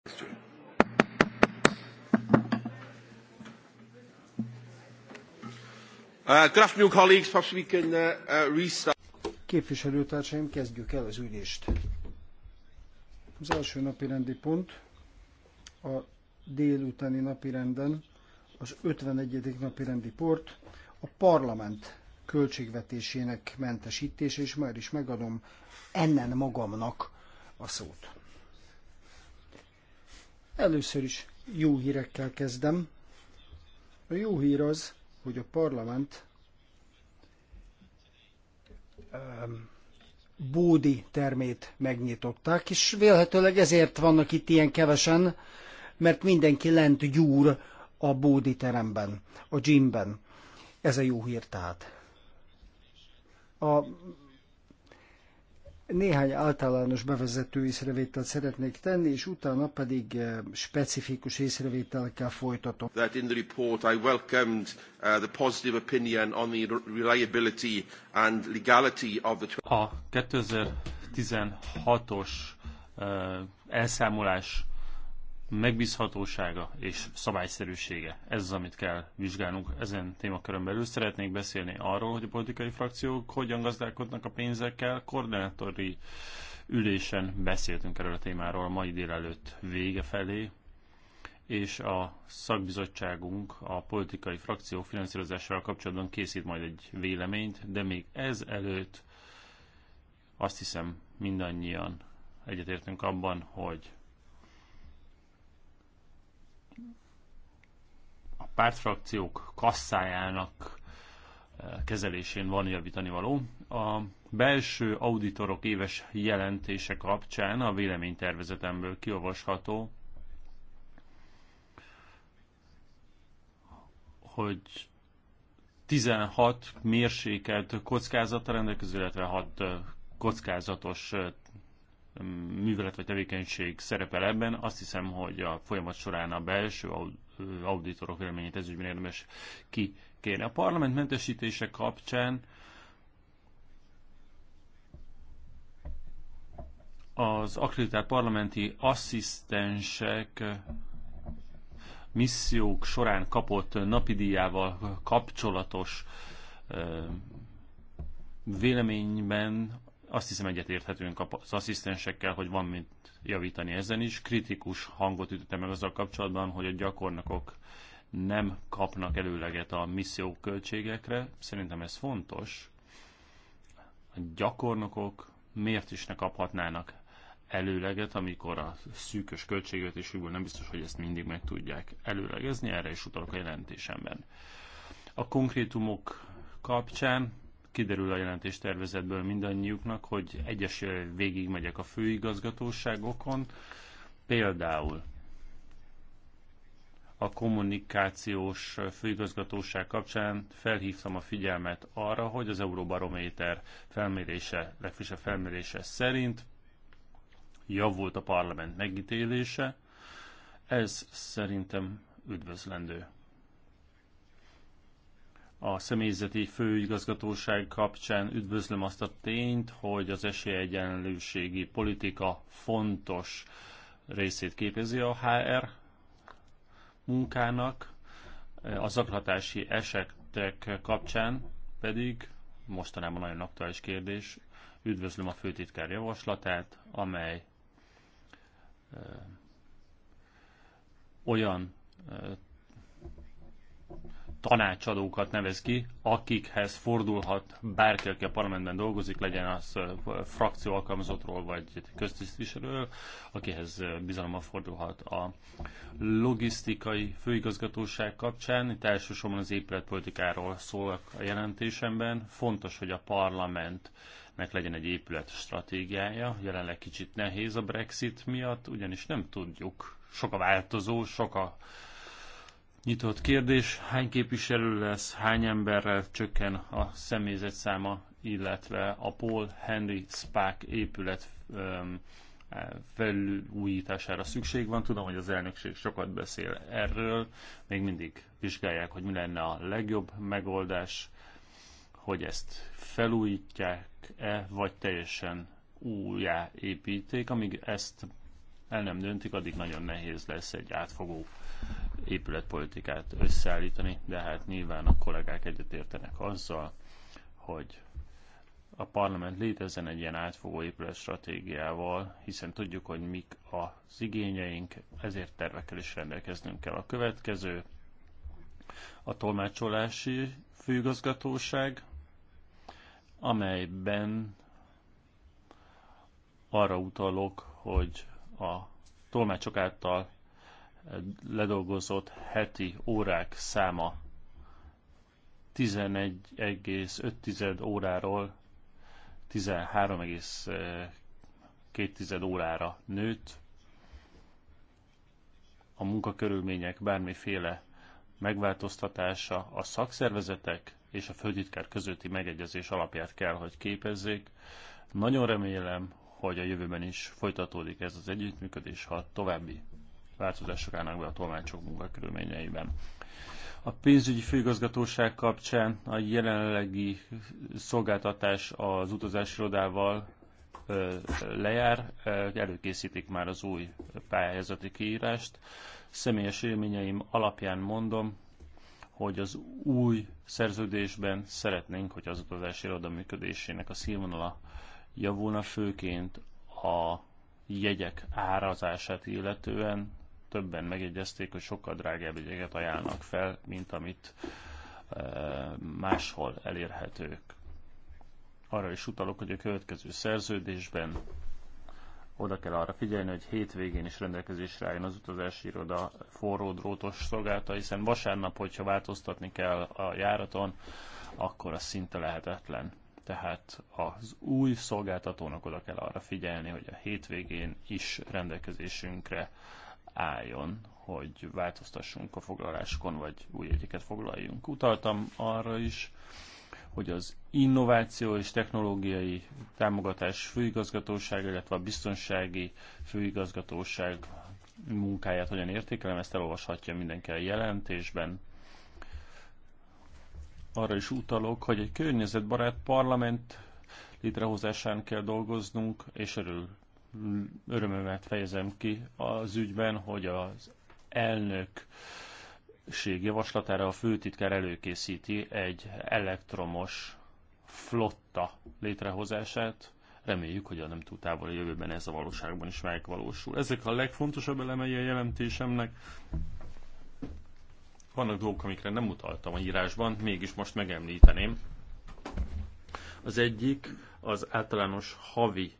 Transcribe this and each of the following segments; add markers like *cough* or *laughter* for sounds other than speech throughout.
Uh, uh, uh, Képviselőtársaim, kezdjük el az ülést. Az első napi rendi pont a délutáni napirenden az 51. napi rendi port a parlament költségvetésének mentesítése, és már is megadom ennen magamnak a szót. Először is jó hírekkel kezdem. A jó hír az, hogy a parlament ehm, bódi termét megnyitották, és vélhetőleg ezért vannak itt ilyen kevesen, mert mindenki lent gyúr a bódi teremben, a gymben. Ez a jó hír tehát. A néhány általános bevezető észrevételt szeretnék tenni, és utána pedig eh, specifikus észrevételekkel folytatom. That in the report I welcomed uh, the positive opinion on the reliability and legality of the... A 2016-os uh, eh, elszámolás megbízhatósága és szabályszerűsége. Ez az, amit kell vizsgálnunk ezen témakörön belül. Szeretnék beszélni arról, hogy a politikai frakciók hogyan gazdálkodnak a pénzekkel. Koordinátori ülésen beszéltünk erről a témáról a mai délelőtt vége felé, és a szakbizottságunk a politikai frakció finanszírozásával kapcsolatban készít majd egy véleményt, de még ez előtt azt hiszem mindannyian egyetértünk abban, hogy pártfrakciók kasszájának eh, kezelésén van javítani való. A belső auditorok éves jelentése kapcsán a véleménytervezetemből kiolvasható, hogy 16 mérsékelt kockázata rendelkező, illetve 6 eh, kockázatos eh, művelet vagy tevékenység szerepel ebben. Azt hiszem, hogy a folyamat során a belső auditorok véleményét ezügyben érdemes kikérni. A parlament mentesítése kapcsán az akreditált parlamenti asszisztensek missziók során kapott napidíjával kapcsolatos véleményben azt hiszem egyetérthetünk az asszisztensekkel, hogy van mit javítani ezen is. Kritikus hangot ütöttem meg azzal kapcsolatban, hogy a gyakornokok nem kapnak előleget a misszió költségekre. Szerintem ez fontos. A gyakornokok miért is ne kaphatnának előleget, amikor a szűkös költségvetésükből nem biztos, hogy ezt mindig meg tudják előlegezni, erre is utalok a jelentésemben. A konkrétumok kapcsán kiderül a jelentés tervezetből mindannyiuknak, hogy egyes megyek a főigazgatóságokon, például a kommunikációs főigazgatóság kapcsán felhívtam a figyelmet arra, hogy az Euróbarométer felmérése, legfrissebb felmérése szerint javult a parlament megítélése. Ez szerintem üdvözlendő a személyzeti főigazgatóság kapcsán üdvözlöm azt a tényt, hogy az esélyegyenlőségi politika fontos részét képezi a HR munkának, a zaklatási esetek kapcsán pedig mostanában nagyon aktuális kérdés, üdvözlöm a főtitkár javaslatát, amely olyan tanácsadókat nevez ki, akikhez fordulhat bárki, aki a parlamentben dolgozik, legyen az frakció alkalmazottról vagy köztisztviselőről, akihez bizalommal fordulhat a logisztikai főigazgatóság kapcsán. Itt elsősorban az épületpolitikáról szól a jelentésemben. Fontos, hogy a parlament meg legyen egy épület stratégiája. Jelenleg kicsit nehéz a Brexit miatt, ugyanis nem tudjuk, sok a változó, sok a Nyitott kérdés, hány képviselő lesz, hány emberrel csökken a személyzet száma, illetve a Paul Henry Spák épület um, felújítására szükség van. Tudom, hogy az elnökség sokat beszél erről, még mindig vizsgálják, hogy mi lenne a legjobb megoldás, hogy ezt felújítják-e, vagy teljesen újjáépíték. Amíg ezt el nem döntik, addig nagyon nehéz lesz egy átfogó épületpolitikát összeállítani, de hát nyilván a kollégák egyetértenek azzal, hogy a parlament létezzen egy ilyen átfogó stratégiával, hiszen tudjuk, hogy mik az igényeink, ezért tervekkel is rendelkeznünk kell. A következő a tolmácsolási főigazgatóság, amelyben arra utalok, hogy a tolmácsok által eh, ledolgozott heti órák száma 11,5 óráról 13,2 órára nőtt. A munkakörülmények bármiféle megváltoztatása a szakszervezetek és a főtitkár közötti megegyezés alapját kell, hogy képezzék. Nagyon remélem, hogy a jövőben is folytatódik ez az együttműködés, ha további változások állnak be a tolmácsok munkakörülményeiben. A pénzügyi főigazgatóság kapcsán a jelenlegi szolgáltatás az utazási irodával lejár, előkészítik már az új pályázati kiírást. Személyes élményeim alapján mondom, hogy az új szerződésben szeretnénk, hogy az utazási iroda működésének a színvonala javulna, főként a jegyek árazását illetően. Többen megjegyezték, hogy sokkal drágább jegyeket ajánlnak fel, mint amit eh, máshol elérhetők. Arra is utalok, hogy a következő szerződésben oda kell arra figyelni, hogy hétvégén is rendelkezésre álljon az utazási iroda forró drótos szolgálata, hiszen vasárnap, hogyha változtatni kell a járaton, akkor az szinte lehetetlen tehát az új szolgáltatónak oda kell arra figyelni, hogy a hétvégén is rendelkezésünkre álljon, hogy változtassunk a foglaláskon, vagy új egyiket foglaljunk. Utaltam arra is, hogy az innováció és technológiai támogatás főigazgatóság, illetve a biztonsági főigazgatóság munkáját hogyan értékelem, ezt elolvashatja mindenki a jelentésben arra is utalok, hogy egy környezetbarát parlament létrehozásán kell dolgoznunk, és örül, örömömet fejezem ki az ügyben, hogy az elnök javaslatára a főtitkár előkészíti egy elektromos flotta létrehozását. Reméljük, hogy a nem túl távoli jövőben ez a valóságban is megvalósul. Ezek a legfontosabb elemei a jelentésemnek vannak dolgok, amikre nem utaltam a írásban, mégis most megemlíteném. Az egyik az általános havi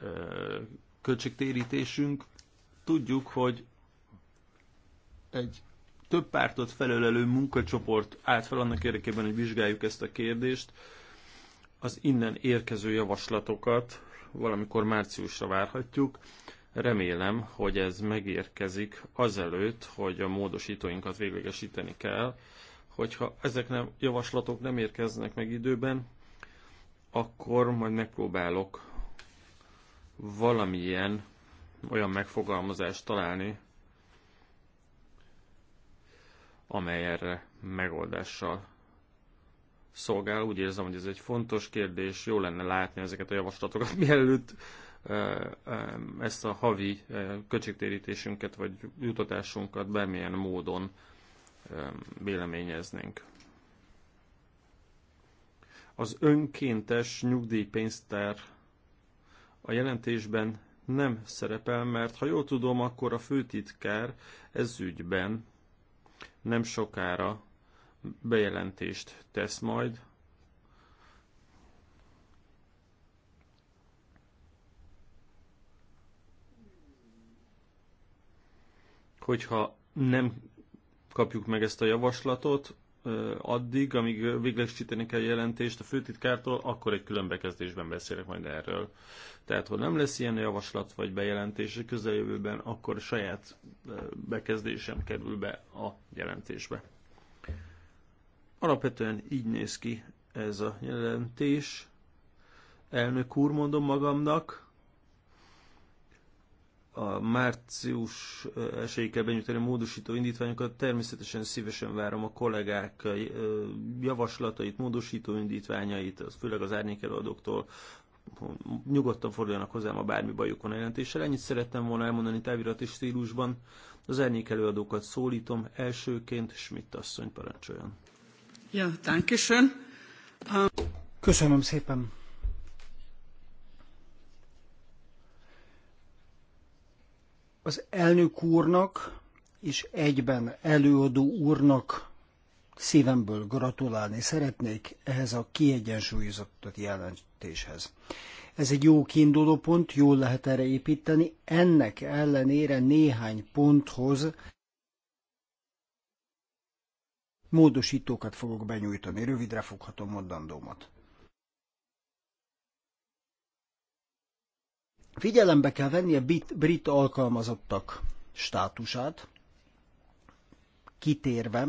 ö, költségtérítésünk. Tudjuk, hogy egy több pártot felölelő munkacsoport állt fel annak érdekében, hogy vizsgáljuk ezt a kérdést. Az innen érkező javaslatokat valamikor márciusra várhatjuk. Remélem, hogy ez megérkezik azelőtt, hogy a módosítóinkat véglegesíteni kell, hogyha ezek nem, javaslatok nem érkeznek meg időben, akkor majd megpróbálok valamilyen olyan megfogalmazást találni, amely erre megoldással szolgál. Úgy érzem, hogy ez egy fontos kérdés, jó lenne látni ezeket a javaslatokat, mielőtt ezt a havi költségtérítésünket vagy jutatásunkat bármilyen módon véleményeznénk. Az önkéntes nyugdíjpénztár a jelentésben nem szerepel, mert ha jól tudom, akkor a főtitkár ez ügyben nem sokára bejelentést tesz majd, hogyha nem kapjuk meg ezt a javaslatot, addig, amíg véglegesíteni kell jelentést a főtitkártól, akkor egy külön bekezdésben beszélek majd erről. Tehát, ha nem lesz ilyen javaslat vagy bejelentés a közeljövőben, akkor a saját bekezdésem kerül be a jelentésbe. Alapvetően így néz ki ez a jelentés. Elnök úr, mondom magamnak, a március esélyig kell benyújtani a módosító indítványokat. Természetesen szívesen várom a kollégák javaslatait, módosító indítványait, főleg az árnyékelőadóktól, nyugodtan forduljanak hozzám, a bármi bajuk van a jelentéssel. Ennyit szerettem volna elmondani távirati stílusban. Az árnyékelőadókat szólítom, elsőként Schmidt asszony parancsoljon. Ja, dankeschön. Um... Köszönöm szépen. Az elnök úrnak és egyben előadó úrnak szívemből gratulálni szeretnék ehhez a kiegyensúlyozott jelentéshez. Ez egy jó kiinduló pont, jól lehet erre építeni, ennek ellenére néhány ponthoz módosítókat fogok benyújtani, rövidre foghatom mondandómat. Figyelembe kell venni a brit, brit alkalmazottak státusát, kitérve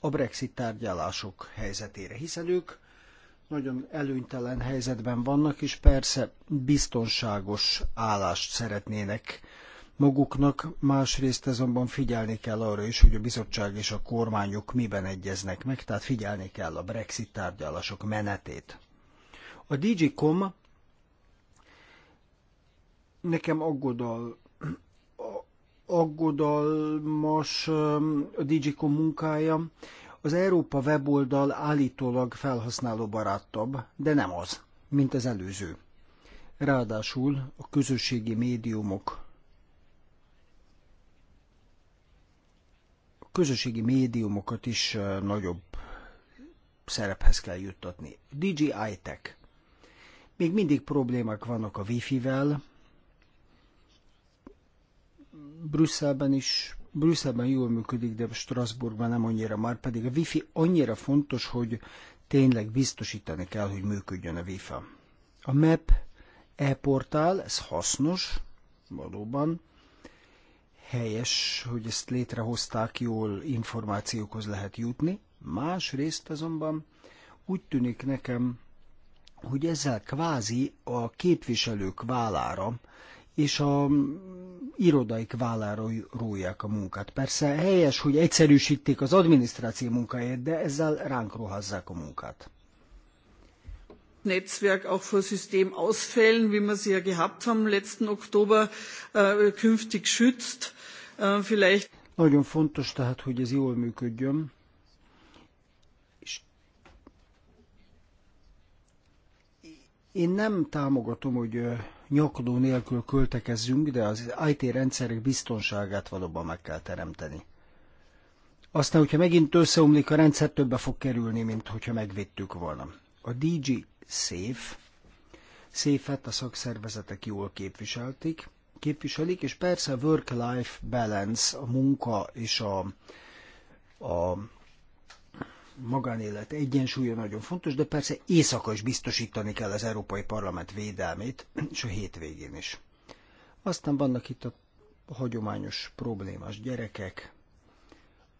a Brexit tárgyalások helyzetére, hiszen ők nagyon előnytelen helyzetben vannak, és persze biztonságos állást szeretnének maguknak, másrészt azonban figyelni kell arra is, hogy a bizottság és a kormányok miben egyeznek meg, tehát figyelni kell a Brexit tárgyalások menetét. A DG.com nekem aggodal, aggodalmas a Digicom munkája. Az Európa weboldal állítólag felhasználó barátabb, de nem az, mint az előző. Ráadásul a közösségi médiumok a közösségi médiumokat is nagyobb szerephez kell juttatni. DJI Tech. Még mindig problémák vannak a Wi-Fi-vel, Brüsszelben is, Brüsszelben jól működik, de Strasbourgban nem annyira már, pedig a wifi annyira fontos, hogy tényleg biztosítani kell, hogy működjön a wifi. A map, e-portál, ez hasznos, valóban, helyes, hogy ezt létrehozták, jól információkhoz lehet jutni. Másrészt azonban úgy tűnik nekem, hogy ezzel kvázi a képviselők vállára és a irodaik vállára róják a munkát. Persze helyes, hogy egyszerűsítik az adminisztráció munkáját, de ezzel ránk rohazzák a munkát. Netzwerk auch vor Systemausfällen, wie wir sie ja gehabt haben letzten Oktober, äh, künftig schützt. Äh, vielleicht. Nagyon fontos tehát, hogy ez jól működjön. Én nem támogatom, hogy nyakadó nélkül költekezzünk, de az IT rendszerek biztonságát valóban meg kell teremteni. Aztán, hogyha megint összeomlik a rendszer, többe fog kerülni, mint hogyha megvédtük volna. A DG Safe, Safe-et a szakszervezetek jól képviselték, képviselik, és persze a work-life balance, a munka és a, a magánélet egyensúlya nagyon fontos, de persze éjszaka is biztosítani kell az Európai Parlament védelmét, és a hétvégén is. Aztán vannak itt a hagyományos problémás gyerekek,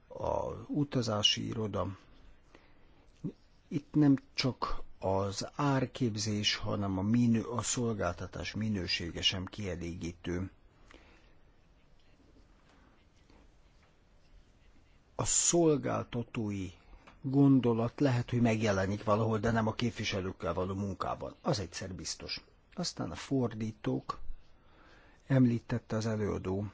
a utazási iroda. Itt nem csak az árképzés, hanem a, minő, a szolgáltatás minősége sem kielégítő. A szolgáltatói gondolat lehet, hogy megjelenik valahol, de nem a képviselőkkel való munkában. Az egyszer biztos. Aztán a fordítók, említette az előadó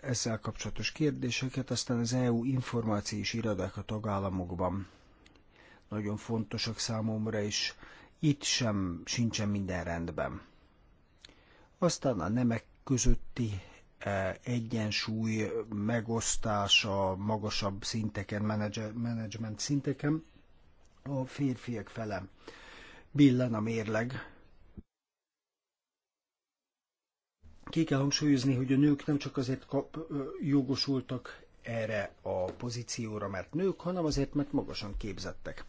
ezzel kapcsolatos kérdéseket, aztán az EU információs irodák a tagállamokban nagyon fontosak számomra, és itt sem sincsen minden rendben. Aztán a nemek közötti egyensúly megosztása magasabb szinteken, menedzsment szinteken a férfiak fele billen a mérleg. Ki kell hangsúlyozni, hogy a nők nem csak azért kap, jogosultak erre a pozícióra, mert nők, hanem azért, mert magasan képzettek.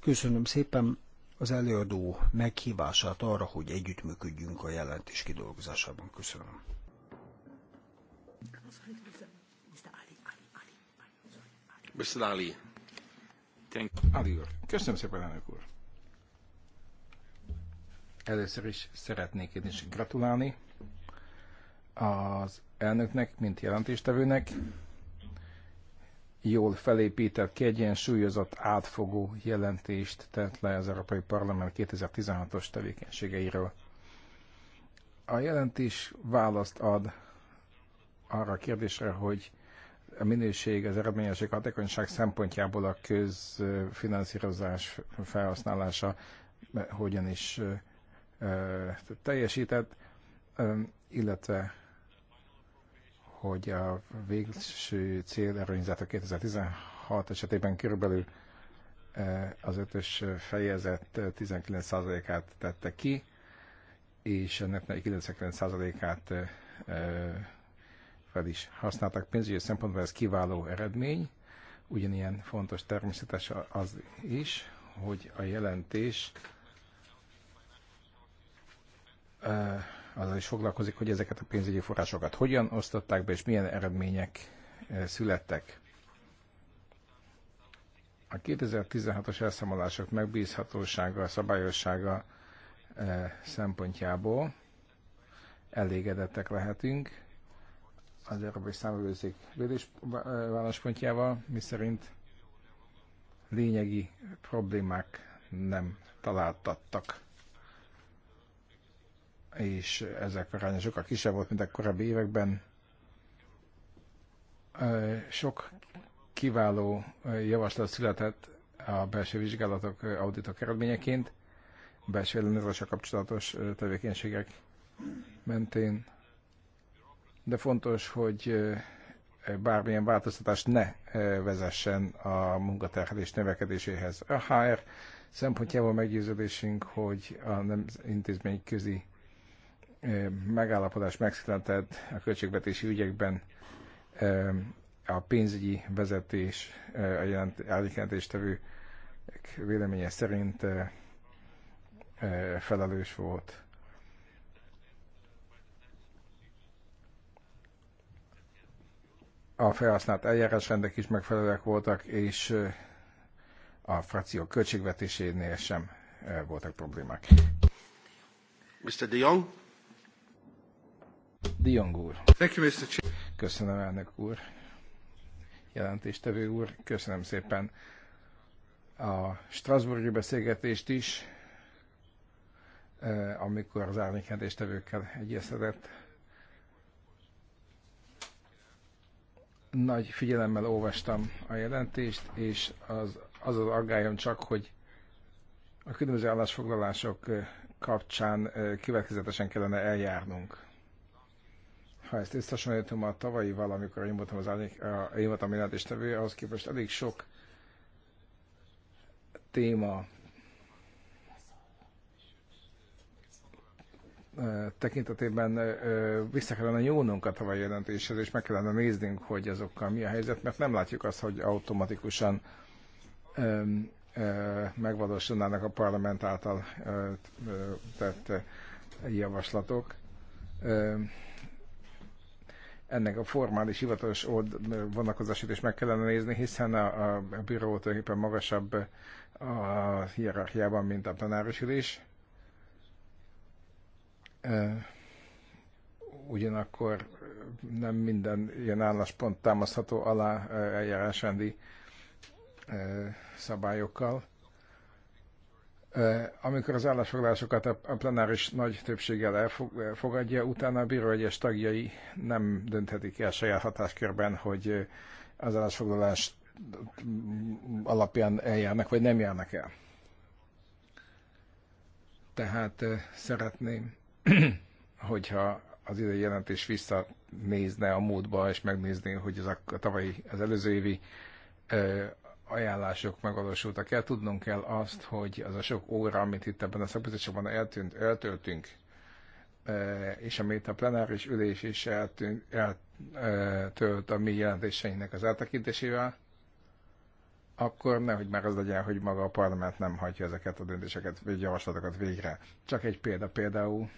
Köszönöm szépen az előadó meghívását arra, hogy együttműködjünk a jelentés kidolgozásában. Köszönöm. Köszönöm szépen, elnök úr. Először is szeretnék én is gratulálni az elnöknek, mint jelentéstevőnek. Jól felépített, kiegyensúlyozott, átfogó jelentést tett le az Európai Parlament 2016-os tevékenységeiről. A jelentés választ ad arra a kérdésre, hogy a minőség, az eredményesség, hatékonyság szempontjából a közfinanszírozás felhasználása hogyan is teljesített, illetve hogy a végső cél a 2016 esetében körülbelül az ötös fejezet 19%-át tette ki, és ennek 99%-át fel is használták pénzügyi szempontból, ez kiváló eredmény. Ugyanilyen fontos természetes az is, hogy a jelentés azzal is foglalkozik, hogy ezeket a pénzügyi forrásokat hogyan osztották be, és milyen eredmények születtek. A 2016-os elszámolások megbízhatósága, szabályossága szempontjából elégedettek lehetünk az Európai Számövőszék védésválláspontjával, eh, miszerint lényegi problémák nem találtattak és ezek aránya sokkal kisebb volt, mint a korábbi években. Eh, sok kiváló eh, javaslat született a belső vizsgálatok, auditok eredményeként, belső ellenőrzése kapcsolatos tevékenységek mentén de fontos, hogy eh, bármilyen változtatást ne eh, vezessen a munkaterhelés növekedéséhez. A HR szempontjából meggyőződésünk, hogy a nem intézmény közi eh, megállapodás megszületett a költségvetési ügyekben a pénzügyi vezetés, a jelentéstevő véleménye szerint felelős volt a felhasznált eljárásrendek is megfelelőek voltak, és a frakció költségvetésénél sem voltak problémák. Mr. De Jong? De Jong úr. Thank you, Mr. Chief. Köszönöm, elnök úr. Jelentéstevő úr, köszönöm szépen a Strasburgi beszélgetést is, amikor az árnyékjelentéstevőkkel egyeztetett Nagy figyelemmel olvastam a jelentést, és az az, az aggályom csak, hogy a különböző állásfoglalások kapcsán következetesen kellene eljárnunk. Ha ezt összehasonlítom a tavalyi valamikor én voltam az én voltam jelentéstevő, ahhoz képest elég sok téma tekintetében vissza kellene nyúlnunk a tavalyi jelentéshez, és meg kellene néznünk, hogy azokkal mi a helyzet, mert nem látjuk azt, hogy automatikusan megvalósulnának a parlament által tett javaslatok. Ennek a formális hivatalos old vonatkozását is meg kellene nézni, hiszen a, a bíró tulajdonképpen magasabb a hierarchiában, mint a tanárosülés. ülés Ugyanakkor nem minden ilyen álláspont támasztható alá eljárásrendi szabályokkal. Amikor az állásfoglalásokat a plenáris nagy többséggel elfogadja, utána a bíró egyes tagjai nem dönthetik el saját hatáskörben, hogy az állásfoglalás alapján eljárnak, vagy nem járnak el. Tehát szeretném *clears throat* hogyha az idei jelentés visszanézne a módba, és megnézné, hogy az a, tavalyi, az előző évi ö, ajánlások megvalósultak el. Tudnunk kell azt, hogy az a sok óra, amit itt ebben a szakbizottságban eltűnt, eltöltünk, ö, és amit a plenáris ülés is eltűnt, eltölt a mi jelentéseinknek az eltekintésével, akkor nehogy már az legyen, hogy maga a parlament nem hagyja ezeket a döntéseket vagy javaslatokat végre. Csak egy példa például,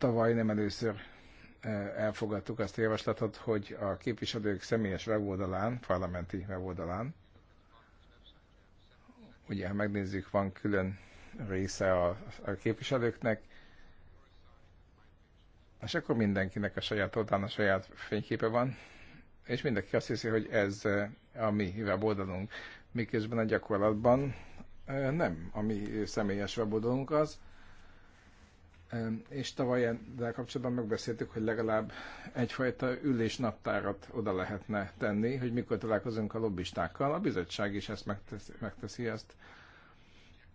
Tavaly nem először e, elfogadtuk azt a javaslatot, hogy a képviselők személyes weboldalán, parlamenti weboldalán, ugye ha megnézzük, van külön része a, a képviselőknek, és akkor mindenkinek a saját oldalán a saját fényképe van, és mindenki azt hiszi, hogy ez e, a mi weboldalunk, miközben a gyakorlatban e, nem a mi személyes weboldalunk az, és tavaly ezzel kapcsolatban megbeszéltük, hogy legalább egyfajta ülésnaptárat oda lehetne tenni, hogy mikor találkozunk a lobbistákkal. A bizottság is ezt megteszi, megteszi ezt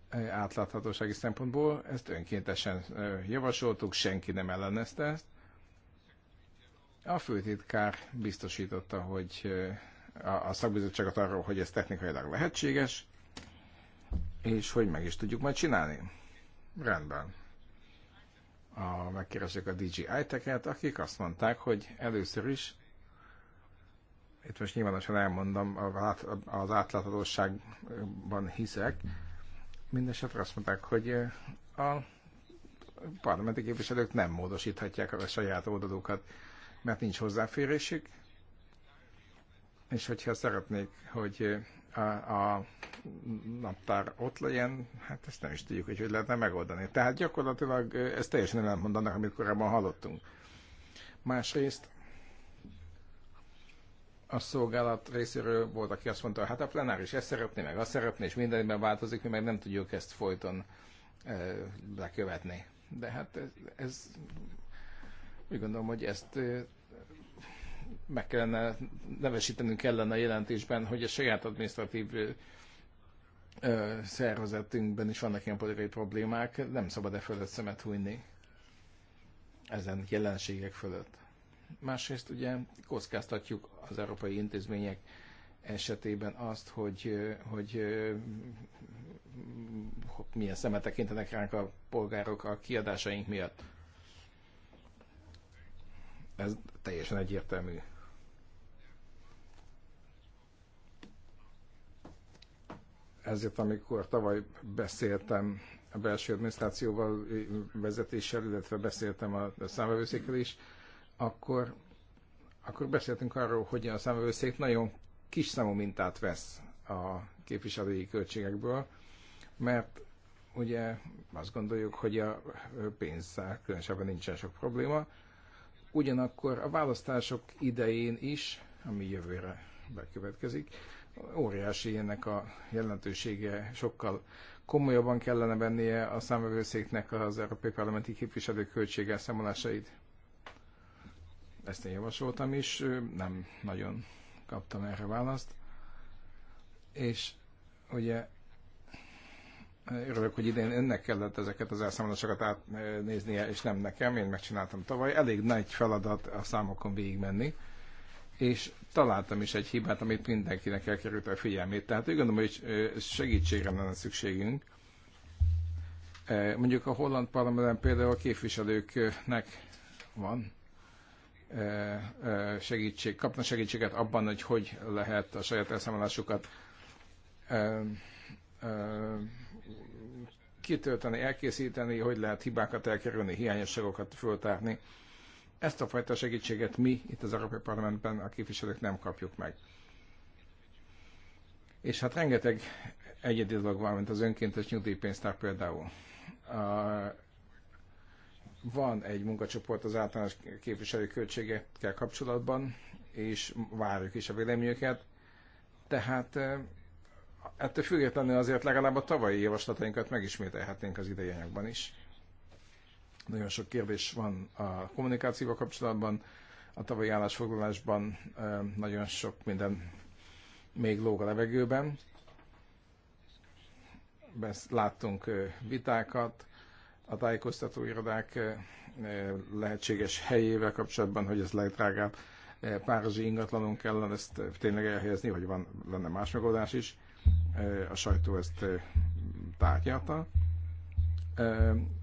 e, átláthatósági szempontból. Ezt önkéntesen e, javasoltuk, senki nem ellenezte ezt. A főtitkár biztosította, hogy e, a szakbizottságot arról, hogy ez technikailag lehetséges, és hogy meg is tudjuk majd csinálni. Rendben a, megkeresek a DJI-teket, akik azt mondták, hogy először is, itt most nyilvánosan elmondom, az átláthatóságban hiszek, mindesetre azt mondták, hogy a parlamenti képviselők nem módosíthatják a saját oldalukat, mert nincs hozzáférésük, és hogyha szeretnék, hogy a, a naptár ott legyen, hát ezt nem is tudjuk, hogy hogy lehetne megoldani. Tehát gyakorlatilag ez teljesen ellentmond annak, amit korábban hallottunk. Másrészt a szolgálat részéről volt, aki azt mondta, hát a plenáris ezt szeretné, meg azt szeretné, és mindenben változik, mi meg nem tudjuk ezt folyton e, lekövetni. De hát ez, ez úgy gondolom, hogy ezt meg kellene, nevesítenünk kellene a jelentésben, hogy a saját administratív szervezetünkben is vannak ilyen politikai problémák, nem szabad e fölött szemet hújni ezen jelenségek fölött. Másrészt ugye kockáztatjuk az európai intézmények esetében azt, hogy, hogy, hogy milyen szemet tekintenek ránk a polgárok a kiadásaink miatt. Ez teljesen egyértelmű. Ezért, amikor tavaly beszéltem a belső adminisztrációval, vezetéssel, illetve beszéltem a számvevőszékkel is, akkor, akkor beszéltünk arról, hogy a számvevőszék nagyon kis számú mintát vesz a képviselői költségekből, mert ugye azt gondoljuk, hogy a pénzzel különösebben nincsen sok probléma, Ugyanakkor a választások idején is, ami jövőre bekövetkezik, óriási ennek a jelentősége, sokkal komolyabban kellene vennie a számvevőszéknek az európai parlamenti képviselők költsége számolásait. Ezt én javasoltam is, nem nagyon kaptam erre választ. És ugye Örülök, hogy idén önnek kellett ezeket az elszámolásokat átnéznie, és nem nekem, én megcsináltam tavaly. Elég nagy feladat a számokon végigmenni, és találtam is egy hibát, amit mindenkinek elkerült a figyelmét. Tehát úgy gondolom, hogy segítségre lenne szükségünk. Mondjuk a holland parlamenten például a képviselőknek van segítség, kapna segítséget abban, hogy hogy lehet a saját elszámolásukat kitölteni, elkészíteni, hogy lehet hibákat elkerülni, hiányosságokat föltárni. Ezt a fajta segítséget mi itt az Európai Parlamentben a képviselők nem kapjuk meg. És hát rengeteg egyedi dolog van, mint az önkéntes nyugdíjpénztár például. Van egy munkacsoport az általános képviselő költségekkel kapcsolatban, és várjuk is a véleményüket. Tehát eh, Ettől függetlenül azért legalább a tavalyi javaslatainkat megismételhetnénk az idei anyagban is. Nagyon sok kérdés van a kommunikációval kapcsolatban, a tavalyi állásfoglalásban nagyon sok minden még lóg a levegőben. Láttunk vitákat, a tájékoztató irodák lehetséges helyével kapcsolatban, hogy ez legdrágább párizsi ingatlanunk ellen ezt tényleg elhelyezni, hogy van lenne más megoldás is a sajtó ezt tárgyalta.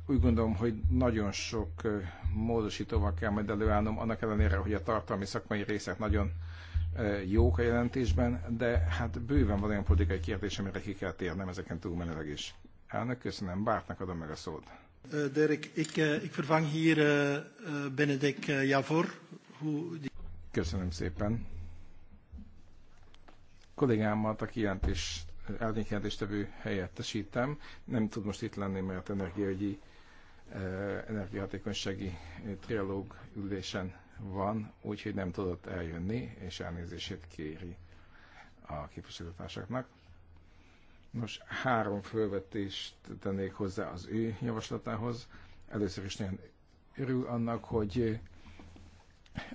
Úgy gondolom, hogy nagyon sok módosítóval kell majd előállnom, annak ellenére, hogy a tartalmi szakmai részek nagyon jók a jelentésben, de hát bőven van olyan politikai kérdés, amire ki kell térnem ezeken túlmenőleg is. Elnök, köszönöm. Bártnak adom meg a szót. Derek, ik, ik vervang hier Benedek Javor. Köszönöm szépen kollégámmal, a jelentés árnyékjelentéstevő helyettesítem. Nem tud most itt lenni, mert energiai, eh, energiahatékonysági eh, trialóg ülésen van, úgyhogy nem tudott eljönni, és elnézését kéri a képviselőtársaknak. Nos, három fölvetést tennék hozzá az ő javaslatához. Először is nagyon örül annak, hogy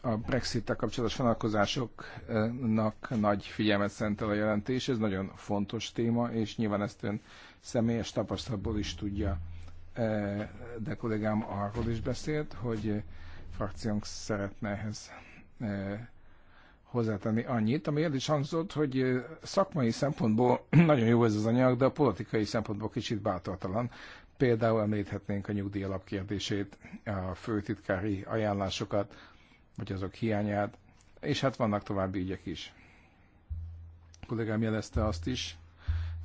a Brexit-tel kapcsolatos vonalkozásoknak nagy figyelmet szentel a jelentés. Ez nagyon fontos téma, és nyilván ezt ön személyes tapasztalatból is tudja, e, de kollégám arról is beszélt, hogy frakciónk szeretne ehhez e, hozzátenni annyit, ami el is hangzott, hogy szakmai szempontból *clears throat* nagyon jó ez az anyag, de a politikai szempontból kicsit bátortalan. Például említhetnénk a nyugdíj alapkérdését, a főtitkári ajánlásokat, vagy azok hiányát, és hát vannak további ügyek is. A kollégám jelezte azt is,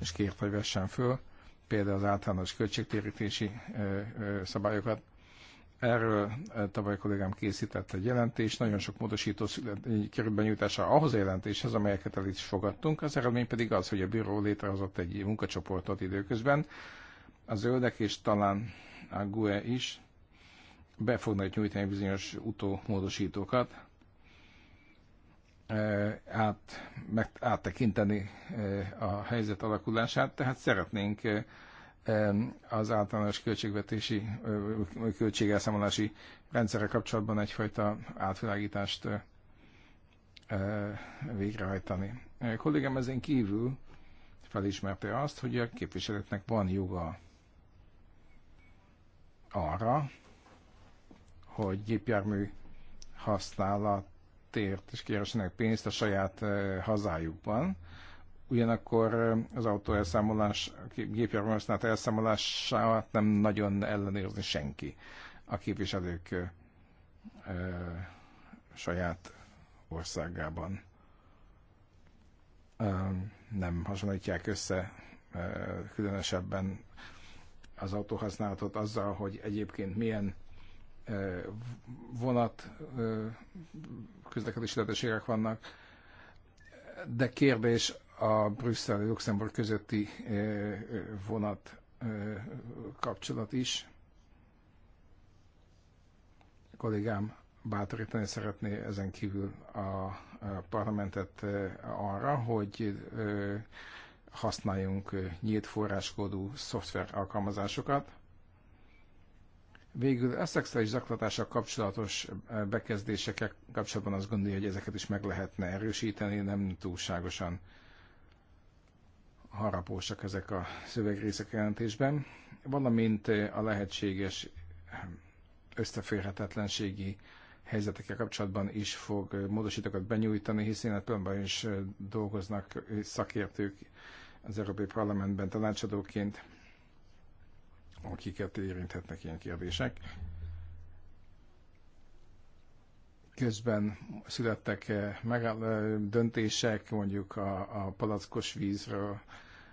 és kért, hogy vessen föl, például az általános költségtérítési szabályokat. Erről tavaly kollégám készített egy jelentést, nagyon sok módosító került benyújtásra ahhoz a jelentéshez, amelyeket el is fogadtunk. Az eredmény pedig az, hogy a bíró létrehozott egy munkacsoportot időközben, a zöldek és talán a GUE is, be fognak nyújtani bizonyos utómódosítókat, e, át, meg, áttekinteni e, a helyzet alakulását, tehát szeretnénk e, az általános költségvetési, költségelszámolási rendszerre kapcsolatban egyfajta átvilágítást végrehajtani. A kollégám ezen kívül felismerte azt, hogy a képviseletnek van joga arra, hogy gépjármű használatért is keresenek pénzt a saját eh, hazájukban. Ugyanakkor eh, az autó elszámolás, gépjármű használat elszámolását nem nagyon ellenőrzni senki. A képviselők ö, eh, saját országában nem hasonlítják össze különösebben az autóhasználatot azzal, hogy egyébként milyen vonat közlekedési lehetőségek vannak, de kérdés a Brüsszel és Luxemburg közötti vonat kapcsolat is. A kollégám bátorítani szeretné ezen kívül a parlamentet arra, hogy használjunk nyílt forráskódú szoftver alkalmazásokat, Végül a szexuális zaklatással kapcsolatos eh, bekezdésekkel kapcsolatban azt gondolja, hogy ezeket is meg lehetne erősíteni, nem túlságosan harapósak ezek a szövegrészek jelentésben, valamint eh, a lehetséges ehm, összeférhetetlenségi helyzetekkel kapcsolatban is fog eh, módosítókat benyújtani, hiszen a is dolgoznak szakértők az Európai Parlamentben tanácsadóként akiket érinthetnek ilyen kérdések. Közben születtek eh, megáll- eh, döntések, mondjuk a, a palackos vízről,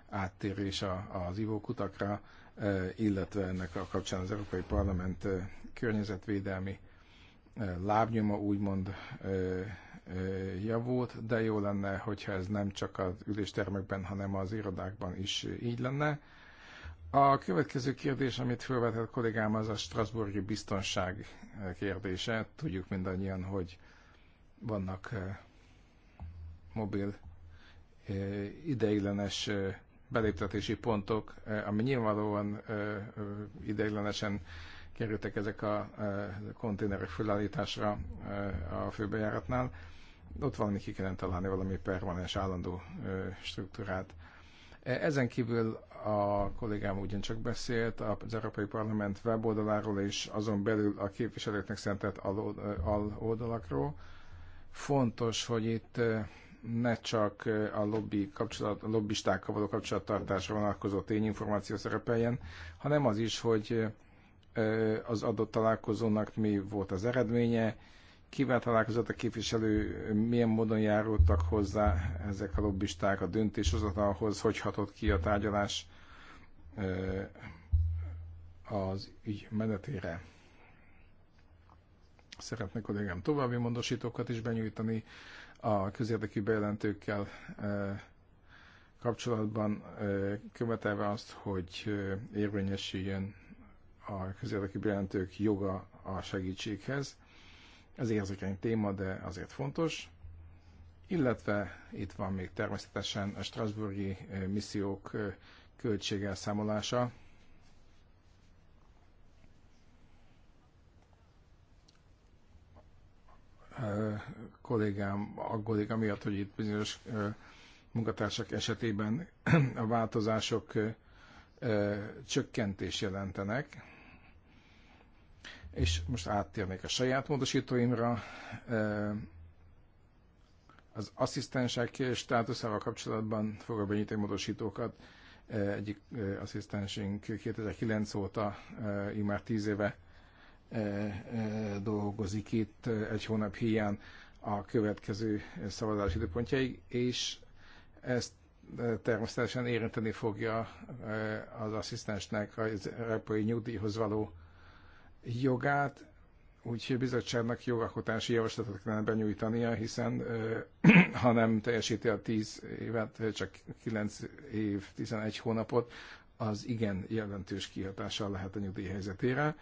áttérés a, az ivókutakra, eh, illetve ennek a kapcsán az Európai Parlament környezetvédelmi lábnyoma úgymond javult, de jó lenne, hogyha ez nem csak az üléstermekben, hanem az irodákban is így lenne. A következő kérdés, amit felvetett kollégám, az a Strasburgi biztonság kérdése. Tudjuk mindannyian, hogy vannak eh, mobil eh, ideiglenes eh, beléptetési pontok, ami nyilvánvalóan ideiglenesen kerültek ezek a konténerek fölállításra a főbejáratnál. Ott valamit ki kellene találni, valami permanens, állandó struktúrát. Ezen kívül a kollégám ugyancsak beszélt az Európai Parlament weboldaláról és azon belül a képviselőknek szentelt oldalakról. Fontos, hogy itt ne csak a lobby kapcsolat, a lobbistákkal való kapcsolattartásra vonatkozó tényinformáció szerepeljen, hanem az is, hogy az adott találkozónak mi volt az eredménye, Kivel találkozott a képviselő, milyen módon járultak hozzá ezek a lobbisták a döntéshozatalhoz, hogy hatott ki a tárgyalás az ügy menetére? szeretnék kollégám további mondosítókat is benyújtani a közérdekű bejelentőkkel kapcsolatban követelve azt, hogy érvényesüljön a közérdekű bejelentők joga a segítséghez. Ez érzékeny téma, de azért fontos. Illetve itt van még természetesen a Strasburgi eh, missziók eh, költségelszámolása. Eh, kollégám aggódik amiatt, hogy itt bizonyos munkatársak esetében *clears throat* a változások csökkentés jelentenek. És most áttérnék a saját módosítóimra. Az asszisztensek státuszával kapcsolatban fogok benyitni módosítókat. Egyik asszisztensünk 2009 óta, immár 10 éve dolgozik itt egy hónap hiány a következő szavazás időpontjaig, és ezt természetesen érinteni fogja az asszisztensnek a európai nyugdíjhoz való jogát, úgyhogy a bizottságnak jogalkotási javaslatot kellene benyújtania, hiszen *clears throat* ha nem teljesíti a 10 évet, csak 9 év, 11 hónapot, az igen jelentős kihatással lehet a nyugdíj helyzetére.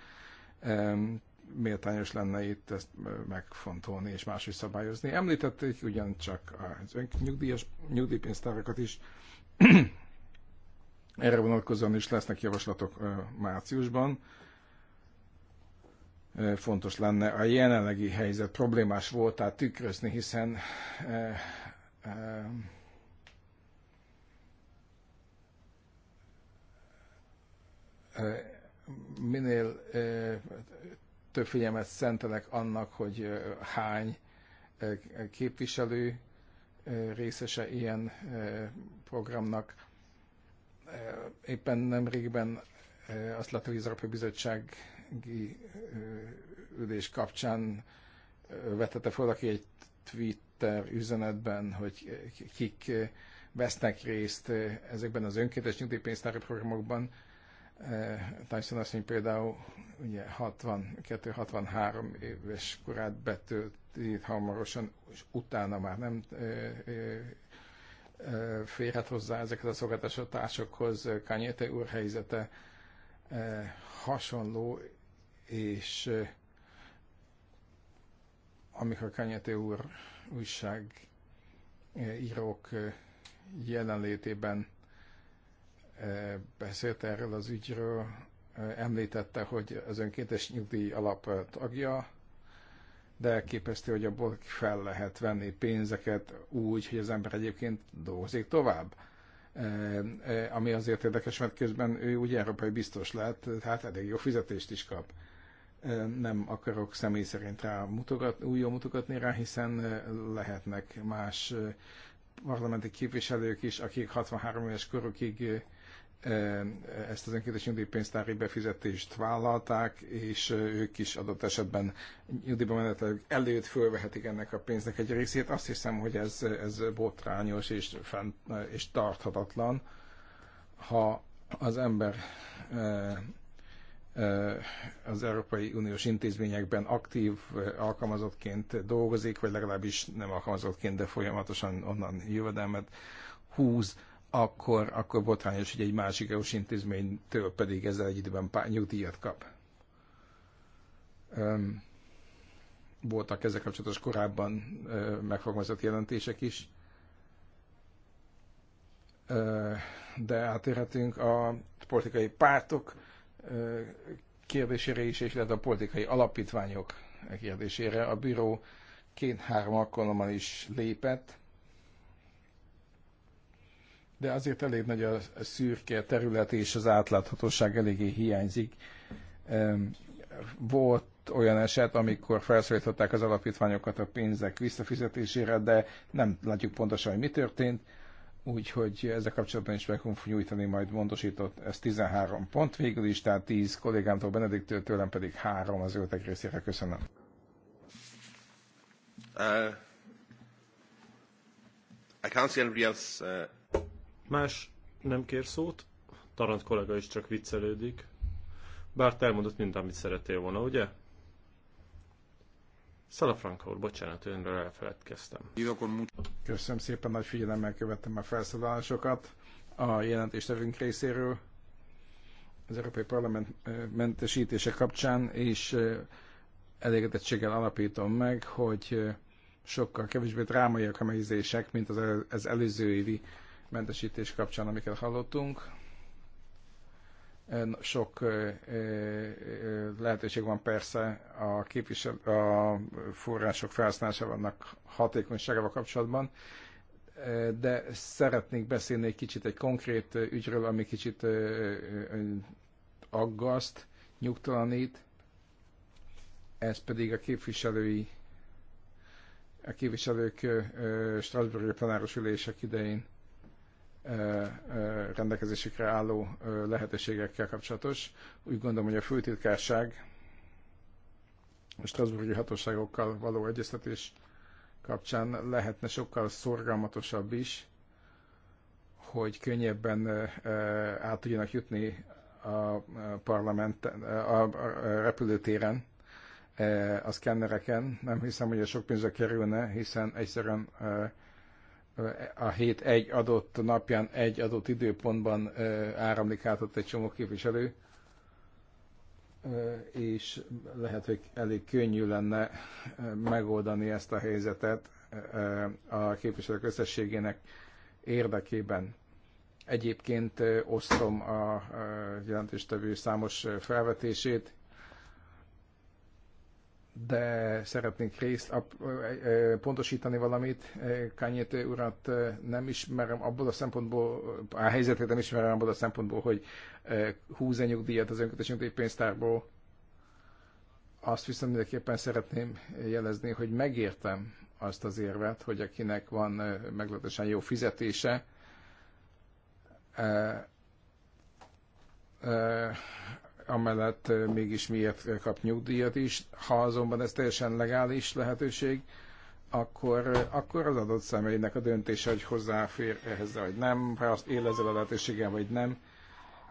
Méltányos lenne itt ezt megfontolni és máshogy szabályozni. Említették ugyancsak az önnyugdíjas nyugdíjpénztárakat is. *clears throat* Erre vonatkozóan is lesznek javaslatok márciusban fontos lenne a jelenlegi helyzet problémás voltát tükrözni, hiszen minél több figyelmet szentelek annak, hogy hány képviselő részese ilyen programnak. Éppen nemrégben azt látta, hogy az Európai Bizottság ülés kapcsán vetette fel, aki egy Twitter üzenetben, hogy kik vesznek részt ezekben az önkéntes nyugdíjpénztári programokban. Tyson mondja, például ugye 62-63 éves korát betölti hamarosan, és utána már nem férhet hozzá ezeket a szolgáltatásokhoz. Kanyete úr helyzete hasonló, és amikor Kanyete úr újság írók jelenlétében beszélt erről az ügyről, említette, hogy az önkéntes nyugdíj alap tagja, de elképesztő, hogy abból fel lehet venni pénzeket úgy, hogy az ember egyébként dolgozik tovább. Ami azért érdekes, mert közben ő úgy európai biztos lett, tehát elég jó fizetést is kap nem akarok személy szerint rá mutogat, újra mutogatni rá, hiszen lehetnek más parlamenti képviselők is, akik 63 éves korukig ezt az önkéntes nyugdíjpénztári befizetést vállalták, és ők is adott esetben nyugdíjba menetelők előtt fölvehetik ennek a pénznek egy részét. Azt hiszem, hogy ez, ez botrányos és, fent, és tarthatatlan, ha az ember az Európai Uniós intézményekben aktív alkalmazottként dolgozik, vagy legalábbis nem alkalmazottként, de folyamatosan onnan jövedelmet húz, akkor, akkor botrányos, hogy egy másik EU-s intézménytől pedig ezzel egy időben pár nyugdíjat kap. Um, voltak ezzel kapcsolatos korábban uh, megfogalmazott jelentések is, uh, de átérhetünk a politikai pártok kérdésére is, és lehet a politikai alapítványok kérdésére. A bíró két-három alkalommal is lépett, de azért elég nagy a szürke terület, és az átláthatóság eléggé hiányzik. Volt olyan eset, amikor felszólították az alapítványokat a pénzek visszafizetésére, de nem látjuk pontosan, hogy mi történt úgyhogy ezzel kapcsolatban is meg fogunk nyújtani majd Mondosított, ez 13 pont végül is, tehát 10 kollégámtól, Benediktől, tőlem pedig 3 az öltek részére. Köszönöm. Uh, I can't see anybody else. Uh... Más nem kér szót? Tarant kollega is csak viccelődik. Bár te elmondott mindent, amit szeretél volna, ugye? Szalafranka úr, bocsánat, önről elfeledkeztem. Köszönöm szépen, nagy figyelemmel követtem a felszólalásokat a jelentéstevünk részéről az Európai Parlament eh, mentesítése kapcsán, és eh, elégedettséggel alapítom meg, hogy eh, sokkal kevésbé drámaiak a megjegyzések, mint az, az előző évi mentesítés kapcsán, amiket hallottunk. Sok lehetőség van persze a, képvisel, a források vannak hatékonyságával kapcsolatban, de szeretnék beszélni egy kicsit egy konkrét ügyről, ami kicsit aggaszt, nyugtalanít, ez pedig a képviselői a képviselők Strasbourg tanáros ülések idején rendelkezésükre álló lehetőségekkel kapcsolatos. Úgy gondolom, hogy a főtitkárság a Strasburgi hatóságokkal való egyeztetés kapcsán lehetne sokkal szorgalmatosabb is, hogy könnyebben át tudjanak jutni a parlament, a repülőtéren, a szkennereken. Nem hiszem, hogy a sok pénzre kerülne, hiszen egyszerűen a hét egy adott napján, egy adott időpontban áramlik át ott egy csomó képviselő, és lehet, hogy elég könnyű lenne megoldani ezt a helyzetet a képviselők összességének érdekében. Egyébként osztom a jelentéstevő számos felvetését, de szeretnék részt pontosítani valamit. Kányét urat nem ismerem abból a szempontból, a helyzetét nem ismerem abból a szempontból, hogy húz-e nyugdíjat az önkötés pénztárból. Azt viszont mindenképpen szeretném jelezni, hogy megértem azt az érvet, hogy akinek van meglehetősen jó fizetése, amellett mégis miért kap nyugdíjat is. Ha azonban ez teljesen legális lehetőség, akkor, akkor az adott személynek a döntése, hogy hozzáfér ehhez, vagy nem, ha azt élezzel a lehetőséggel, vagy nem.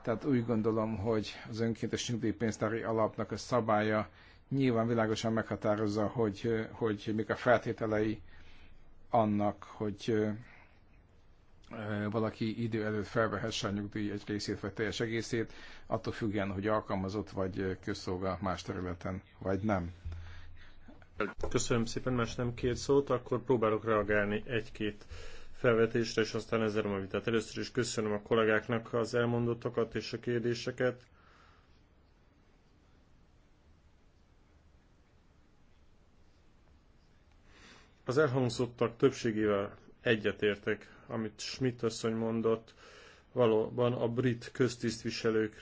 Tehát úgy gondolom, hogy az önkéntes nyugdíjpénztári alapnak a szabálya nyilván világosan meghatározza, hogy, hogy mik a feltételei annak, hogy valaki idő előtt felvehesse a nyugdíj egy részét vagy teljes egészét, attól függően, hogy alkalmazott vagy közszolga más területen, vagy nem. Köszönöm szépen, más nem két szót, akkor próbálok reagálni egy-két felvetésre, és aztán ezzel a vitát. Először is köszönöm a kollégáknak az elmondottakat és a kérdéseket. Az elhangzottak többségével Egyetértek, amit Schmidt asszony mondott, valóban a brit köztisztviselők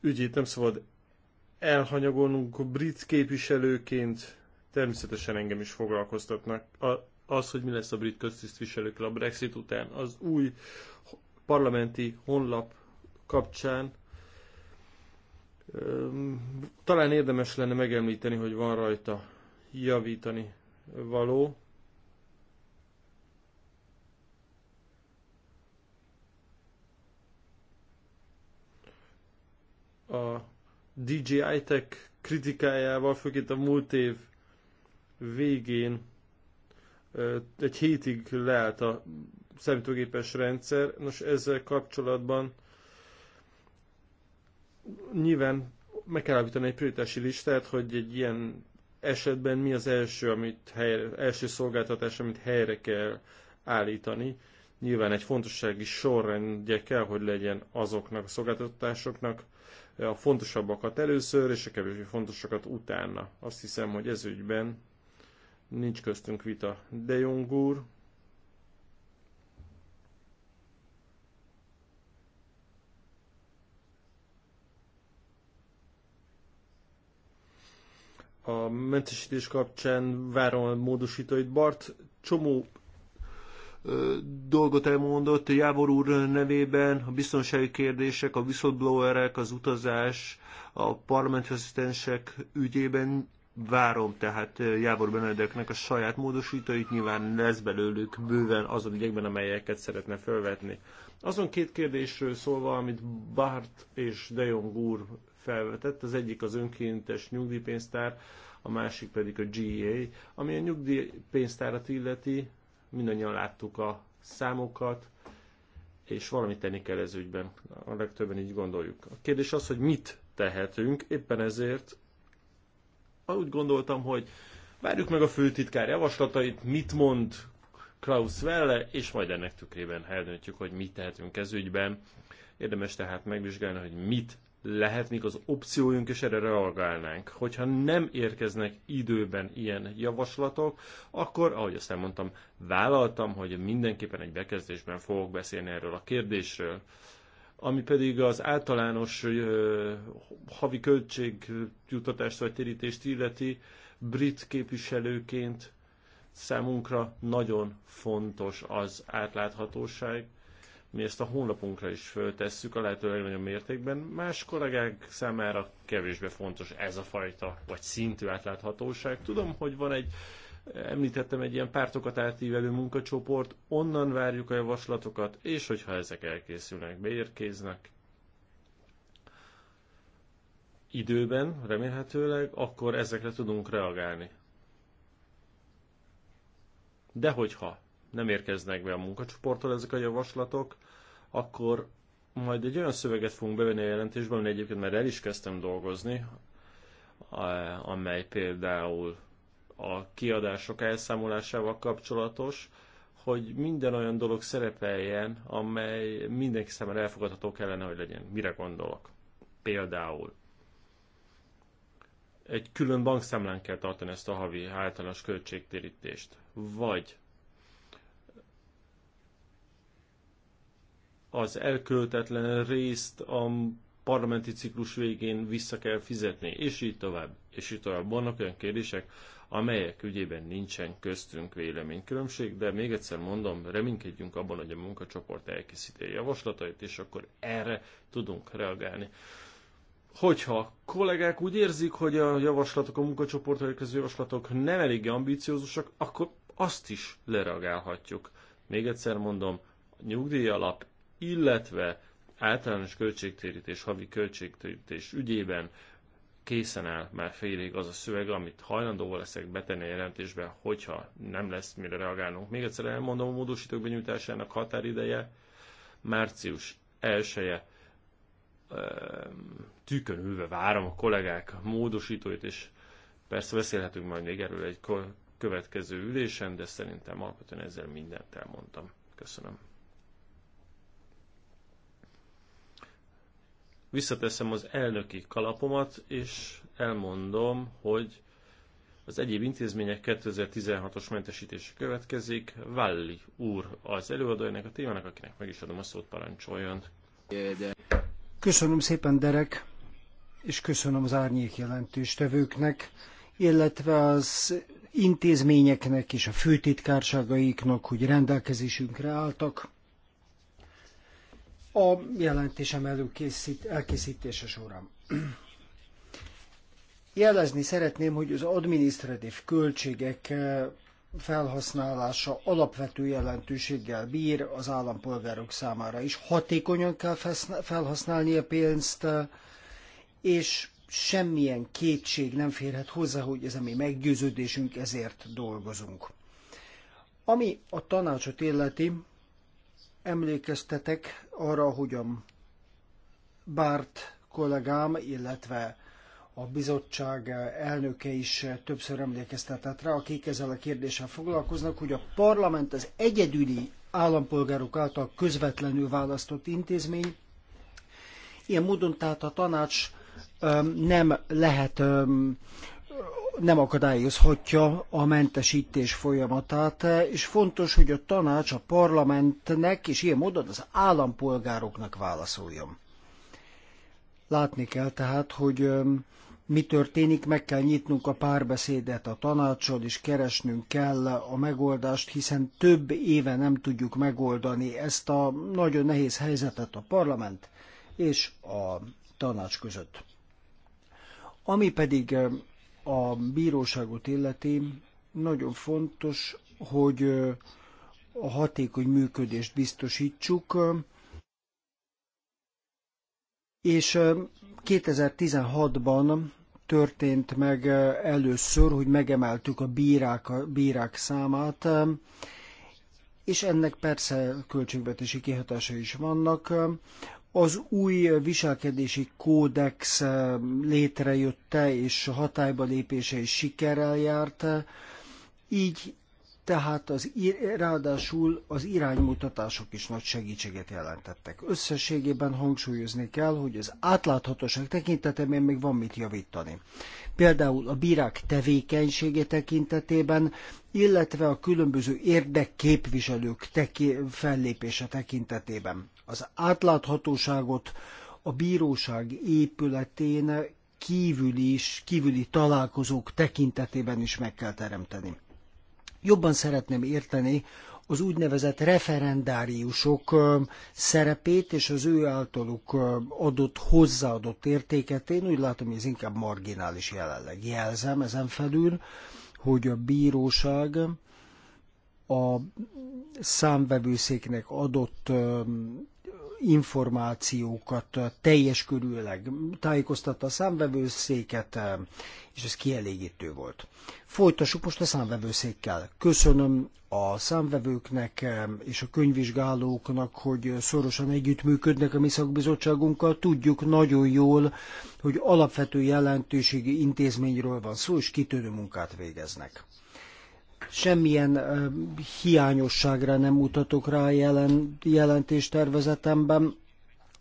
ügyét nem szabad elhanyagolnunk brit képviselőként, természetesen engem is foglalkoztatnak. A, az, hogy mi lesz a brit köztisztviselőkkel a Brexit után, az új parlamenti honlap kapcsán talán érdemes lenne megemlíteni, hogy van rajta javítani való. A DJI Tech kritikájával, főként a múlt év végén egy hétig leállt a számítógépes rendszer. Nos, ezzel kapcsolatban nyilván meg kell állítani egy prioritási listát, hogy egy ilyen esetben mi az első, amit helyre, első szolgáltatás, amit helyre kell állítani. Nyilván egy fontossági sorrendje kell, hogy legyen azoknak a szolgáltatásoknak, a fontosabbakat először, és a kevésbé fontosakat utána. Azt hiszem, hogy ez ügyben nincs köztünk vita. De Jong úr, a mentesítés kapcsán várom a módosítóit. Bart csomó dolgot elmondott Jábor úr nevében, a biztonsági kérdések, a whistleblowerek, az utazás, a parlamenti asszisztensek ügyében várom tehát Jábor Benedeknek a saját módosítóit, nyilván lesz belőlük bőven azon ügyekben, amelyeket szeretne felvetni. Azon két kérdésről szólva, amit Bart és De Jong úr felvetett, az egyik az önkéntes nyugdíjpénztár, a másik pedig a GEA, ami a nyugdíjpénztárat illeti, mindannyian láttuk a számokat, és valamit tenni kell ez ügyben. A legtöbben így gondoljuk. A kérdés az, hogy mit tehetünk, éppen ezért úgy gondoltam, hogy várjuk meg a főtitkár javaslatait, mit mond Klaus Welle, és majd ennek tükrében eldöntjük, hogy mit tehetünk ez ügyben. Érdemes tehát megvizsgálni, hogy mit lehetnék az opcióink, és erre reagálnánk. Hogyha nem érkeznek időben ilyen javaslatok, akkor, ahogy azt elmondtam, vállaltam, hogy mindenképpen egy bekezdésben fogok beszélni erről a kérdésről. Ami pedig az általános ö, havi költségjutatást vagy térítést illeti, brit képviselőként számunkra nagyon fontos az átláthatóság, mi ezt a honlapunkra is föltesszük a lehető legnagyobb mértékben. Más kollégák számára kevésbé fontos ez a fajta, vagy szintű átláthatóság. Tudom, hogy van egy említettem egy ilyen pártokat átívelő munkacsoport, onnan várjuk a javaslatokat, és hogyha ezek elkészülnek, beérkéznek, időben, remélhetőleg, akkor ezekre tudunk reagálni. De hogyha nem érkeznek be a munkacsoporttól ezek a javaslatok, akkor majd egy olyan szöveget fogunk bevenni a jelentésbe, amin egyébként már el is kezdtem dolgozni, amely például a kiadások elszámolásával kapcsolatos, hogy minden olyan dolog szerepeljen, amely mindenki számára elfogadható kellene, hogy legyen. Mire gondolok? Például egy külön bankszámlán kell tartani ezt a havi általános költségtérítést. Vagy az elköltetlen részt a parlamenti ciklus végén vissza kell fizetni, és így tovább. És így tovább vannak olyan kérdések, amelyek ügyében nincsen köztünk véleménykülönbség, de még egyszer mondom, reménykedjünk abban, hogy a munkacsoport elkészíti a javaslatait, és akkor erre tudunk reagálni. Hogyha kollégák úgy érzik, hogy a javaslatok, a munkacsoport érkező javaslatok nem eléggé ambiciózusak, akkor azt is lereagálhatjuk. Még egyszer mondom, nyugdíjalap illetve általános költségtérítés, havi költségtérítés ügyében készen áll már félig az a szöveg, amit hajlandó leszek betenni a jelentésbe, hogyha nem lesz mire reagálnunk. Még egyszer elmondom, a módosítók benyújtásának határideje március 1-e ehm, tükön ülve várom a kollégák módosítóit, és persze beszélhetünk majd még erről egy következő ülésen, de szerintem alapvetően ezzel mindent elmondtam. Köszönöm. visszateszem az elnöki kalapomat, és elmondom, hogy az egyéb intézmények 2016-os mentesítése következik. Valli úr az előadó ennek a témának, akinek meg is adom a szót, parancsoljon. Köszönöm szépen, Derek, és köszönöm az árnyék tevőknek, illetve az intézményeknek és a főtitkárságaiknak, hogy rendelkezésünkre álltak a jelentésem előkészít, elkészítése során. Jelezni szeretném, hogy az adminisztratív költségek eh, felhasználása alapvető jelentőséggel bír az állampolgárok számára is. Hatékonyan kell felhasználni a pénzt, eh, és semmilyen kétség nem férhet hozzá, hogy ez a mi meggyőződésünk, ezért dolgozunk. Ami a tanácsot illeti, Emlékeztetek arra, hogyan Bárt kollégám, illetve a bizottság elnöke is többször emlékeztetett rá, akik ezzel a kérdéssel foglalkoznak, hogy a parlament az egyedüli állampolgárok által közvetlenül választott intézmény. Ilyen módon tehát a tanács nem lehet nem akadályozhatja a mentesítés folyamatát, és fontos, hogy a tanács a parlamentnek és ilyen módon az állampolgároknak válaszoljon. Látni kell tehát, hogy mi történik, meg kell nyitnunk a párbeszédet a tanácsod és keresnünk kell a megoldást, hiszen több éve nem tudjuk megoldani ezt a nagyon nehéz helyzetet a parlament és a tanács között. Ami pedig a bíróságot illeti, nagyon fontos, hogy a hatékony működést biztosítsuk, és 2016-ban történt meg először, hogy megemeltük a bírák, a bírák számát, és ennek persze költségvetési kihatásai is vannak az új viselkedési kódex eh, létrejötte és hatályba lépése is sikerrel járt, így tehát az, ráadásul az iránymutatások is nagy segítséget jelentettek. Összességében hangsúlyozni kell, hogy az átláthatóság tekintetében még van mit javítani. Például a bírák tevékenysége tekintetében, illetve a különböző érdekképviselők teké- fellépése tekintetében. Az átláthatóságot a bíróság épületén kívül is, kívüli találkozók tekintetében is meg kell teremteni Jobban szeretném érteni az úgynevezett referendáriusok szerepét és az ő általuk adott hozzáadott értéket. Én úgy látom, hogy ez inkább marginális jelenleg. Jelzem ezen felül, hogy a bíróság a számvevőszéknek adott információkat teljes körülleg tájékoztatta a számvevőszéket, és ez kielégítő volt. Folytassuk most a számvevőszékkel. Köszönöm a számvevőknek és a könyvvizsgálóknak, hogy szorosan együttműködnek a mi szakbizottságunkkal. Tudjuk nagyon jól, hogy alapvető jelentőségi intézményről van szó, és kitűnő munkát végeznek semmilyen hiányosságra nem mutatok rá jelen, jelentéstervezetemben.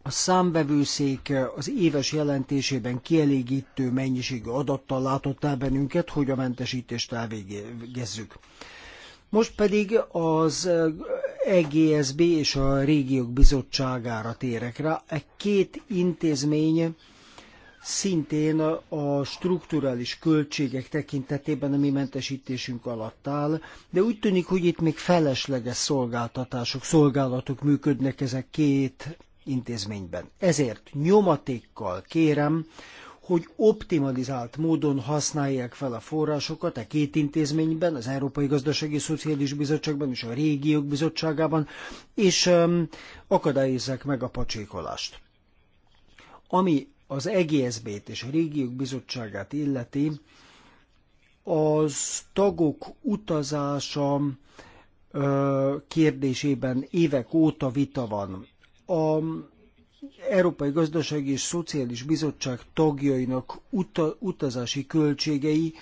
A számvevőszék az éves jelentésében kielégítő mennyiségű adattal látott el bennünket, hogy a mentesítést elvégezzük. Most pedig az EGSB és a Régiók Bizottságára térek rá. E két intézmény szintén a strukturális költségek tekintetében a mi mentesítésünk alatt áll, de úgy tűnik, hogy itt még felesleges szolgáltatások, szolgálatok működnek ezek két intézményben. Ezért nyomatékkal kérem, hogy optimalizált módon használják fel a forrásokat a két intézményben, az Európai Gazdasági Szociális Bizottságban és a Régiók Bizottságában, és um, akadályozzák meg a pacsékolást. Ami az EGSB-t és a régiók bizottságát illeti, az tagok utazása kérdésében évek óta vita van. A Európai Gazdasági és Szociális Bizottság tagjainak utazási költségei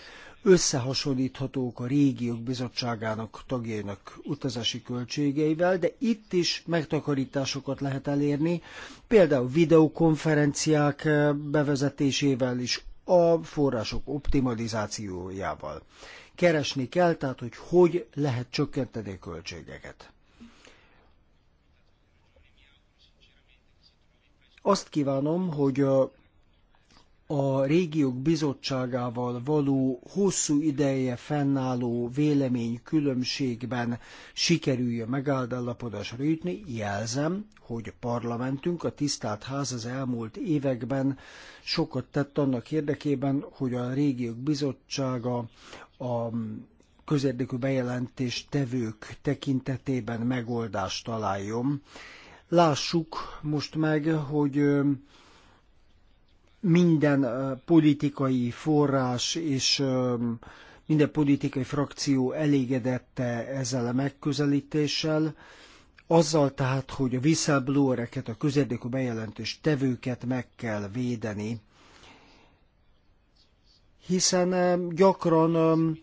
összehasonlíthatók a régiók bizottságának tagjainak utazási költségeivel, de itt is megtakarításokat lehet elérni, például videokonferenciák eh, bevezetésével is, a források optimalizációjával. Keresni kell, tehát hogy hogy lehet csökkenteni a költségeket. Azt kívánom, hogy a a régiók bizottságával való hosszú ideje fennálló véleménykülönbségben sikerüljön megállapodásra jutni, jelzem, hogy a parlamentünk, a tisztelt ház az elmúlt években sokat tett annak érdekében, hogy a régiók bizottsága a közérdekű bejelentést tevők tekintetében megoldást találjon. Lássuk most meg, hogy minden politikai forrás és minden politikai frakció elégedette ezzel a megközelítéssel, azzal tehát, hogy a whistleblowereket, a közérdekű bejelentős tevőket meg kell védeni, hiszen gyakran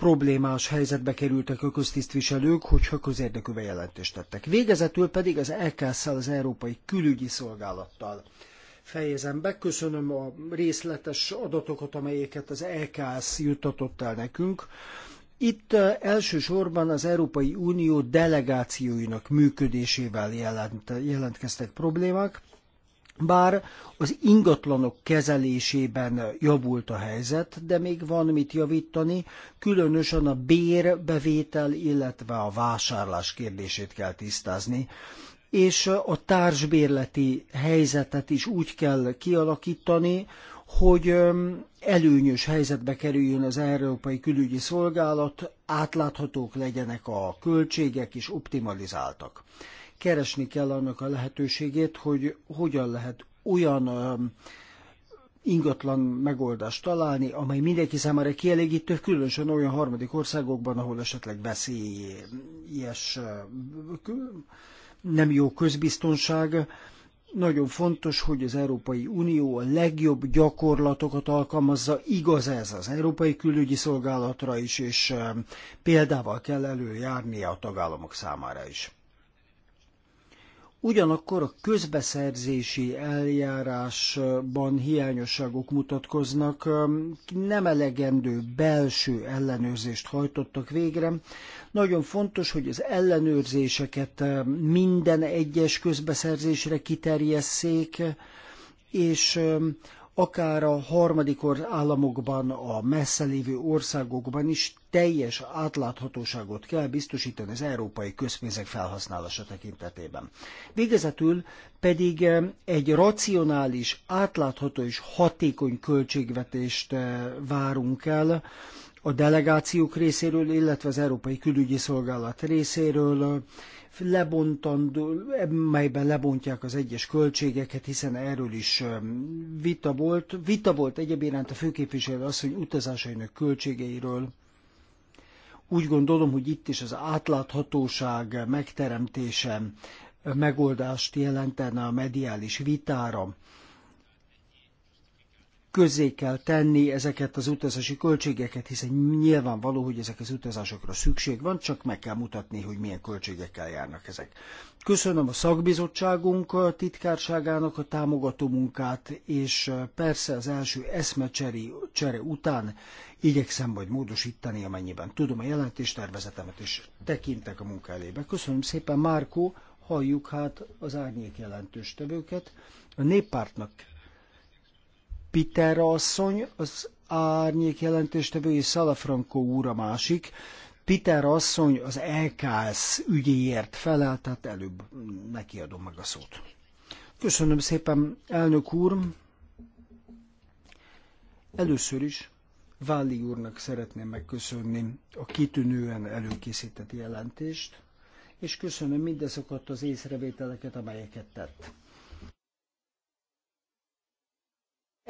problémás helyzetbe kerültek a köztisztviselők, hogyha közérdekű jelentést tettek. Végezetül pedig az eksz az Európai Külügyi Szolgálattal fejezem be. Köszönöm a részletes adatokat, amelyeket az EKS juttatott el nekünk. Itt eh, elsősorban az Európai Unió delegációinak működésével jelent, jelentkeztek problémák. Bár az ingatlanok kezelésében javult a helyzet, de még van mit javítani, különösen a bérbevétel, illetve a vásárlás kérdését kell tisztázni. És a társbérleti helyzetet is úgy kell kialakítani, hogy előnyös helyzetbe kerüljön az Európai Külügyi Szolgálat, átláthatók legyenek a költségek és optimalizáltak keresni kell annak a lehetőségét, hogy hogyan lehet olyan ingatlan megoldást találni, amely mindenki számára kielégítő, különösen olyan harmadik országokban, ahol esetleg veszélyes, nem jó közbiztonság. Nagyon fontos, hogy az Európai Unió a legjobb gyakorlatokat alkalmazza, igaz ez az Európai Külügyi Szolgálatra is, és példával kell előjárnia a tagállamok számára is. Ugyanakkor a közbeszerzési eljárásban hiányosságok mutatkoznak, nem elegendő belső ellenőrzést hajtottak végre. Nagyon fontos, hogy az ellenőrzéseket minden egyes közbeszerzésre kiterjesszék, és akár a harmadik államokban, a messze lévő országokban is teljes átláthatóságot kell biztosítani az európai közpénzek felhasználása tekintetében. Végezetül pedig egy racionális, átlátható és hatékony költségvetést eh, várunk el a delegációk részéről, illetve az Európai Külügyi Szolgálat részéről, lebontandó, melyben lebontják az egyes költségeket, hiszen erről is vita volt. Vita volt egyébként a főképviselő hogy utazásainak költségeiről. Úgy gondolom, hogy itt is az átláthatóság megteremtése megoldást jelentene a mediális vitára közé kell tenni ezeket az utazási költségeket, hiszen nyilvánvaló, hogy ezek az utazásokra szükség van, csak meg kell mutatni, hogy milyen költségekkel járnak ezek. Köszönöm a szakbizottságunk a titkárságának a támogató munkát, és persze az első eszmecseri csere után igyekszem majd módosítani, amennyiben tudom a jelentéstervezetemet, és tekintek a munka elébe. Köszönöm szépen, Márkó, halljuk hát az árnyék jelentős tevőket. A néppártnak Peter asszony, az árnyék jelentéstevő és Salafranco úr a másik. Peter asszony az LKS ügyéért felel, tehát előbb neki adom meg a szót. Köszönöm szépen, elnök úr! Először is Váli úrnak szeretném megköszönni a kitűnően előkészített jelentést, és köszönöm mindazokat az észrevételeket, amelyeket tett.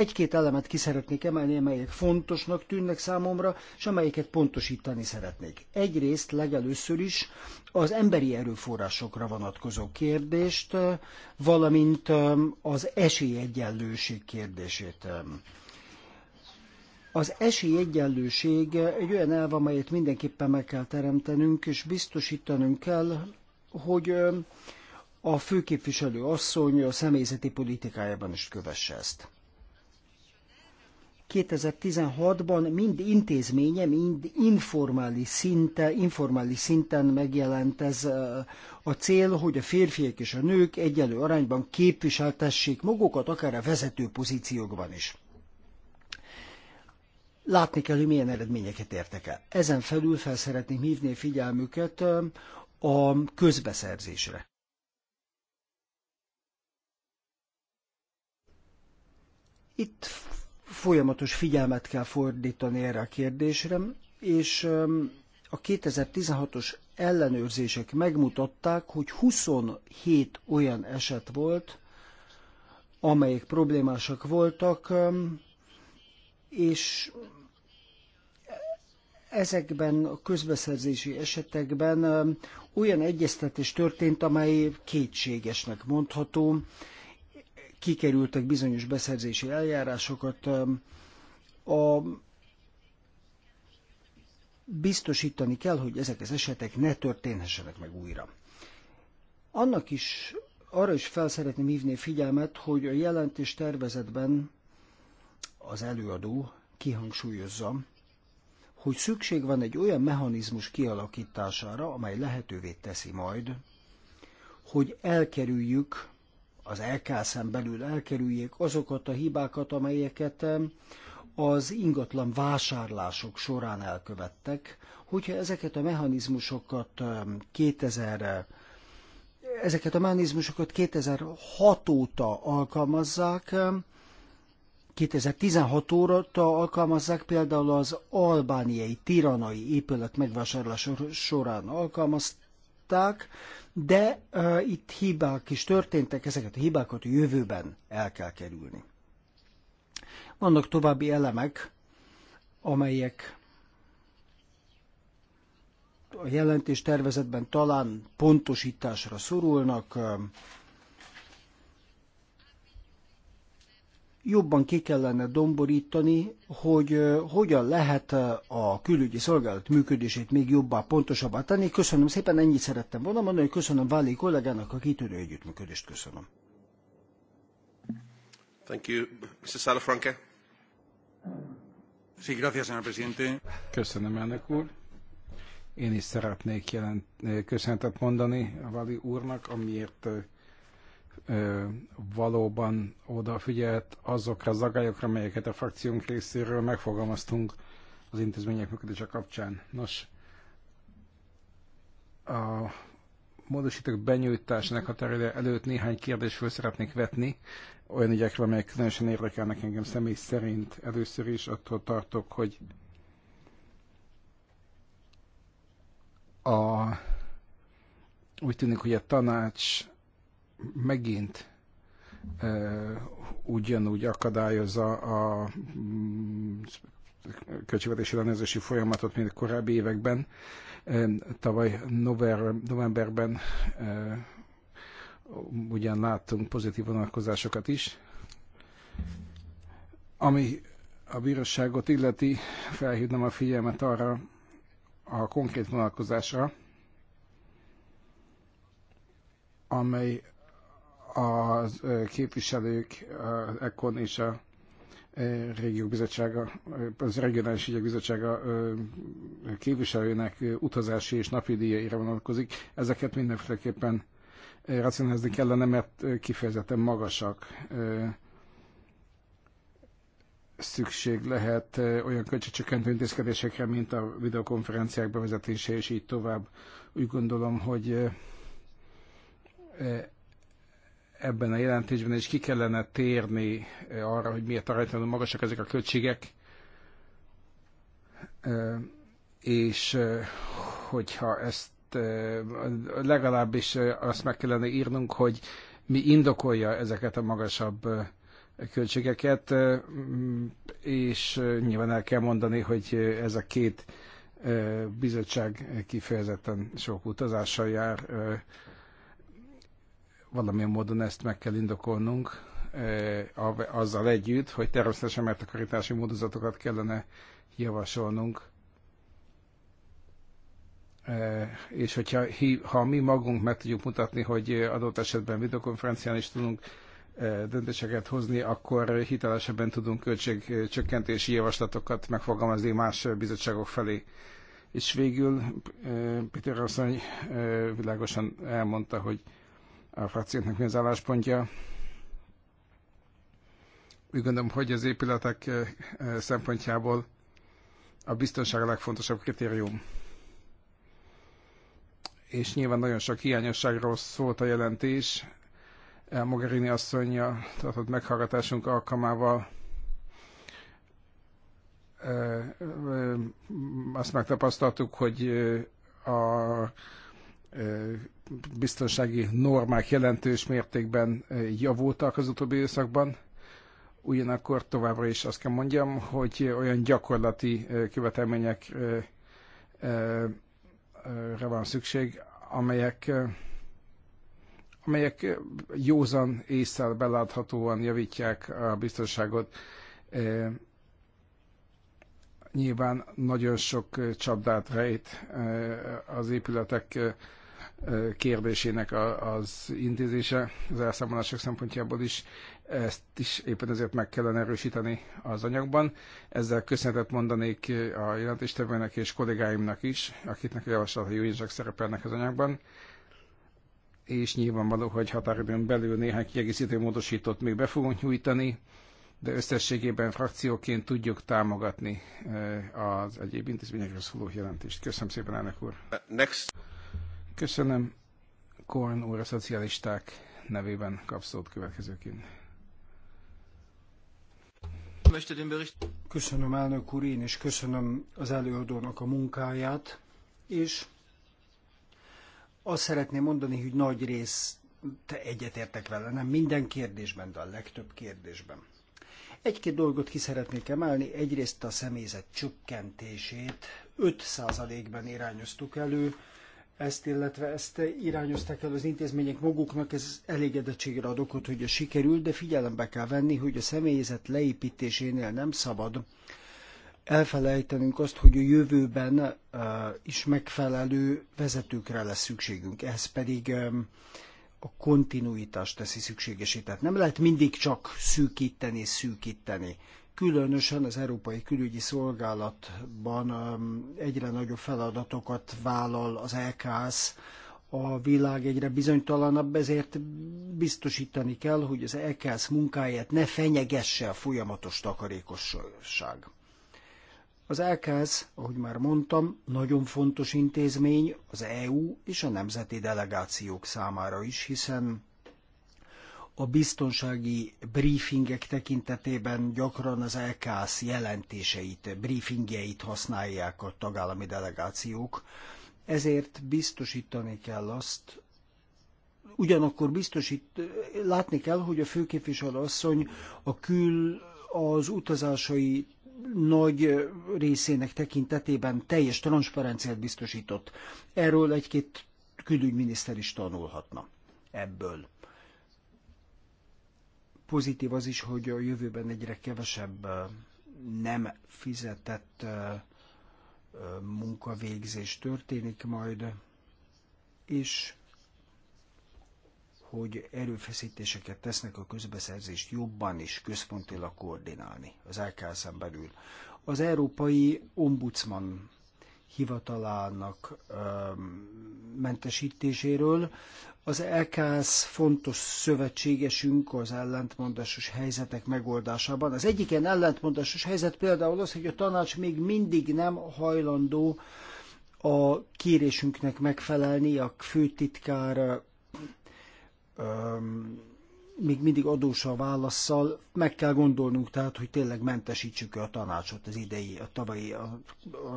Egy-két elemet ki szeretnék emelni, amelyek fontosnak tűnnek számomra, és amelyeket pontosítani szeretnék. Egyrészt legelőször is az emberi erőforrásokra vonatkozó kérdést, valamint az esélyegyenlőség kérdését. Az esélyegyenlőség egy olyan elv, amelyet mindenképpen meg kell teremtenünk, és biztosítanunk kell, hogy a főképviselő asszony a személyzeti politikájában is kövesse ezt. 2016-ban mind intézménye, mind informális, szinte, informális szinten megjelent ez a cél, hogy a férfiak és a nők egyenlő arányban képviseltessék magukat, akár a vezető pozíciókban is. Látni kell, hogy milyen eredményeket értek el. Ezen felül fel szeretném hívni a figyelmüket a közbeszerzésre. Itt Folyamatos figyelmet kell fordítani erre a kérdésre, és a 2016-os ellenőrzések megmutatták, hogy 27 olyan eset volt, amelyek problémásak voltak, és ezekben a közbeszerzési esetekben olyan egyeztetés történt, amely kétségesnek mondható, kikerültek bizonyos beszerzési eljárásokat. A biztosítani kell, hogy ezek az esetek ne történhessenek meg újra. Annak is, arra is fel szeretném hívni figyelmet, hogy a jelentés tervezetben az előadó kihangsúlyozza, hogy szükség van egy olyan mechanizmus kialakítására, amely lehetővé teszi majd, hogy elkerüljük az LKSZ-en belül elkerüljék azokat a hibákat, amelyeket az ingatlan vásárlások során elkövettek, hogyha ezeket a mechanizmusokat 2000 ezeket a mechanizmusokat 2006 óta alkalmazzák, 2016 óta alkalmazzák, például az albániai tiranai épület megvásárlása során alkalmaz, tudták, de uh, itt hibák is történtek, ezeket a hibákat a jövőben el kell kerülni. Vannak további elemek, amelyek a jelentés tervezetben talán pontosításra szorulnak, jobban ki kellene domborítani, hogy hogyan lehet a külügyi szolgálat működését még jobbá, pontosabbá tenni. Köszönöm szépen, ennyit szerettem volna mondani, hogy köszönöm Váli kollégának a kitűnő együttműködést. Köszönöm. Thank you. Mr. Salafranca. Sí, gracias, señor presidente. Köszönöm, elnök úr. Én is szeretnék jelent, köszönetet mondani a Vali úrnak, amiért valóban odafigyelt azokra az agályokra, melyeket a frakciónk részéről megfogalmaztunk az intézmények működése kapcsán. Nos, a módosítók benyújtásának határideje előtt néhány kérdést föl szeretnék vetni, olyan ügyekről, amelyek különösen érdekelnek engem személy szerint. Először is attól tartok, hogy a, úgy tűnik, hogy a tanács megint ugyanúgy akadályozza a mm, költségvetési ellenőrzési folyamatot, mint a korábbi években. Tavaly novemberben ugyan láttunk pozitív vonalkozásokat is. Ami a bíróságot illeti, felhívnám a figyelmet arra a konkrét vonalkozásra, amely a képviselők, az ECON és a régiók bizottsága, az regionális ügyek bizottsága képviselőinek utazási és napi díjaira vonatkozik. Ezeket mindenféleképpen racionálizni kellene, mert kifejezetten magasak. Szükség lehet olyan költségcsökkentő intézkedésekre, mint a videokonferenciák bevezetése, és így tovább. Úgy gondolom, hogy ebben a jelentésben és ki kellene térni eh, arra, hogy miért aránytalanul magasak ezek a költségek, eh, és eh, hogyha ezt legalábbis azt meg kellene írnunk, hogy mi indokolja ezeket a magasabb költségeket, mm, és nyilván el kell mondani, hogy ez a két bizottság kifejezetten sok utazással jár, valamilyen módon ezt meg kell indokolnunk azzal együtt, hogy természetesen megtakarítási módozatokat kellene javasolnunk. És hogyha ha mi magunk meg tudjuk mutatni, hogy adott esetben videokonferencián is tudunk döntéseket hozni, akkor hitelesebben tudunk költségcsökkentési javaslatokat megfogalmazni más bizottságok felé. És végül Peter Rosszony világosan elmondta, hogy a frakciónak mi az álláspontja. Úgy gondolom, hogy az épületek eh, eh, szempontjából a biztonság a legfontosabb kritérium. És nyilván nagyon sok hiányosságról szólt a jelentés. Eh, Mogherini asszonya tartott meghallgatásunk alkalmával azt megtapasztaltuk, hogy a biztonsági normák jelentős mértékben eh, javultak az utóbbi időszakban. Ugyanakkor továbbra is azt kell mondjam, hogy olyan gyakorlati eh, követelményekre eh, van szükség, amelyek, amelyek józan észre beláthatóan javítják a biztonságot. Nyilván nagyon sok csapdát rejt az épületek kérdésének az intézése az elszámolások szempontjából is. Ezt is éppen ezért meg kellene erősíteni az anyagban. Ezzel köszönetet mondanék a jelentéstevőnek és kollégáimnak is, akiknek a javaslatai jó szerepelnek az anyagban és nyilvánvaló, hogy határidőn belül néhány kiegészítő módosítót még be fogunk nyújtani, de összességében frakcióként tudjuk támogatni az egyéb intézményekről szóló jelentést. Köszönöm szépen, elnök úr! Next. Köszönöm. Korn úr a szocialisták nevében kap szót következőként. Köszönöm elnök úr, én is köszönöm az előadónak a munkáját, és azt szeretném mondani, hogy nagy rész te egyetértek vele, nem minden kérdésben, de a legtöbb kérdésben. Egy-két dolgot ki szeretnék emelni, egyrészt a személyzet csökkentését 5%-ban irányoztuk elő, ezt, illetve ezt irányozták el az intézmények maguknak, ez elégedettségre ad okot, hogy a sikerült, de figyelembe kell venni, hogy a személyzet leépítésénél nem szabad elfelejtenünk azt, hogy a jövőben eh, is megfelelő vezetőkre lesz szükségünk. Ez pedig a kontinuitást teszi szükségesé. Tehát nem lehet mindig csak szűkíteni, szűkíteni különösen az Európai Külügyi Szolgálatban um, egyre nagyobb feladatokat vállal az EKSZ, a világ egyre bizonytalanabb, ezért biztosítani kell, hogy az EKSZ munkáját ne fenyegesse a folyamatos takarékosság. Az EKSZ, ahogy már mondtam, nagyon fontos intézmény az EU és a nemzeti delegációk számára is, hiszen a biztonsági briefingek tekintetében gyakran az LKS jelentéseit, briefingjeit használják a tagállami delegációk, ezért biztosítani kell azt, ugyanakkor biztosít, látni kell, hogy a főképviselő asszony a kül az utazásai nagy részének tekintetében teljes transzparenciát biztosított. Erről egy-két külügyminiszter is tanulhatna ebből. Pozitív az is, hogy a jövőben egyre kevesebb nem fizetett munkavégzés történik majd, és hogy erőfeszítéseket tesznek a közbeszerzést jobban is központilag koordinálni az LKS-en belül. Az Európai Ombudsman hivatalának mentesítéséről. Az EKSZ fontos szövetségesünk az ellentmondásos helyzetek megoldásában. Az egyik ilyen ellentmondásos helyzet például az, hogy a tanács még mindig nem hajlandó a kérésünknek megfelelni a főtitkár még mindig adós a válaszsal, meg kell gondolnunk tehát, hogy tényleg mentesítsük -e a tanácsot az idei, a tavalyi,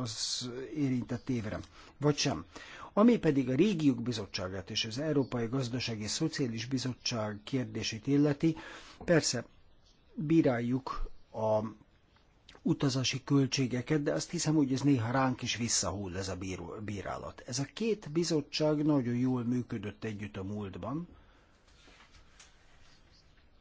az érintett évre, vagy sem. Ami pedig a régiók bizottságát és az Európai Gazdasági Szociális Bizottság kérdését illeti, persze bíráljuk a utazási költségeket, de azt hiszem, hogy ez néha ránk is visszahull ez a bírálat. Ez a két bizottság nagyon jól működött együtt a múltban,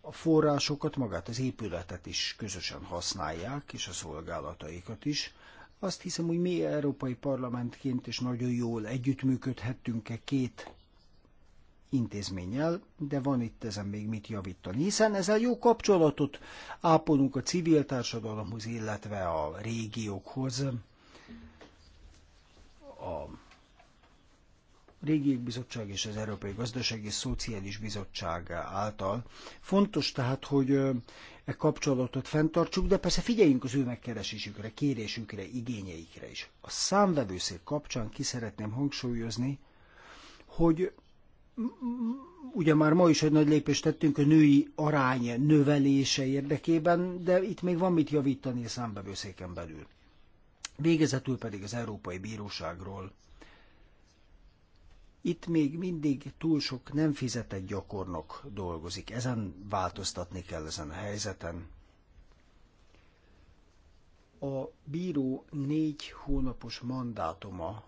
a forrásokat, magát az épületet is közösen használják, és a szolgálataikat is. Azt hiszem, hogy mi Európai Parlamentként is nagyon jól együttműködhettünk e két intézménnyel, de van itt ezen még mit javítani, hiszen ezzel jó kapcsolatot ápolunk a civil társadalomhoz, illetve a régiókhoz, a Régi Bizottság és az Európai Gazdasági és Szociális Bizottság által. Fontos tehát, hogy e kapcsolatot fenntartsuk, de persze figyeljünk az ő megkeresésükre, kérésükre, igényeikre is. A számvevőszék kapcsán ki szeretném hangsúlyozni, hogy ugye már ma is egy nagy lépést tettünk a női arány növelése érdekében, de itt még van mit javítani a számbevőszéken belül. Végezetül pedig az Európai Bíróságról itt még mindig túl sok nem fizetett gyakornok dolgozik. Ezen változtatni kell ezen a helyzeten. A bíró négy hónapos mandátuma,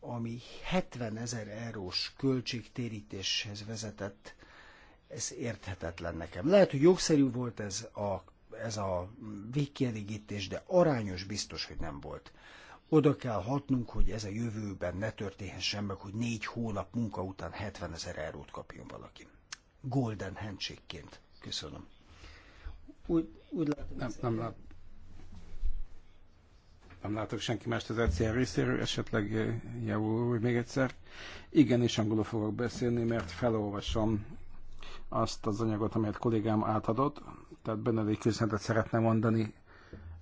ami 70 ezer eurós költségtérítéshez vezetett, ez érthetetlen nekem. Lehet, hogy jogszerű volt ez a, ez a végkielégítés, de arányos biztos, hogy nem volt. Oda kell hatnunk, hogy ez a jövőben ne történhessen meg, hogy négy hónap munka után 70 ezer eurót kapjon valaki. Golden handshake-ként. Köszönöm. Úgy, úgy látom, nem, nem, lát, nem látok senki mást az ECR részéről, esetleg eh, javul hogy még egyszer. Igen, és angolul fogok beszélni, mert felolvasom azt az anyagot, amelyet kollégám átadott, tehát benne egy szeretne mondani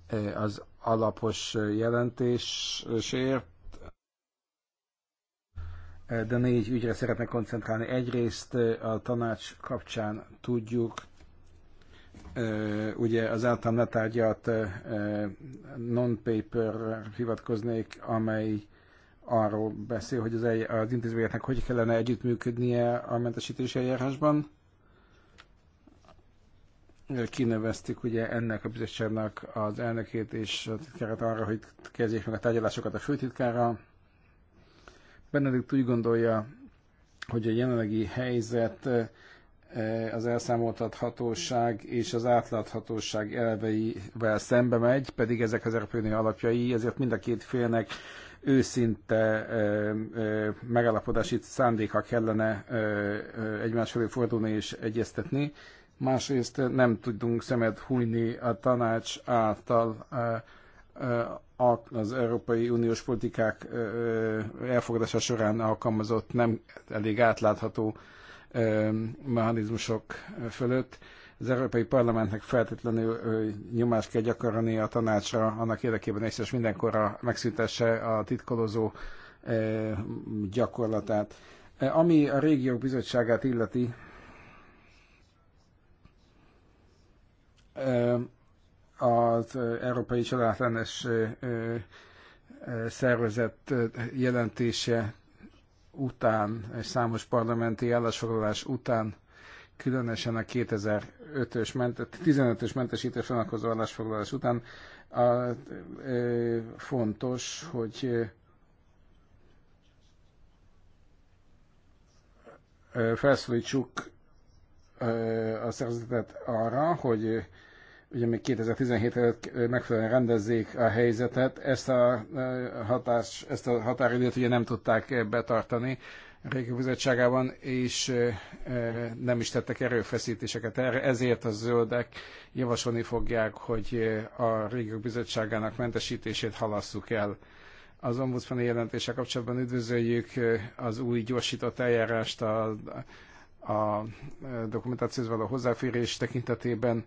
eh, az alapos jelentésért, de négy ügyre szeretnék koncentrálni. Egyrészt a tanács kapcsán tudjuk, ugye az általán letárgyalt non-paper hivatkoznék, amely arról beszél, hogy az, az intézményeknek hogy kellene együttműködnie a mentesítési eljárásban kinevezték ugye ennek a bizottságnak az elnökét és a titkárat arra, hogy kezdjék meg a tárgyalásokat a főtitkára. Benedikt úgy gondolja, hogy a jelenlegi helyzet eh, az elszámoltathatóság és az átláthatóság elveivel szembe megy, pedig ezek az Európai alapjai, ezért mind a két félnek őszinte ö, eh, ö, eh, megállapodási szándéka kellene ö, egymás felé fordulni és egyeztetni másrészt nem tudunk szemet hújni a tanács által az Európai Uniós politikák elfogadása során alkalmazott nem elég átlátható mechanizmusok fölött. Az Európai Parlamentnek feltétlenül nyomást kell gyakorolni a tanácsra, annak érdekében egyszer mindenkorra megszüntesse a titkolozó gyakorlatát. Ami a régiók bizottságát illeti, az Európai Családlenes Szervezet jelentése után, és számos parlamenti állásfoglalás után, különösen a 2005-ös ment, 15-ös mentesítés vonatkozó állásfoglalás után a, e, fontos, hogy e, felszólítsuk a szerzetet arra, hogy ugye még 2017 előtt megfelelően rendezzék a helyzetet. Ezt a, hatás, ezt a határidőt ugye nem tudták betartani a régi bizottságában, és nem is tettek erőfeszítéseket erre. Ezért a zöldek javasolni fogják, hogy a régi bizottságának mentesítését halasszuk el. Az ombudsmani jelentése kapcsolatban üdvözöljük az új gyorsított eljárást a a e, dokumentációhoz való hozzáférés tekintetében.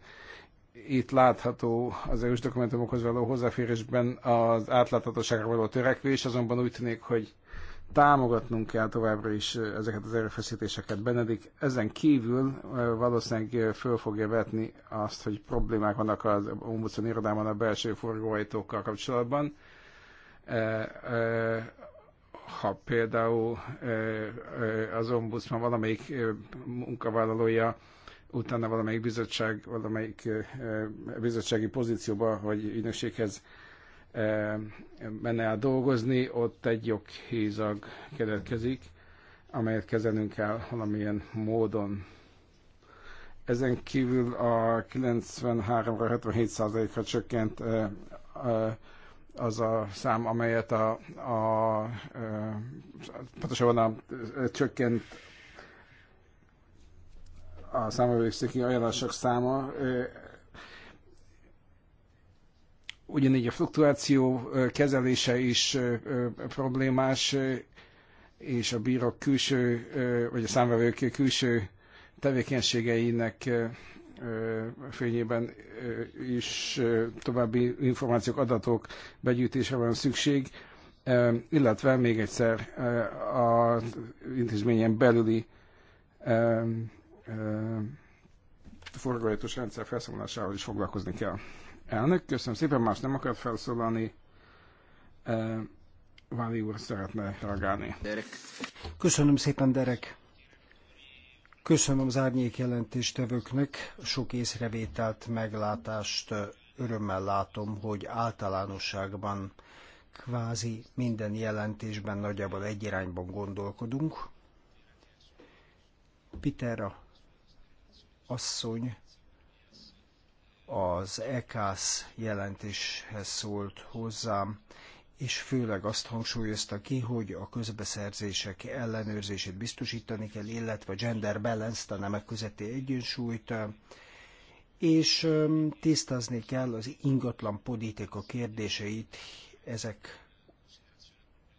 Itt látható az EU-s dokumentumokhoz való hozzáférésben az átláthatóságra való törekvés, azonban úgy tűnik, hogy támogatnunk kell továbbra is ezeket az erőfeszítéseket. Benedik ezen kívül e, valószínűleg föl fogja vetni azt, hogy problémák vannak az ombudsman irodában a belső forgóajtókkal kapcsolatban. E, ha például az ombudsman valamelyik munkavállalója utána valamelyik bizottság, valamelyik bizottsági pozícióba vagy ügynökséghez menne el dolgozni, ott egy joghézag keletkezik, amelyet kezelnünk kell valamilyen módon. Ezen kívül a 93-ra 77%-ra csökkent az a szám, amelyet a, a, a pontosabban a, a csökkent a számövőszéki ajánlások száma. Ugyanígy a fluktuáció kezelése is problémás, és a bírok külső, vagy a számvevők külső tevékenységeinek fényében is további információk, adatok begyűjtése van szükség, illetve még egyszer az intézményen belüli forgalmatos rendszer felszámolásával is foglalkozni kell. Elnök, köszönöm szépen, más nem akart felszólalni. Váli úr szeretne reagálni. Derek. Köszönöm szépen, Derek. Köszönöm az árnyék jelentéstevőknek, sok észrevételt, meglátást örömmel látom, hogy általánosságban kvázi minden jelentésben nagyjából egy irányban gondolkodunk. Pitera asszony az EKSZ jelentéshez szólt hozzám és főleg azt hangsúlyozta ki, hogy a közbeszerzések ellenőrzését biztosítani kell, illetve a gender balance-t, a nemek közötti egyensúlyt, és tisztázni kell az ingatlan politika kérdéseit, ezek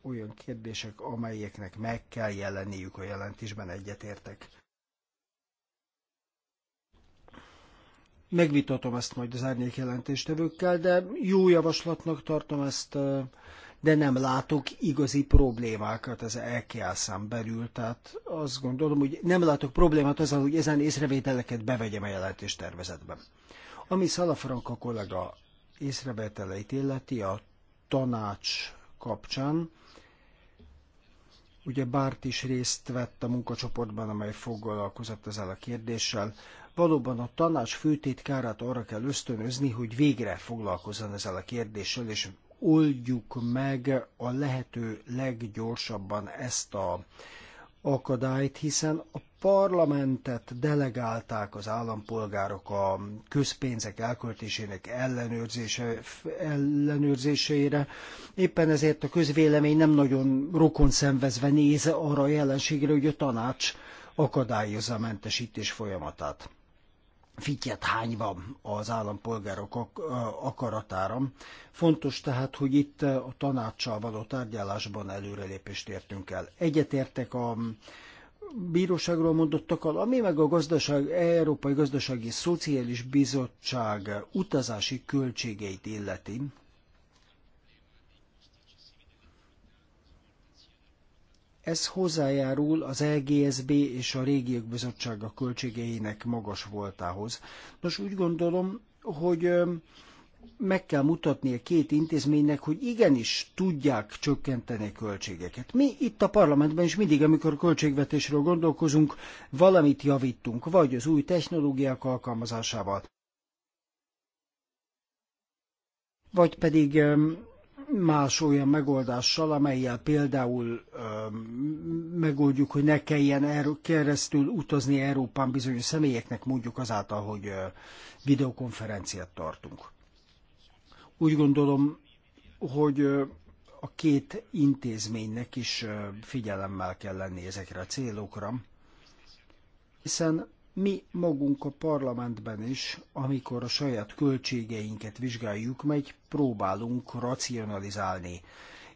olyan kérdések, amelyeknek meg kell jelenniük a jelentésben, egyetértek. megvitatom ezt majd az árnyék jelentéstevőkkel, de jó javaslatnak tartom ezt, de nem látok igazi problémákat az EKSZ-en belül. Tehát azt gondolom, hogy nem látok problémát azzal, hogy ezen észrevételeket bevegyem a jelentéstervezetben. Ami Szalafranka kollega észrevételeit illeti a tanács kapcsán, Ugye Bárt is részt vett a munkacsoportban, amely foglalkozott ezzel a kérdéssel valóban a tanács főtétkárát arra kell ösztönözni, hogy végre foglalkozzon ezzel a kérdéssel, és oldjuk meg a lehető leggyorsabban ezt a akadályt, hiszen a parlamentet delegálták az állampolgárok a közpénzek elköltésének ellenőrzése, ellenőrzéseire. Éppen ezért a közvélemény nem nagyon rokon szenvezve néz arra a jelenségre, hogy a tanács akadályozza a mentesítés folyamatát fityet hányva az állampolgárok akaratára. Fontos tehát, hogy itt a tanácssal való tárgyalásban előrelépést értünk el. Egyetértek a bíróságról mondottakkal, ami meg a gazdaság, Európai Gazdasági Szociális Bizottság utazási költségeit illeti, Ez hozzájárul az LGSB e és a régiók bizottsága költségeinek magas voltához. Nos, úgy gondolom, hogy meg kell mutatni a két intézménynek, hogy igenis tudják csökkenteni a költségeket. Mi itt a parlamentben is mindig, amikor költségvetésről gondolkozunk, valamit javítunk, vagy az új technológiák alkalmazásával, vagy pedig más olyan megoldással, amelyel például ö, megoldjuk, hogy ne kelljen Euró- keresztül utazni Európán bizonyos személyeknek, mondjuk azáltal, hogy ö, videokonferenciát tartunk. Úgy gondolom, hogy ö, a két intézménynek is ö, figyelemmel kell lenni ezekre a célokra, hiszen mi magunk a parlamentben is, amikor a saját költségeinket vizsgáljuk meg, próbálunk racionalizálni,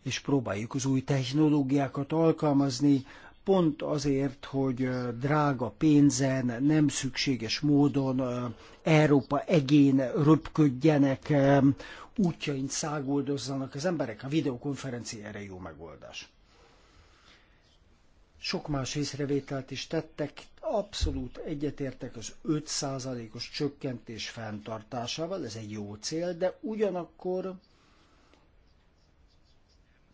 és próbáljuk az új technológiákat alkalmazni, pont azért, hogy drága pénzen, nem szükséges módon Európa egén röpködjenek, útjain száguldozzanak az emberek. A videokonferencia erre jó megoldás. Sok más észrevételt is tettek, abszolút egyetértek az 5%-os csökkentés fenntartásával, ez egy jó cél, de ugyanakkor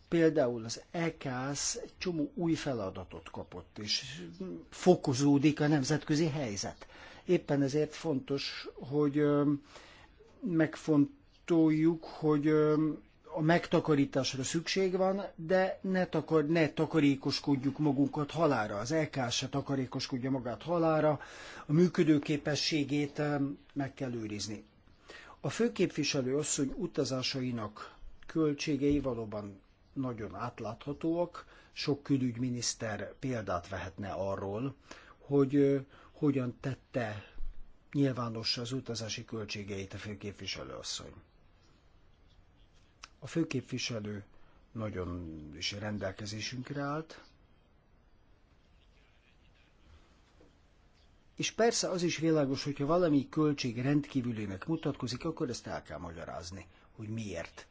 például az EKSZ egy csomó új feladatot kapott, és fokozódik a nemzetközi helyzet. Éppen ezért fontos, hogy megfontoljuk, hogy a megtakarításra szükség van, de ne, takar, ne takarékoskodjuk magunkat halára. Az LK se takarékoskodja magát halára, a működőképességét meg kell őrizni. A főképviselő asszony utazásainak költségei valóban nagyon átláthatóak, sok külügyminiszter példát vehetne arról, hogy hogyan tette nyilvánossá az utazási költségeit a főképviselő asszony. A főképviselő nagyon is rendelkezésünkre állt, És persze az is világos, hogyha valami költség rendkívülének mutatkozik, akkor ezt el kell magyarázni, hogy miért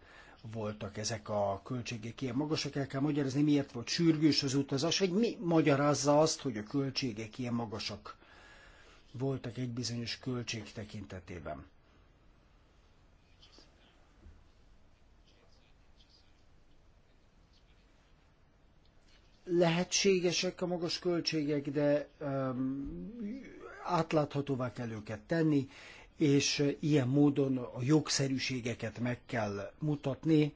voltak ezek a költségek ilyen magasak, el kell magyarázni, miért volt sürgős az utazás, vagy mi magyarázza azt, hogy a költségek ilyen magasak voltak egy bizonyos költség tekintetében. lehetségesek a magas költségek, de um, átláthatóvá kell őket tenni, és uh, ilyen módon a jogszerűségeket meg kell mutatni,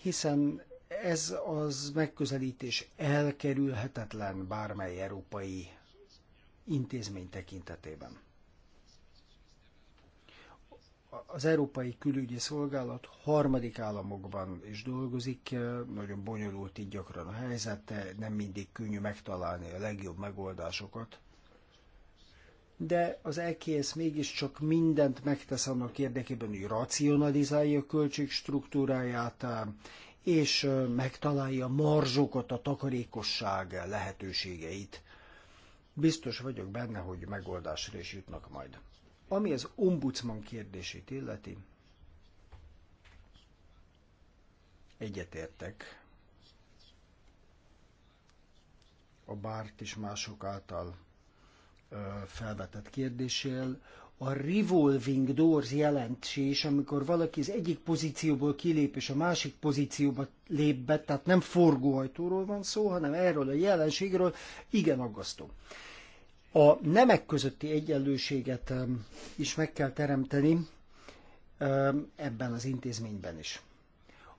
hiszen ez az megközelítés elkerülhetetlen bármely európai intézmény tekintetében az Európai Külügyi Szolgálat harmadik államokban is dolgozik, eh, nagyon bonyolult így gyakran a helyzet, nem mindig könnyű megtalálni a legjobb megoldásokat. De az EKS mégiscsak mindent megtesz annak érdekében, hogy racionalizálja a költség struktúráját, eh, és eh, megtalálja a marzsokat, a takarékosság lehetőségeit. Biztos vagyok benne, hogy megoldásra is jutnak majd. Ami az ombudsman kérdését illeti, egyetértek a Bárt és mások által felvetett kérdéssel, a revolving doors jelentés, amikor valaki az egyik pozícióból kilép és a másik pozícióba lép be, tehát nem forgóhajtóról van szó, hanem erről a jelenségről, igen aggasztó. A nemek közötti egyenlőséget is meg kell teremteni ebben az intézményben is.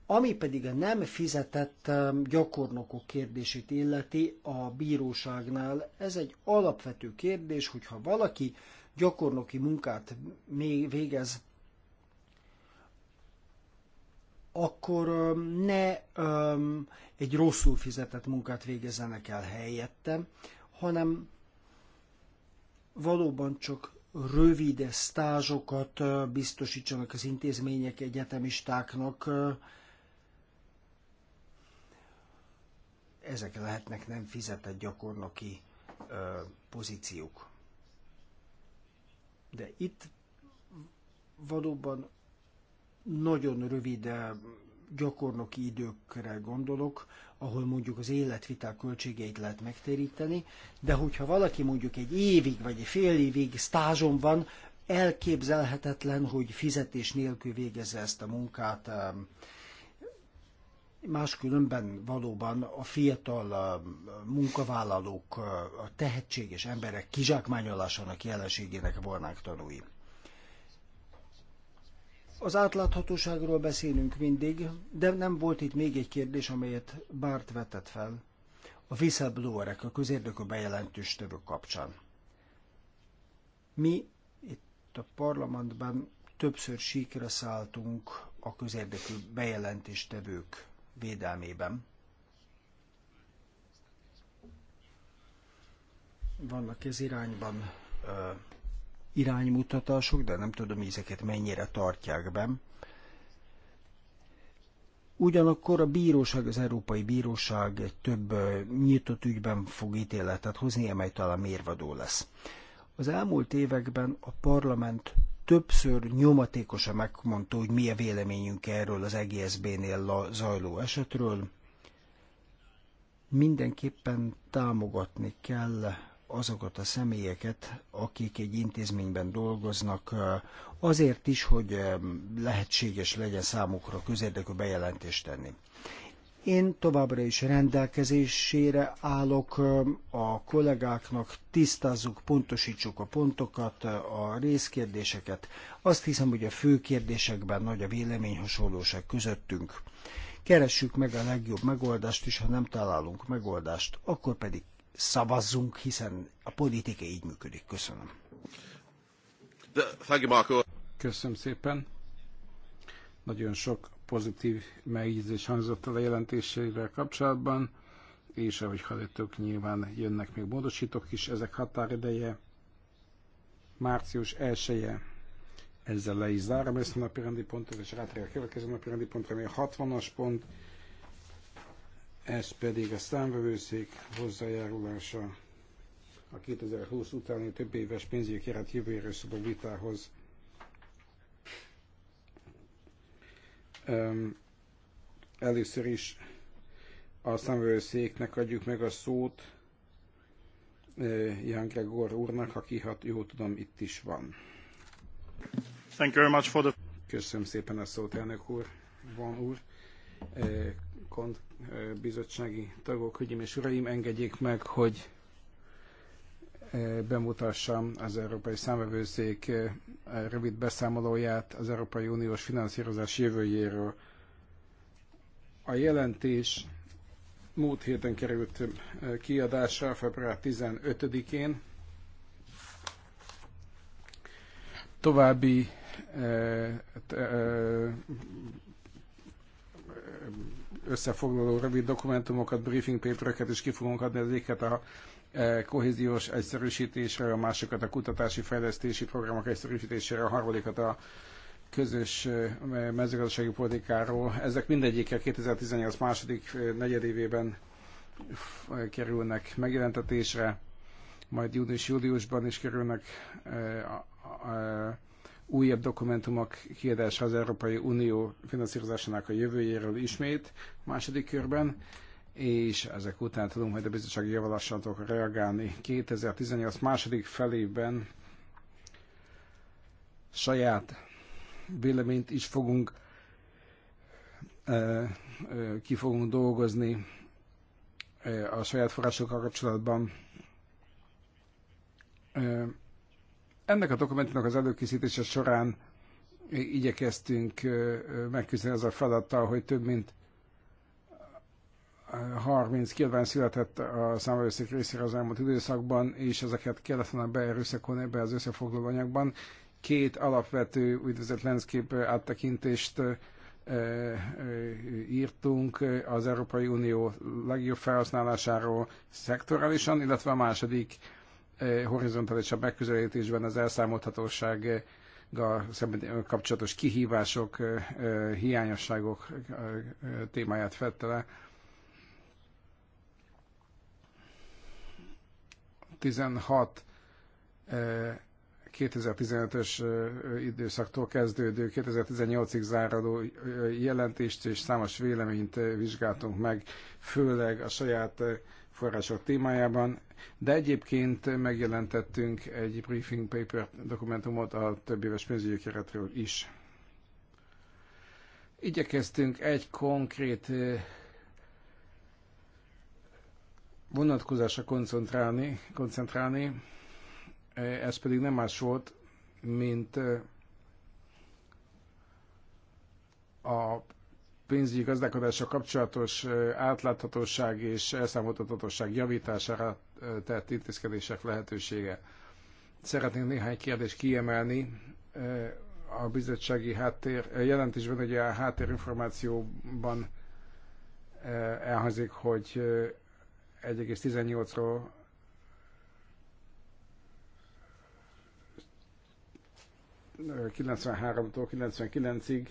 Ami pedig a nem fizetett gyakornokok kérdését illeti a bíróságnál, ez egy alapvető kérdés, hogyha valaki gyakornoki munkát még végez, akkor ne um, egy rosszul fizetett munkát végezzenek el helyette, hanem valóban csak rövid stázsokat biztosítsanak az intézmények egyetemistáknak. Ezek lehetnek nem fizetett gyakornoki pozíciók. De itt valóban nagyon rövid gyakornoki időkre gondolok, ahol mondjuk az életvitel költségeit lehet megtéríteni, de hogyha valaki mondjuk egy évig vagy egy fél évig stázson van, elképzelhetetlen, hogy fizetés nélkül végezze ezt a munkát. Um, máskülönben valóban a fiatal um, munkavállalók, uh, a tehetséges emberek kizsákmányolásának jelenségének volnánk tanúi. Az átláthatóságról beszélünk mindig, de nem volt itt még egy kérdés, amelyet Bárt vetett fel. A whistleblowerek, a közérdekű bejelentős tövök kapcsán. Mi itt a parlamentben többször síkra szálltunk a közérdekű tevők védelmében. Vannak ez irányban iránymutatások, de nem tudom, ezeket mennyire tartják be. Ugyanakkor a bíróság, az Európai Bíróság egy több nyitott ügyben fog ítéletet hozni, amely talán mérvadó lesz. Az elmúlt években a parlament többször nyomatékosan megmondta, hogy mi a véleményünk erről az EGSB-nél zajló esetről. Mindenképpen támogatni kell azokat a személyeket, akik egy intézményben dolgoznak, azért is, hogy lehetséges legyen számukra közérdekű bejelentést tenni. Én továbbra is rendelkezésére állok a kollégáknak, tisztázzuk, pontosítsuk a pontokat, a részkérdéseket. Azt hiszem, hogy a fő kérdésekben nagy a véleményhasonlóság közöttünk. Keressük meg a legjobb megoldást, és ha nem találunk megoldást, akkor pedig szavazzunk, hiszen a politika így működik. Köszönöm. Köszönöm szépen. Nagyon sok pozitív megjegyzés hangzott el a jelentésével kapcsolatban, és ahogy hallottuk, nyilván jönnek még módosítók is, ezek határideje március 1-e. Ezzel le is zárom ezt a napi rendi pontot, és rátérjük a következő napi rendi pontra, ami a 60-as pont, ez pedig a számvevőszék hozzájárulása a 2020 utáni több éves pénzügyi keret jövőjéről szóló vitához. először is a számvevőszéknek adjuk meg a szót Jan Gregor úrnak, aki, ha hát jól tudom, itt is van. Thank you very much for the... Köszönöm szépen a szót, elnök úr, van úr kont eh, bizottsági tagok, hölgyeim és uraim, engedjék meg, hogy eh, bemutassam az Európai Számvevőszék eh, rövid beszámolóját az Európai Uniós finanszírozás jövőjéről. A jelentés múlt héten került kiadásra, február 15-én. További összefoglaló rövid dokumentumokat, briefing papereket is ki fogunk adni az éket a e, kohéziós egyszerűsítésre, a másokat a kutatási fejlesztési programok egyszerűsítésére, a harmadikat a közös e, mezőgazdasági politikáról. Ezek mindegyike 2018 második e, negyedévében kerülnek megjelentetésre, majd június-júliusban is kerülnek újabb dokumentumok kiadása az Európai Unió finanszírozásának a jövőjéről ismét második körben, és ezek után tudunk majd a bizottsági javaslatokra reagálni. 2018 második felében saját véleményt is fogunk ki fogunk dolgozni a saját forrásokkal kapcsolatban ennek a dokumentumnak az előkészítése során igyekeztünk megküzdeni az a feladattal, hogy több mint 30 kilván született a számvevőszék részére az elmúlt időszakban, és ezeket kellett volna beerőszakolni ebbe az összefoglaló anyagban. Két alapvető úgynevezett landscape áttekintést írtunk az Európai Unió legjobb felhasználásáról szektorálisan, illetve a második horizontálisabb megközelítésben az elszámolhatóság kapcsolatos kihívások, hiányosságok témáját fette le. 16 2015-ös időszaktól kezdődő 2018-ig záradó jelentést és számos véleményt vizsgáltunk meg, főleg a saját források témájában, de egyébként megjelentettünk egy briefing paper dokumentumot a több éves pénzügyi keretről is. Igyekeztünk egy konkrét vonatkozásra koncentrálni, koncentrálni, ez pedig nem más volt, mint a pénzügyi gazdálkodása kapcsolatos átláthatóság és elszámoltatóság javítására tett intézkedések lehetősége. Szeretnék néhány kérdést kiemelni. A bizottsági háttér jelentésben, ugye a háttérinformációban elhangzik, hogy 1,18-ról ...93-tól 99-ig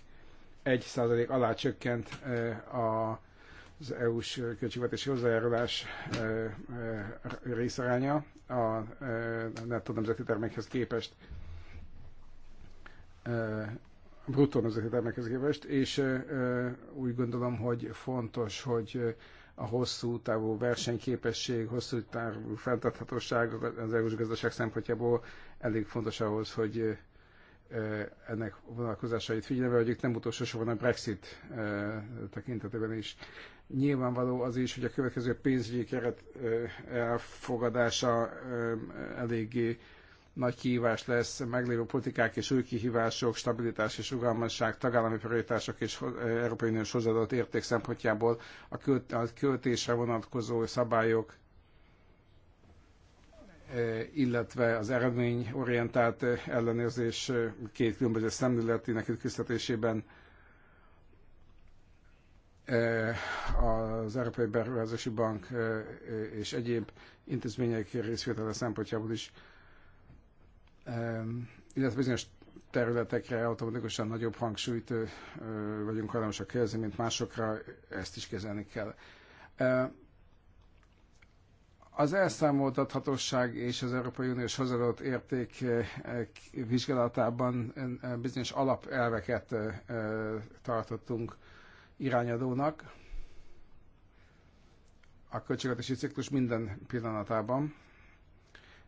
1% alá csökkent az EU-s költségvetési hozzájárulás részaránya a nettó nemzeti termékhez képest bruttó nemzeti termékhez képest, és úgy gondolom, hogy fontos, hogy a hosszú távú versenyképesség, hosszú távú fenntarthatóság az EU-s gazdaság szempontjából elég fontos ahhoz, hogy ennek vonalkozásait figyelembe vegyük, nem utolsó sorban a Brexit tekintetében is. Nyilvánvaló az is, hogy a következő pénzügyi keret elfogadása eléggé nagy kihívás lesz, meglévő politikák és új kihívások, stabilitás és rugalmasság, tagállami prioritások és Európai Uniós hozzáadott érték szempontjából a, a költésre vonatkozó szabályok E, illetve az eredményorientált e, ellenőrzés e, két különböző szemléletének ütköztetésében az Európai Beruházási Bank és egyéb intézmények részvétele szempontjából is, illetve bizonyos területekre automatikusan nagyobb hangsúlyt vagyunk hajlamosak helyezni, mint másokra, ezt is kezelni kell. Az elszámoltathatóság és az Európai Uniós hozzáadott érték eh, eh, vizsgálatában eh, bizonyos alapelveket tartottunk irányadónak a költségvetési ciklus minden pillanatában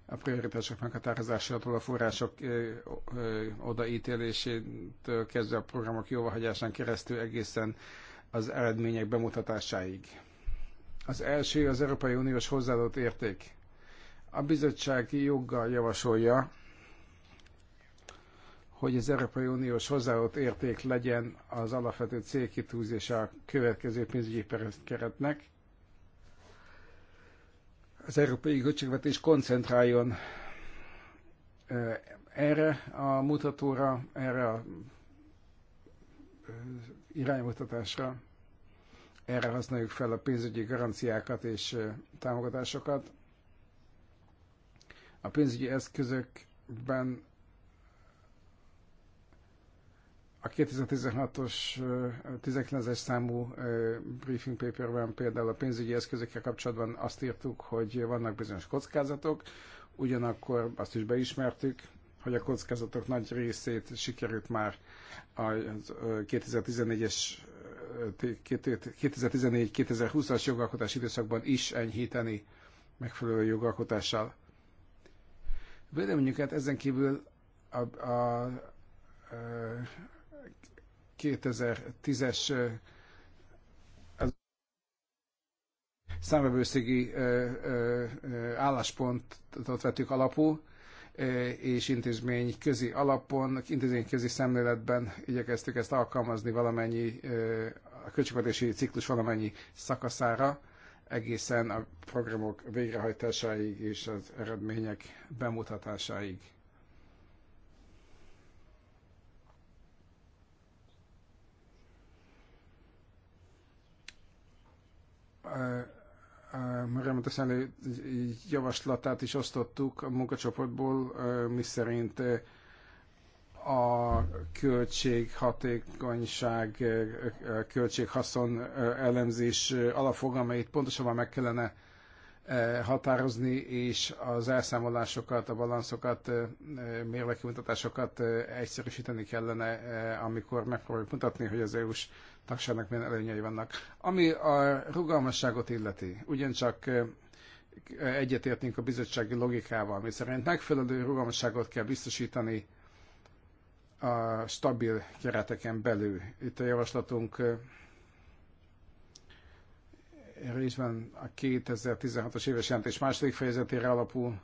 a prioritások meghatározásától a források odaítélésétől kezdve a programok jóváhagyásán keresztül egészen az eredmények bemutatásáig az első az Európai Uniós hozzáadott érték. A bizottság joggal javasolja, hogy az Európai Uniós hozzáadott érték legyen az alapvető célkitűzése a következő pénzügyi keretnek. Az európai költségvetés koncentráljon eh, erre a mutatóra, erre a eh, iránymutatásra erre használjuk fel a pénzügyi garanciákat és támogatásokat. A pénzügyi eszközökben a 2016-os, 19-es számú briefing paperben például a pénzügyi eszközökkel kapcsolatban azt írtuk, hogy vannak bizonyos kockázatok, ugyanakkor azt is beismertük, hogy a kockázatok nagy részét sikerült már a 2014-es 2014-2020-as jogalkotási időszakban is enyhíteni megfelelő jogalkotással. Véleményünket hát ezen kívül a, a, a e, 2010-es e, számvevőszégi e, álláspontot vettük alapul, és intézmény közi alapon, intézmény közi szemléletben igyekeztük ezt alkalmazni valamennyi a költségvetési ciklus valamennyi szakaszára, egészen a programok végrehajtásáig és az eredmények bemutatásáig. Uh, Remetes elő javaslatát is osztottuk a munkacsoportból, miszerint a költséghatékonyság, költséghaszon elemzés alapfogalmait pontosabban meg kellene határozni, és az elszámolásokat, a balanszokat, mérlekimutatásokat egyszerűsíteni kellene, amikor megpróbáljuk mutatni, hogy az EU-s tagságnak milyen előnyei vannak. Ami a rugalmasságot illeti, ugyancsak egyetértünk a bizottsági logikával, mi szerint megfelelő rugalmasságot kell biztosítani a stabil kereteken belül. Itt a javaslatunk részben a 2016-os éves jelentés második fejezetére alapul,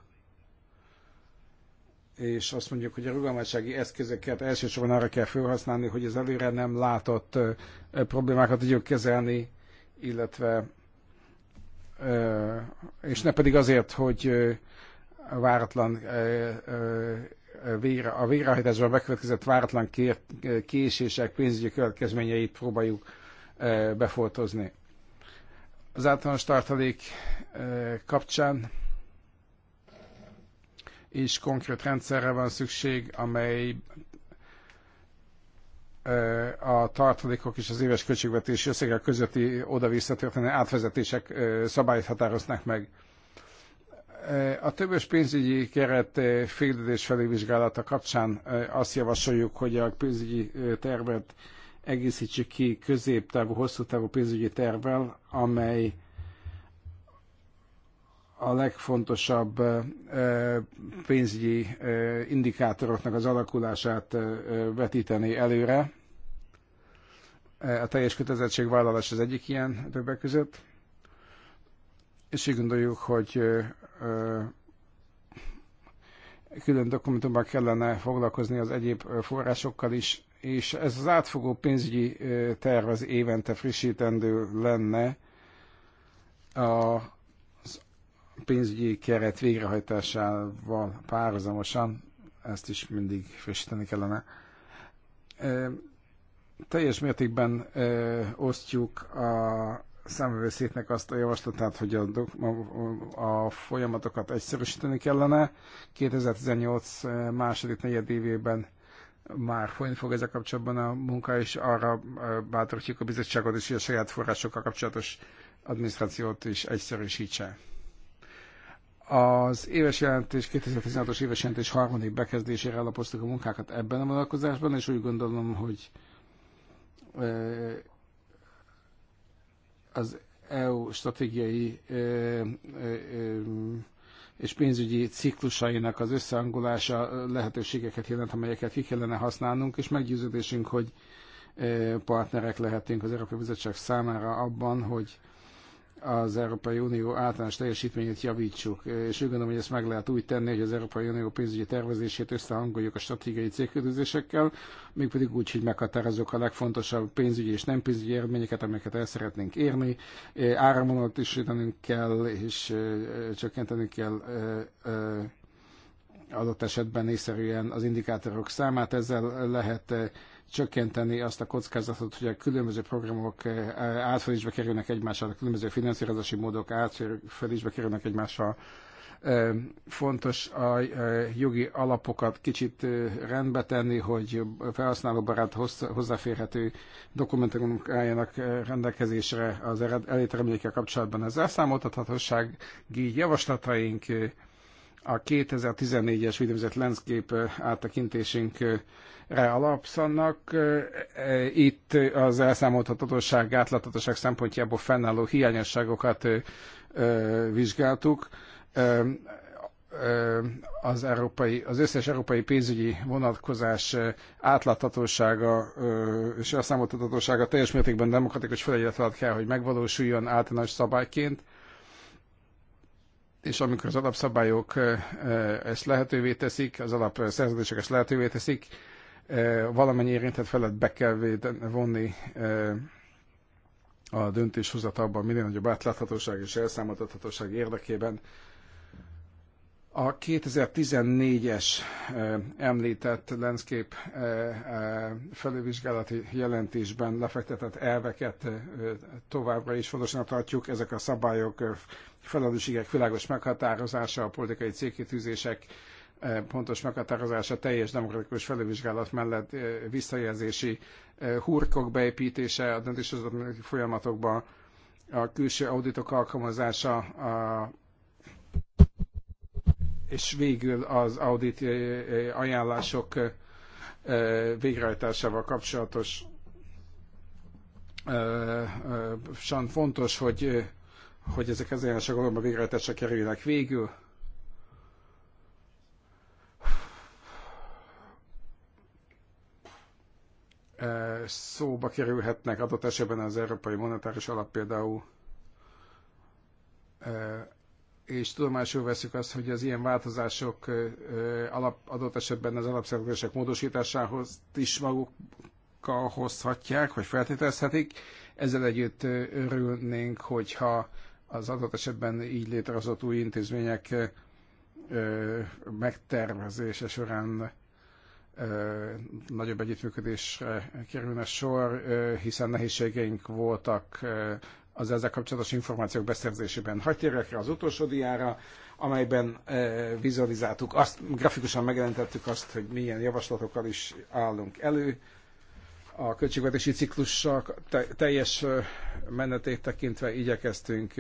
és azt mondjuk, hogy a rugalmassági eszközöket elsősorban arra kell felhasználni, hogy az előre nem látott problémákat tudjuk kezelni, illetve és ne pedig azért, hogy váratlan a végrehajtásban bekövetkezett váratlan késések pénzügyi következményeit próbáljuk befoltozni. Az általános tartalék kapcsán és konkrét rendszerre van szükség, amely a tartalékok és az éves költségvetési összegek közötti oda-vissza történő átvezetések szabályt határoznak meg. A többös pénzügyi keret félidős felülvizsgálata kapcsán azt javasoljuk, hogy a pénzügyi tervet egészítsük ki középtávú, hosszú távú pénzügyi tervvel, amely a legfontosabb pénzügyi indikátoroknak az alakulását vetíteni előre. A teljes kötelezettségvállalás az egyik ilyen többek között. És így gondoljuk, hogy külön dokumentumban kellene foglalkozni az egyéb forrásokkal is, és ez az átfogó pénzügyi terv az évente frissítendő lenne a pénzügyi keret végrehajtásával párhuzamosan, ezt is mindig frissíteni kellene, teljes mértékben osztjuk a számvevőszéknek azt a javaslatát, hogy a, a folyamatokat egyszerűsíteni kellene. 2018 második negyedévében már folyni fog ezzel kapcsolatban a munka, és arra bátorítjuk a bizottságot is, hogy a saját forrásokkal kapcsolatos adminisztrációt is egyszerűsítse. Az éves jelentés, 2016-os éves jelentés harmadik bekezdésére alapoztuk a munkákat ebben a vonatkozásban, és úgy gondolom, hogy az EU stratégiai és pénzügyi ciklusainak az összehangolása lehetőségeket jelent, amelyeket ki kellene használnunk, és meggyőződésünk, hogy partnerek lehetünk az Európai Bizottság számára abban, hogy az Európai Unió általános teljesítményét javítsuk. És úgy gondolom, hogy ezt meg lehet úgy tenni, hogy az Európai Unió pénzügyi tervezését összehangoljuk a stratégiai még pedig úgy, hogy meghatározok a legfontosabb pénzügyi és nem pénzügyi eredményeket, amelyeket el szeretnénk érni. Áramonat is kell, és csökkentenünk kell adott esetben észszerűen az indikátorok számát, ezzel lehet csökkenteni azt a kockázatot, hogy a különböző programok eh, átfelésbe kerülnek egymással, a különböző finanszírozási módok átfelésbe kerülnek egymással. Eh, fontos a eh, jogi alapokat kicsit rendbe tenni, hogy felhasználóbarát hozzáférhető dokumentumok álljanak rendelkezésre az elért kapcsolatban. Az elszámoltathatósági javaslataink a 2014-es úgynevezett landscape áttekintésünk alapszanak. Itt az elszámolhatatosság, átláthatóság szempontjából fennálló hiányosságokat vizsgáltuk. Az, európai, az összes európai pénzügyi vonatkozás átláthatósága és elszámoltathatósága teljes mértékben demokratikus felegyet alatt kell, hogy megvalósuljon általános szabályként és amikor az alapszabályok ezt lehetővé teszik, az alapszerződések ezt lehetővé teszik, valamennyi érintett felett be kell véden, vonni a döntéshozatalban minél nagyobb átláthatóság és elszámoltathatóság érdekében. A 2014-es említett landscape felővizsgálati jelentésben lefektetett elveket továbbra is fontosnak tartjuk. Ezek a szabályok, felelősségek világos meghatározása, a politikai célkitűzések, E, pontos meghatározása teljes demokratikus felülvizsgálat mellett e, visszajelzési e, hurkok beépítése a döntéshozatali folyamatokba, a külső auditok alkalmazása, a és végül az audit ajánlások végrehajtásával kapcsolatos Sán fontos, hogy, hogy ezek az ajánlások a végrehajtásra kerüljenek végül. szóba kerülhetnek adott esetben az Európai Monetáris Alap például, és tudomásul veszük azt, hogy az ilyen változások alap, adott esetben az alapszerződések módosításához is magukkal hozhatják, vagy feltételezhetik. Ezzel együtt örülnénk, hogyha az adott esetben így létrehozott új intézmények megtervezése során nagyobb együttműködésre kerülne sor, hiszen nehézségeink voltak az ezzel kapcsolatos információk beszerzésében. Hagy térjek az utolsó diára, amelyben vizualizáltuk, azt grafikusan megjelentettük azt, hogy milyen javaslatokkal is állunk elő. A költségvetési ciklussal teljes menetét tekintve igyekeztünk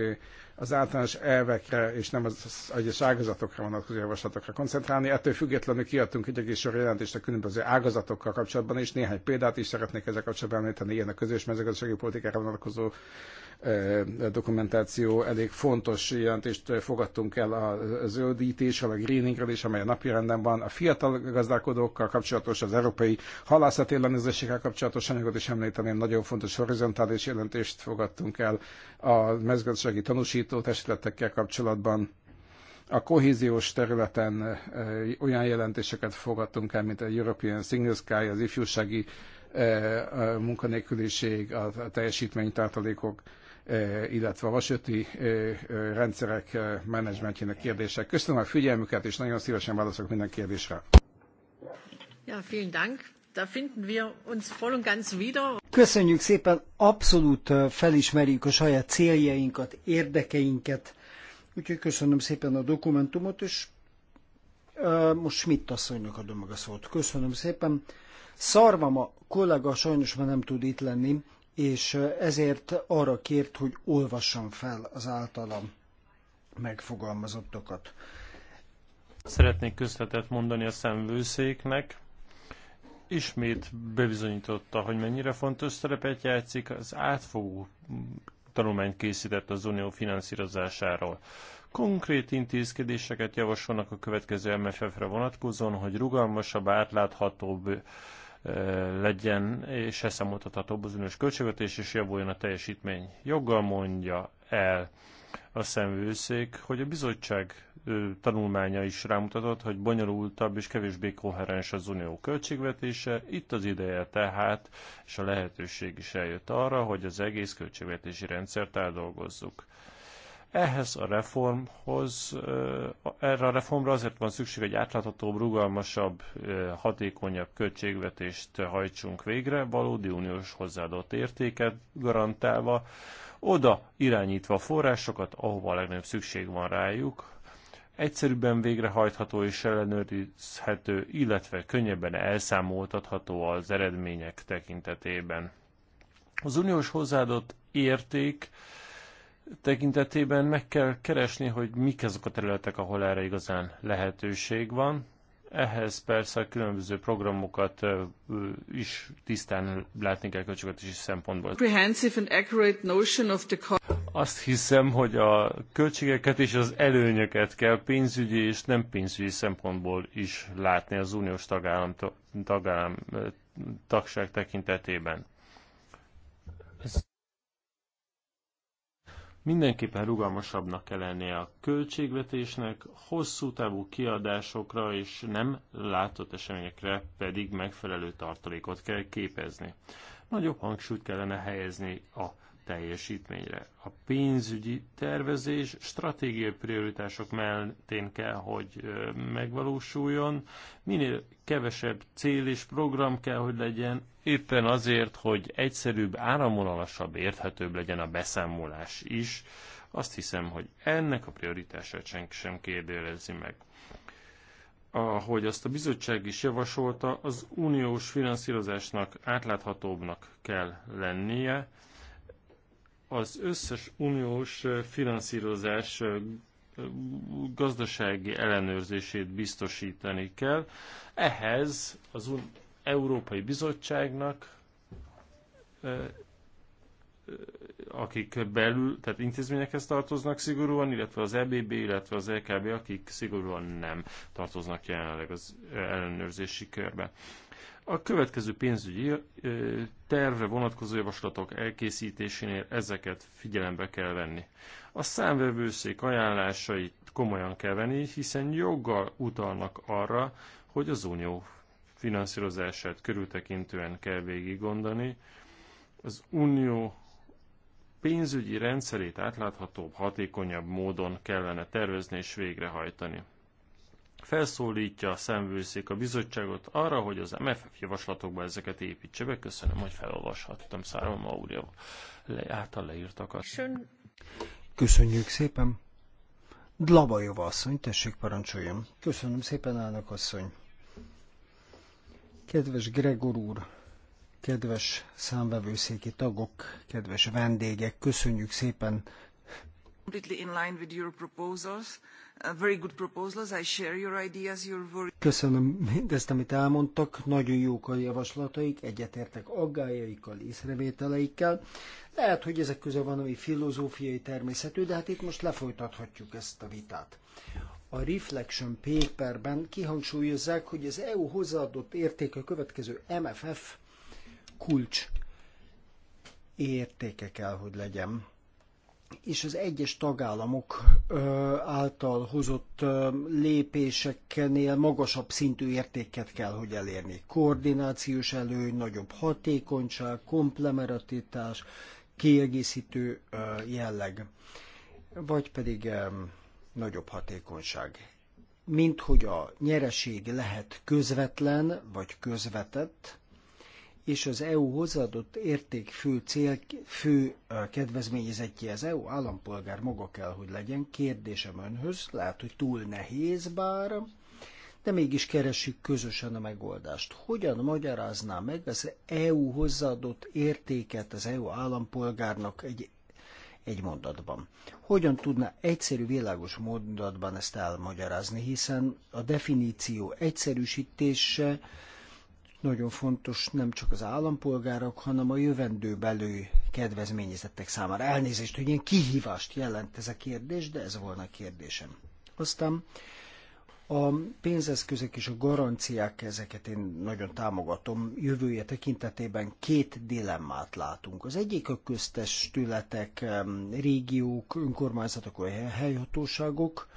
az általános elvekre és nem az egyes ágazatokra vonatkozó javaslatokra koncentrálni. Ettől függetlenül kiadtunk egy egész sor jelentést a különböző ágazatokkal kapcsolatban, és néhány példát is szeretnék ezek kapcsolatban említeni, ilyen a közös mezőgazdasági politikára vonatkozó e, dokumentáció. Elég fontos jelentést fogadtunk el a zöldítésről, a greeningről is, amely a napirenden van. A fiatal gazdálkodókkal kapcsolatos, az európai halászat ellenőrzésekkel kapcsolatos anyagot is említeném. Nagyon fontos horizontális jelentést fogadtunk el a mezőgazdasági tanúsítás szorító testületekkel kapcsolatban. A kohéziós területen e, olyan jelentéseket fogadtunk el, mint a European Single Sky, az ifjúsági e, a munkanélküliség, a teljesítménytartalékok, e, illetve a vasúti rendszerek menedzsmentjének kérdése. Köszönöm a figyelmüket, és nagyon szívesen válaszolok minden kérdésre. Ja, vielen Dank. Da finden wir uns voll und ganz wieder. Köszönjük szépen, abszolút felismerjük a saját céljainkat, érdekeinket. Úgyhogy köszönöm szépen a dokumentumot, és most Schmidt asszonynak adom meg a szót. Köszönöm szépen. a kollega sajnos már nem tud itt lenni, és ezért arra kért, hogy olvassam fel az általam megfogalmazottakat. Szeretnék köszönetet mondani a szemvőszéknek, ismét bebizonyította, hogy mennyire fontos szerepet játszik az átfogó tanulmányt készített az unió finanszírozásáról. Konkrét intézkedéseket javasolnak a következő MFF-re vonatkozóan, hogy rugalmasabb, átláthatóbb eh, legyen és eszemutathatóbb az uniós költségvetés, és javuljon a teljesítmény. Joggal mondja el a szemvőszék, hogy a bizottság tanulmánya is rámutatott, hogy bonyolultabb és kevésbé koherens az unió költségvetése. Itt az ideje tehát, és a lehetőség is eljött arra, hogy az egész költségvetési rendszert eldolgozzuk. Ehhez a reformhoz, erre a reformra azért van szükség, hogy átláthatóbb, rugalmasabb, hatékonyabb költségvetést hajtsunk végre, valódi uniós hozzáadott értéket garantálva, oda irányítva a forrásokat, ahova a legnagyobb szükség van rájuk, egyszerűbben végrehajtható és ellenőrizhető, illetve könnyebben elszámoltatható az eredmények tekintetében. Az uniós hozzáadott érték tekintetében meg kell keresni, hogy mik azok a területek, ahol erre igazán lehetőség van, ehhez persze a különböző programokat is tisztán látni kell költségvetési szempontból. Azt hiszem, hogy a költségeket és az előnyöket kell pénzügyi és nem pénzügyi szempontból is látni az uniós tagállam, tagállam tagság tekintetében. Mindenképpen rugalmasabbnak kell lennie a költségvetésnek, hosszú távú kiadásokra és nem látott eseményekre pedig megfelelő tartalékot kell képezni. Nagyobb hangsúlyt kellene helyezni a teljesítményre. A pénzügyi tervezés stratégiai prioritások mentén kell, hogy megvalósuljon, minél kevesebb cél és program kell, hogy legyen, éppen azért, hogy egyszerűbb, áramvonalasabb, érthetőbb legyen a beszámolás is, azt hiszem, hogy ennek a prioritását senki sem kérdőjelezi meg. Ahogy azt a bizottság is javasolta, az uniós finanszírozásnak átláthatóbbnak kell lennie. Az összes uniós finanszírozás gazdasági ellenőrzését biztosítani kell. Ehhez az Európai Bizottságnak, akik belül, tehát intézményekhez tartoznak szigorúan, illetve az EBB, illetve az LKB, e akik szigorúan nem tartoznak jelenleg az ellenőrzési körbe. A következő pénzügyi tervre vonatkozó javaslatok elkészítésénél ezeket figyelembe kell venni. A számvevőszék ajánlásait komolyan kell venni, hiszen joggal utalnak arra, hogy az unió finanszírozását körültekintően kell végig gondolni. Az unió pénzügyi rendszerét átláthatóbb, hatékonyabb módon kellene tervezni és végrehajtani. Felszólítja a szemvőszék a bizottságot arra, hogy az MFF javaslatokba ezeket építse be. Köszönöm, hogy felolvashattam Szára Maúria le, által leírtakat. Köszönjük szépen! Dlabajova asszony, tessék parancsoljon. Köszönöm szépen, elnök asszony. Kedves Gregor úr, kedves számvevőszéki tagok, kedves vendégek, köszönjük szépen. Köszönöm mindezt, amit elmondtak, nagyon jók a javaslataik, egyetértek aggájaikkal, észrevételeikkel. Lehet, hogy ezek közül van ami filozófiai természetű, de hát itt most lefolytathatjuk ezt a vitát a Reflection Paperben kihangsúlyozzák, hogy az EU hozzáadott értéke a következő MFF kulcs értéke kell, hogy legyen és az egyes tagállamok által hozott lépéseknél magasabb szintű értéket kell, hogy elérni. Koordinációs előny, nagyobb hatékonyság, komplementaritás, kiegészítő jelleg, vagy pedig nagyobb hatékonyság. Mint hogy a nyereség lehet közvetlen vagy közvetett, és az EU hozzáadott érték fő, cél, fő kedvezményezettje az EU állampolgár maga kell, hogy legyen. Kérdésem önhöz, lehet, hogy túl nehéz bár, de mégis keressük közösen a megoldást. Hogyan magyarázná meg az EU hozzáadott értéket az EU állampolgárnak egy egy mondatban. Hogyan tudna egyszerű, világos mondatban ezt elmagyarázni, hiszen a definíció egyszerűsítése nagyon fontos nem csak az állampolgárok, hanem a jövendő belő kedvezményezettek számára. Elnézést, hogy ilyen kihívást jelent ez a kérdés, de ez volna a kérdésem. Aztán a pénzeszközök és a garanciák, ezeket én nagyon támogatom, jövője tekintetében két dilemmát látunk. Az egyik a köztestületek, régiók, önkormányzatok, vagy helyhatóságok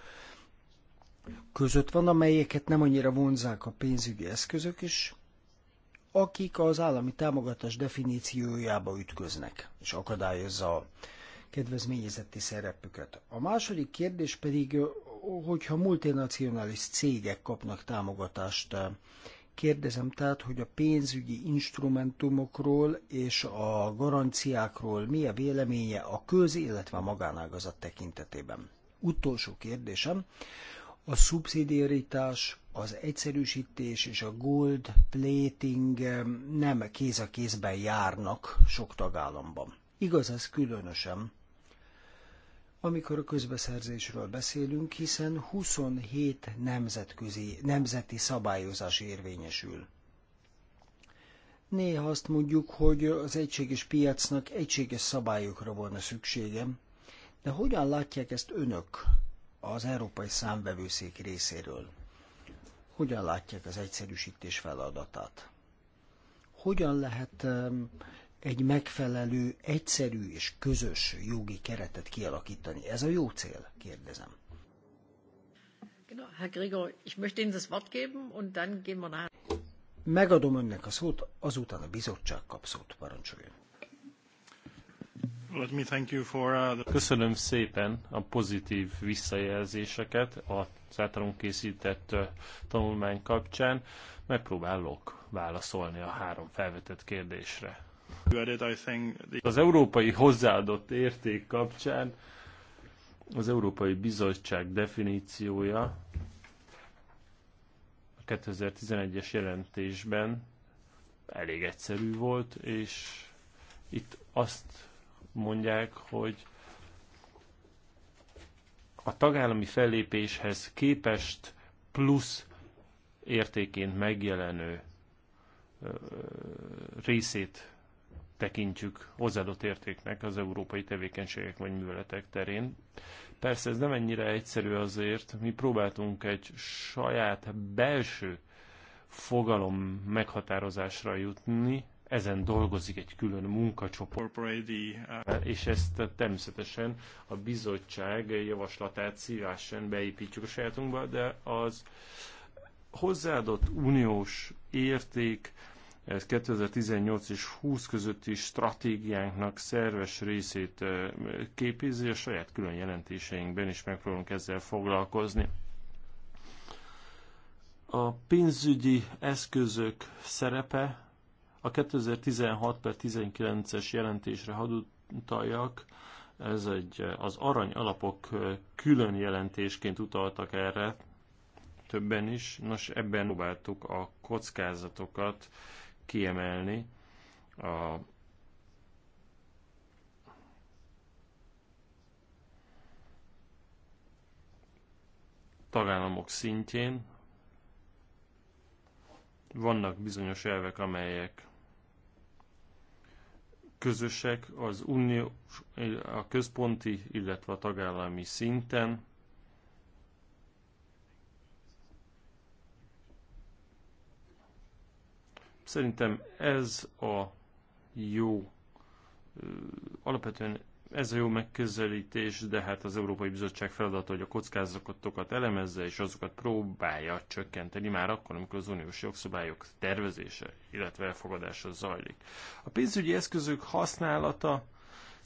között van, amelyeket nem annyira vonzák a pénzügyi eszközök, is, akik az állami támogatás definíciójába ütköznek, és akadályozza a kedvezményezeti szerepüket. A második kérdés pedig hogyha multinacionális cégek kapnak támogatást. Eh, kérdezem tehát, hogy a pénzügyi instrumentumokról és a garanciákról mi a véleménye a köz, illetve a magánágazat tekintetében. Utolsó kérdésem, a szubszidiaritás, az egyszerűsítés és a gold plating eh, nem kéz a kézben járnak sok tagállamban. Igaz ez különösen amikor a közbeszerzésről beszélünk, hiszen 27 nemzetközi, nemzeti szabályozás érvényesül. Néha azt mondjuk, hogy az egységes piacnak egységes szabályokra volna szüksége, de hogyan látják ezt önök az Európai Számvevőszék részéről? Hogyan látják az egyszerűsítés feladatát? Hogyan lehet egy megfelelő, egyszerű és közös jogi keretet kialakítani. Ez a jó cél, kérdezem. Herr Gregor, ich möchte Ihnen das Wort geben und dann gehen wir nach. Megadom önnek a szót, azután a bizottság kap szót, parancsoljon. Let me thank you for, uh, the... Köszönöm szépen a pozitív visszajelzéseket a általunk készített uh, tanulmány kapcsán. Megpróbálok válaszolni a három felvetett kérdésre. Az európai hozzáadott érték kapcsán az Európai Bizottság definíciója a 2011-es jelentésben elég egyszerű volt, és itt azt mondják, hogy a tagállami fellépéshez képest plusz értéként megjelenő részét tekintjük hozzáadott értéknek az európai tevékenységek vagy műveletek terén. Persze ez nem ennyire egyszerű azért, mi próbáltunk egy saját belső fogalom meghatározásra jutni, ezen dolgozik egy külön munkacsoport, és ezt természetesen a bizottság javaslatát szívesen beépítjük a sajátunkba, de az hozzáadott uniós érték, ez 2018 és 20 közötti stratégiánknak szerves részét képezi, a saját külön jelentéseinkben is megpróbálunk ezzel foglalkozni. A pénzügyi eszközök szerepe a 2016 per 19-es jelentésre hadutaljak, ez egy, az arany alapok külön jelentésként utaltak erre, többen is. Nos, ebben próbáltuk a kockázatokat kiemelni a tagállamok szintjén. Vannak bizonyos elvek, amelyek közösek az unió, a központi, illetve a tagállami szinten. Szerintem ez a jó, alapvetően ez a jó megközelítés, de hát az Európai Bizottság feladata, hogy a kockázatokat elemezze, és azokat próbálja csökkenteni már akkor, amikor az uniós jogszabályok tervezése, illetve elfogadása zajlik. A pénzügyi eszközök használata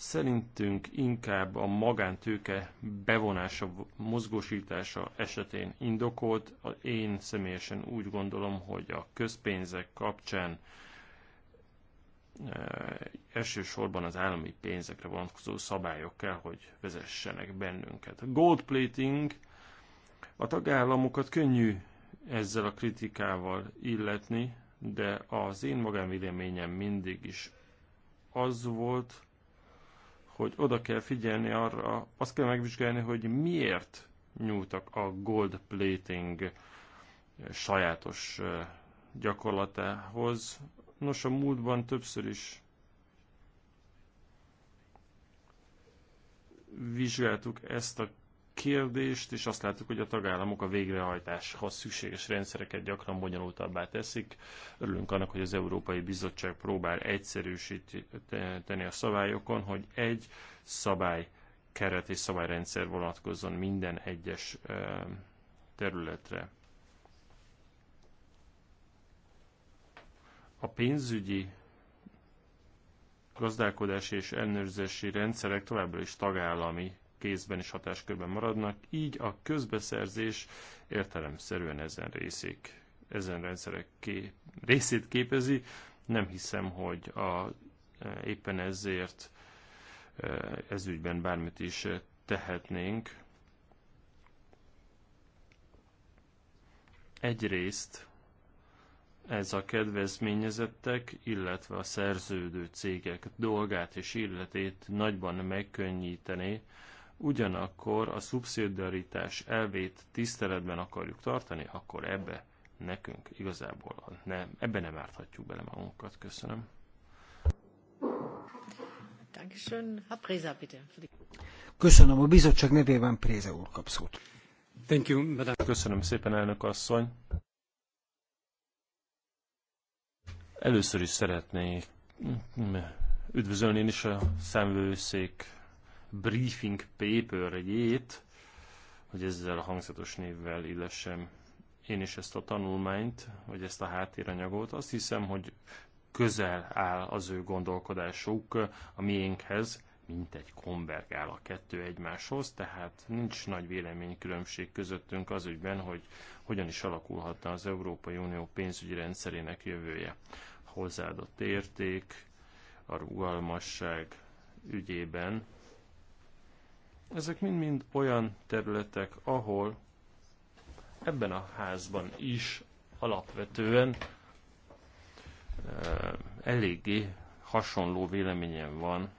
Szerintünk inkább a magántőke bevonása, mozgósítása esetén indokolt. Én személyesen úgy gondolom, hogy a közpénzek kapcsán eh, elsősorban az állami pénzekre vonatkozó szabályok kell, hogy vezessenek bennünket. Gold plating a tagállamokat könnyű ezzel a kritikával illetni, de az én magánvéleményem mindig is az volt, hogy oda kell figyelni arra, azt kell megvizsgálni, hogy miért nyúltak a gold plating eh, sajátos eh, gyakorlatához. Nos, a múltban többször is vizsgáltuk ezt a kérdést, és azt láttuk, hogy a tagállamok a végrehajtáshoz szükséges rendszereket gyakran bonyolultabbá teszik. Örülünk annak, hogy az Európai Bizottság próbál egyszerűsíteni a szabályokon, hogy egy szabály keret és szabályrendszer vonatkozzon minden egyes területre. A pénzügyi gazdálkodási és ellenőrzési rendszerek továbbra is tagállami kézben és hatáskörben maradnak, így a közbeszerzés értelemszerűen ezen részék, ezen rendszerek ké, részét képezi. Nem hiszem, hogy a, e, éppen ezért e, ez ügyben bármit is e, tehetnénk. Egyrészt ez a kedvezményezettek, illetve a szerződő cégek dolgát és illetét nagyban megkönnyítené, ugyanakkor a szubszidiaritás elvét tiszteletben akarjuk tartani, akkor ebbe nekünk igazából nem, ebbe nem árthatjuk bele magunkat. Köszönöm. Köszönöm. A bizottság nevében Préza úr kap szót. Thank you, Köszönöm szépen, elnök asszony. Először is szeretnék üdvözölni én is a számvőszék briefing paperjét, hogy ezzel a hangzatos névvel illessem én is ezt a tanulmányt, vagy ezt a háttéranyagot. Azt hiszem, hogy közel áll az ő gondolkodásuk a miénkhez, mint egy konvergál a kettő egymáshoz, tehát nincs nagy véleménykülönbség közöttünk az ügyben, hogy hogyan is alakulhatna az Európai Unió pénzügyi rendszerének jövője. Hozzáadott érték, a rugalmasság ügyében ezek mind-mind olyan területek, ahol ebben a házban is alapvetően eh, eléggé hasonló véleményen van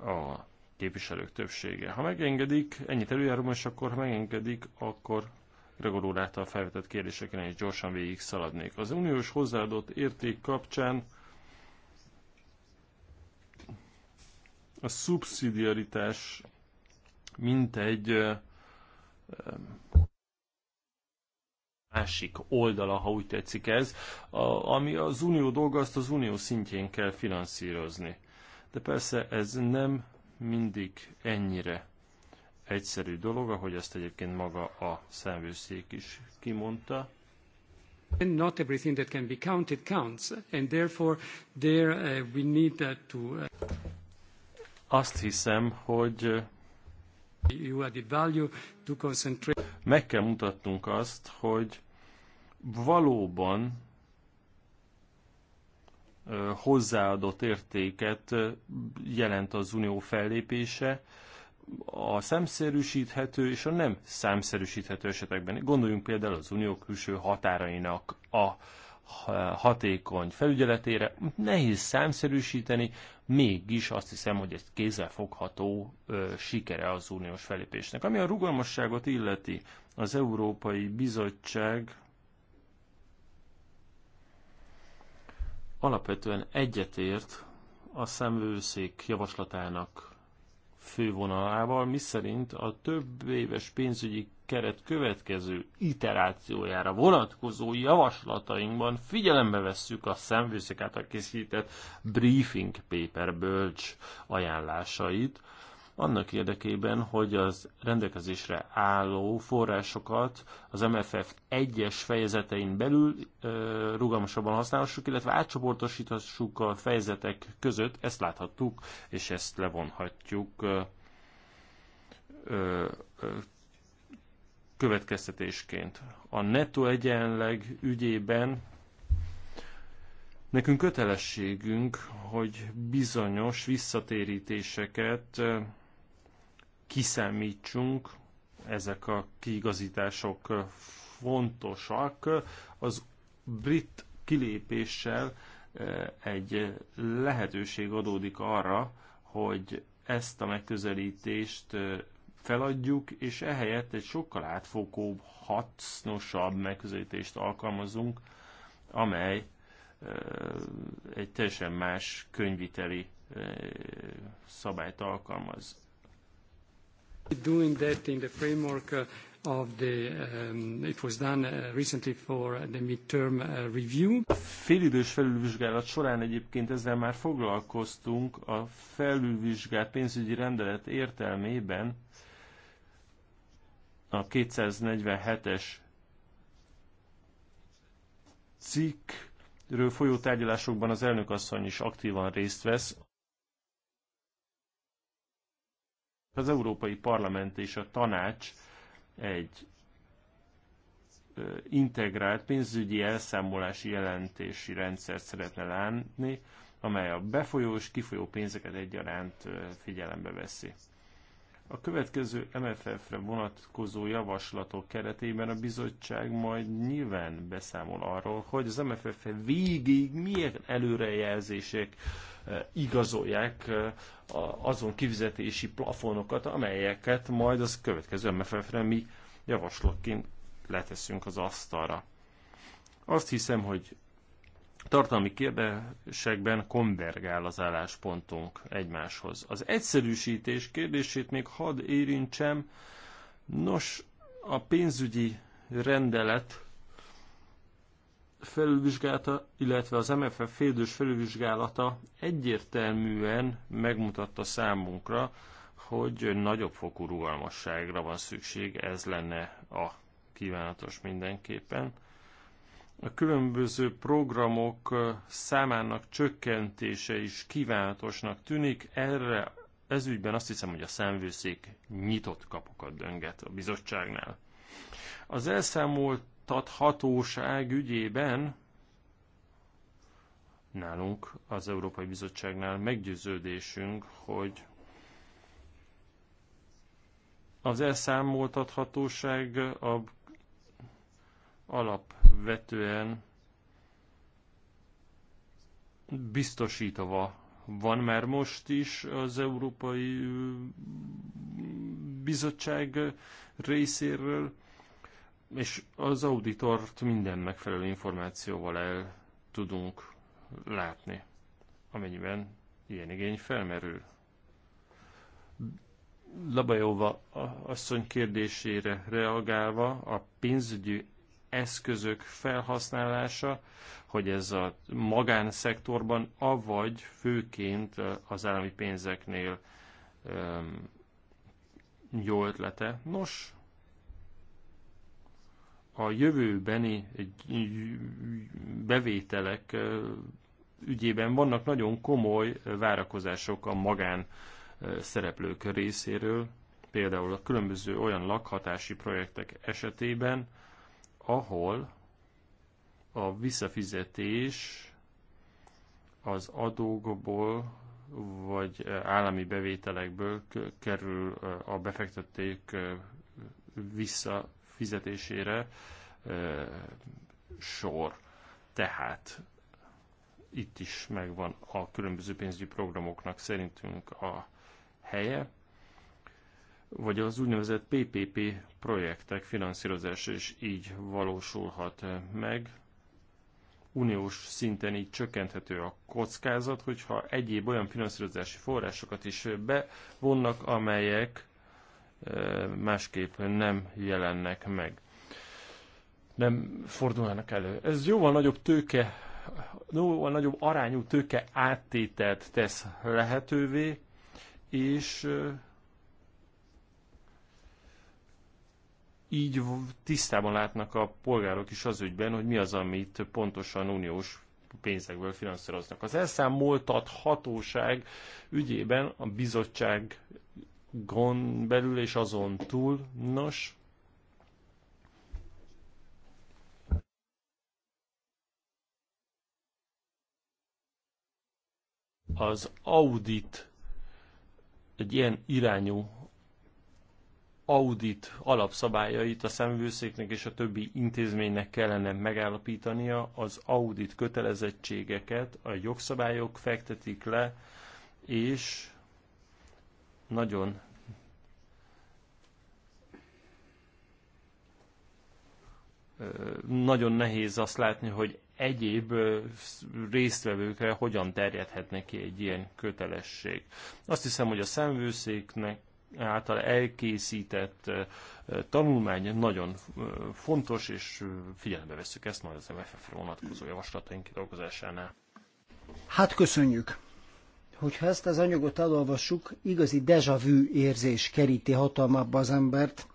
a képviselők többsége. Ha megengedik, ennyit előjárom, és akkor ha megengedik, akkor Gregor úr által felvetett kérdéseken is gyorsan végig szaladnék. Az uniós hozzáadott érték kapcsán a szubszidiaritás mint egy másik oldala, ha úgy tetszik ez, a, ami az unió dolga, azt az unió szintjén kell finanszírozni. De persze ez nem mindig ennyire egyszerű dolog, ahogy ezt egyébként maga a szemvőszék is kimondta. And not everything that can be counted counts, and therefore there uh, we need uh, to... Uh... Azt hiszem, hogy meg kell mutatnunk azt, hogy valóban hozzáadott értéket jelent az unió fellépése a számszerűsíthető és a nem számszerűsíthető esetekben. Gondoljunk például az unió külső határainak a hatékony felügyeletére. Nehéz számszerűsíteni, mégis azt hiszem, hogy egy kézzelfogható sikere az uniós felépésnek. Ami a rugalmasságot illeti, az Európai Bizottság alapvetően egyetért a szemlőszék javaslatának fővonalával, miszerint a több éves pénzügyi keret következő iterációjára vonatkozó javaslatainkban figyelembe vesszük a szemvészek által készített briefing paper bölcs ajánlásait, annak érdekében, hogy az rendelkezésre álló forrásokat az MFF egyes fejezetein belül e, rugalmasabban használhassuk, illetve átcsoportosíthassuk a fejezetek között, ezt láthattuk, és ezt levonhatjuk e, e, következtetésként. A netto egyenleg ügyében nekünk kötelességünk, hogy bizonyos visszatérítéseket kiszámítsunk, ezek a kiigazítások fontosak. Az brit kilépéssel egy lehetőség adódik arra, hogy ezt a megközelítést feladjuk, és ehelyett egy sokkal átfogóbb, hasznosabb megközelítést alkalmazunk, amely egy teljesen más könyviteli szabályt alkalmaz. Doing that in the framework uh, of the, um, it was done uh, recently for the midterm uh, review. A félidős felülvizsgálat során egyébként ezzel már foglalkoztunk a felülvizsgált pénzügyi rendelet értelmében a 247-es cikkről folyó tárgyalásokban az elnökasszony is aktívan részt vesz. Az Európai Parlament és a Tanács egy integrált pénzügyi elszámolási jelentési rendszert szeretne látni, amely a befolyó és kifolyó pénzeket egyaránt figyelembe veszi. A következő MFF-re vonatkozó javaslatok keretében a bizottság majd nyilván beszámol arról, hogy az MFF -e végig milyen előrejelzések eh, igazolják eh, azon kivizetési plafonokat, amelyeket majd az következő MFF-re mi javaslatként leteszünk az asztalra. Azt hiszem, hogy tartalmi kérdésekben konvergál az álláspontunk egymáshoz. Az egyszerűsítés kérdését még hadd érintsem. Nos, a pénzügyi rendelet felülvizsgálata, illetve az MFF félidős felülvizsgálata egyértelműen megmutatta számunkra, hogy nagyobb fokú rugalmasságra van szükség, ez lenne a kívánatos mindenképpen a különböző programok számának csökkentése is kívánatosnak tűnik. Erre ezügyben azt hiszem, hogy a számvőszék nyitott kapukat dönget a bizottságnál. Az elszámoltathatóság ügyében nálunk az Európai Bizottságnál meggyőződésünk, hogy az elszámoltathatóság a alap vetően biztosítva van már most is az Európai Bizottság részéről, és az auditort minden megfelelő információval el tudunk látni, amennyiben ilyen igény felmerül. Labajóva asszony kérdésére reagálva a pénzügyi eszközök felhasználása, hogy ez a magánszektorban, avagy főként az állami pénzeknél jó ötlete. Nos, a jövőbeni bevételek ügyében vannak nagyon komoly várakozások a magán szereplők részéről, például a különböző olyan lakhatási projektek esetében, ahol a visszafizetés az adókból vagy állami bevételekből kerül a befektették visszafizetésére sor. Tehát itt is megvan a különböző pénzügyi programoknak szerintünk a helye vagy az úgynevezett PPP projektek finanszírozása is így valósulhat meg. Uniós szinten így csökkenthető a kockázat, hogyha egyéb olyan finanszírozási forrásokat is bevonnak, amelyek másképp nem jelennek meg. Nem fordulnak elő. Ez jóval nagyobb tőke, jóval nagyobb arányú tőke áttételt tesz lehetővé, és így tisztában látnak a polgárok is az ügyben, hogy mi az, amit pontosan uniós pénzekből finanszíroznak. Az hatóság, ügyében a bizottság gon belül és azon túl, nos, az audit egy ilyen irányú audit alapszabályait a szemvőszéknek és a többi intézménynek kellene megállapítania, az audit kötelezettségeket a jogszabályok fektetik le, és nagyon nagyon nehéz azt látni, hogy egyéb résztvevőkre hogyan terjedhetne ki egy ilyen kötelesség. Azt hiszem, hogy a szemvőszéknek által elkészített tanulmány nagyon fontos, és figyelembe veszük ezt majd az mff vonatkozó javaslataink kidolgozásánál. Hát köszönjük! Hogyha ezt az anyagot elolvassuk, igazi deja vu érzés keríti hatalmába az embert.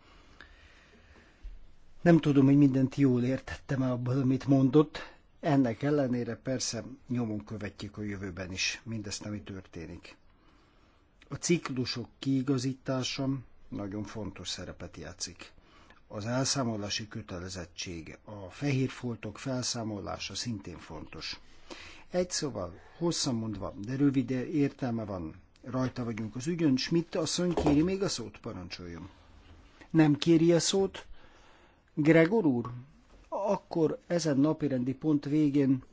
Nem tudom, hogy mindent jól értettem -e abban, amit mondott. Ennek ellenére persze nyomon követjük a jövőben is mindezt, ami történik. A ciklusok kiigazítása nagyon fontos szerepet játszik. Az elszámolási kötelezettség, a fehér foltok felszámolása szintén fontos. Egy szóval, hosszan mondva, de rövid értelme van, rajta vagyunk az ügyön, Schmidt asszony kéri még a szót, parancsoljon. Nem kéri a szót? Gregor úr? Akkor ezen napirendi pont végén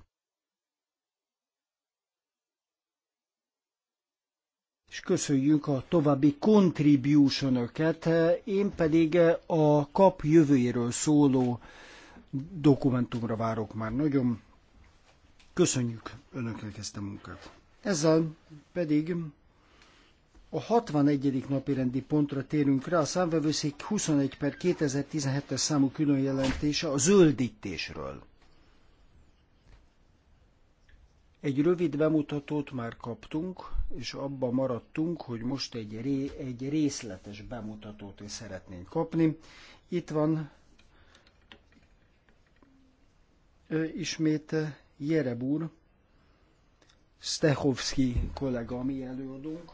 és köszönjük a további contribution -öket. Én pedig a kap jövőjéről szóló dokumentumra várok már nagyon. Köszönjük önöknek ezt a munkát. Ezzel pedig a 61. napi rendi pontra térünk rá, a számvevőszék 21 per 2017-es számú külön a zöldítésről. Egy rövid bemutatót már kaptunk, és abba maradtunk, hogy most egy, ré, egy részletes bemutatót is szeretnénk kapni. Itt van ö, ismét Jereb Stechowski kollega, ami előadunk.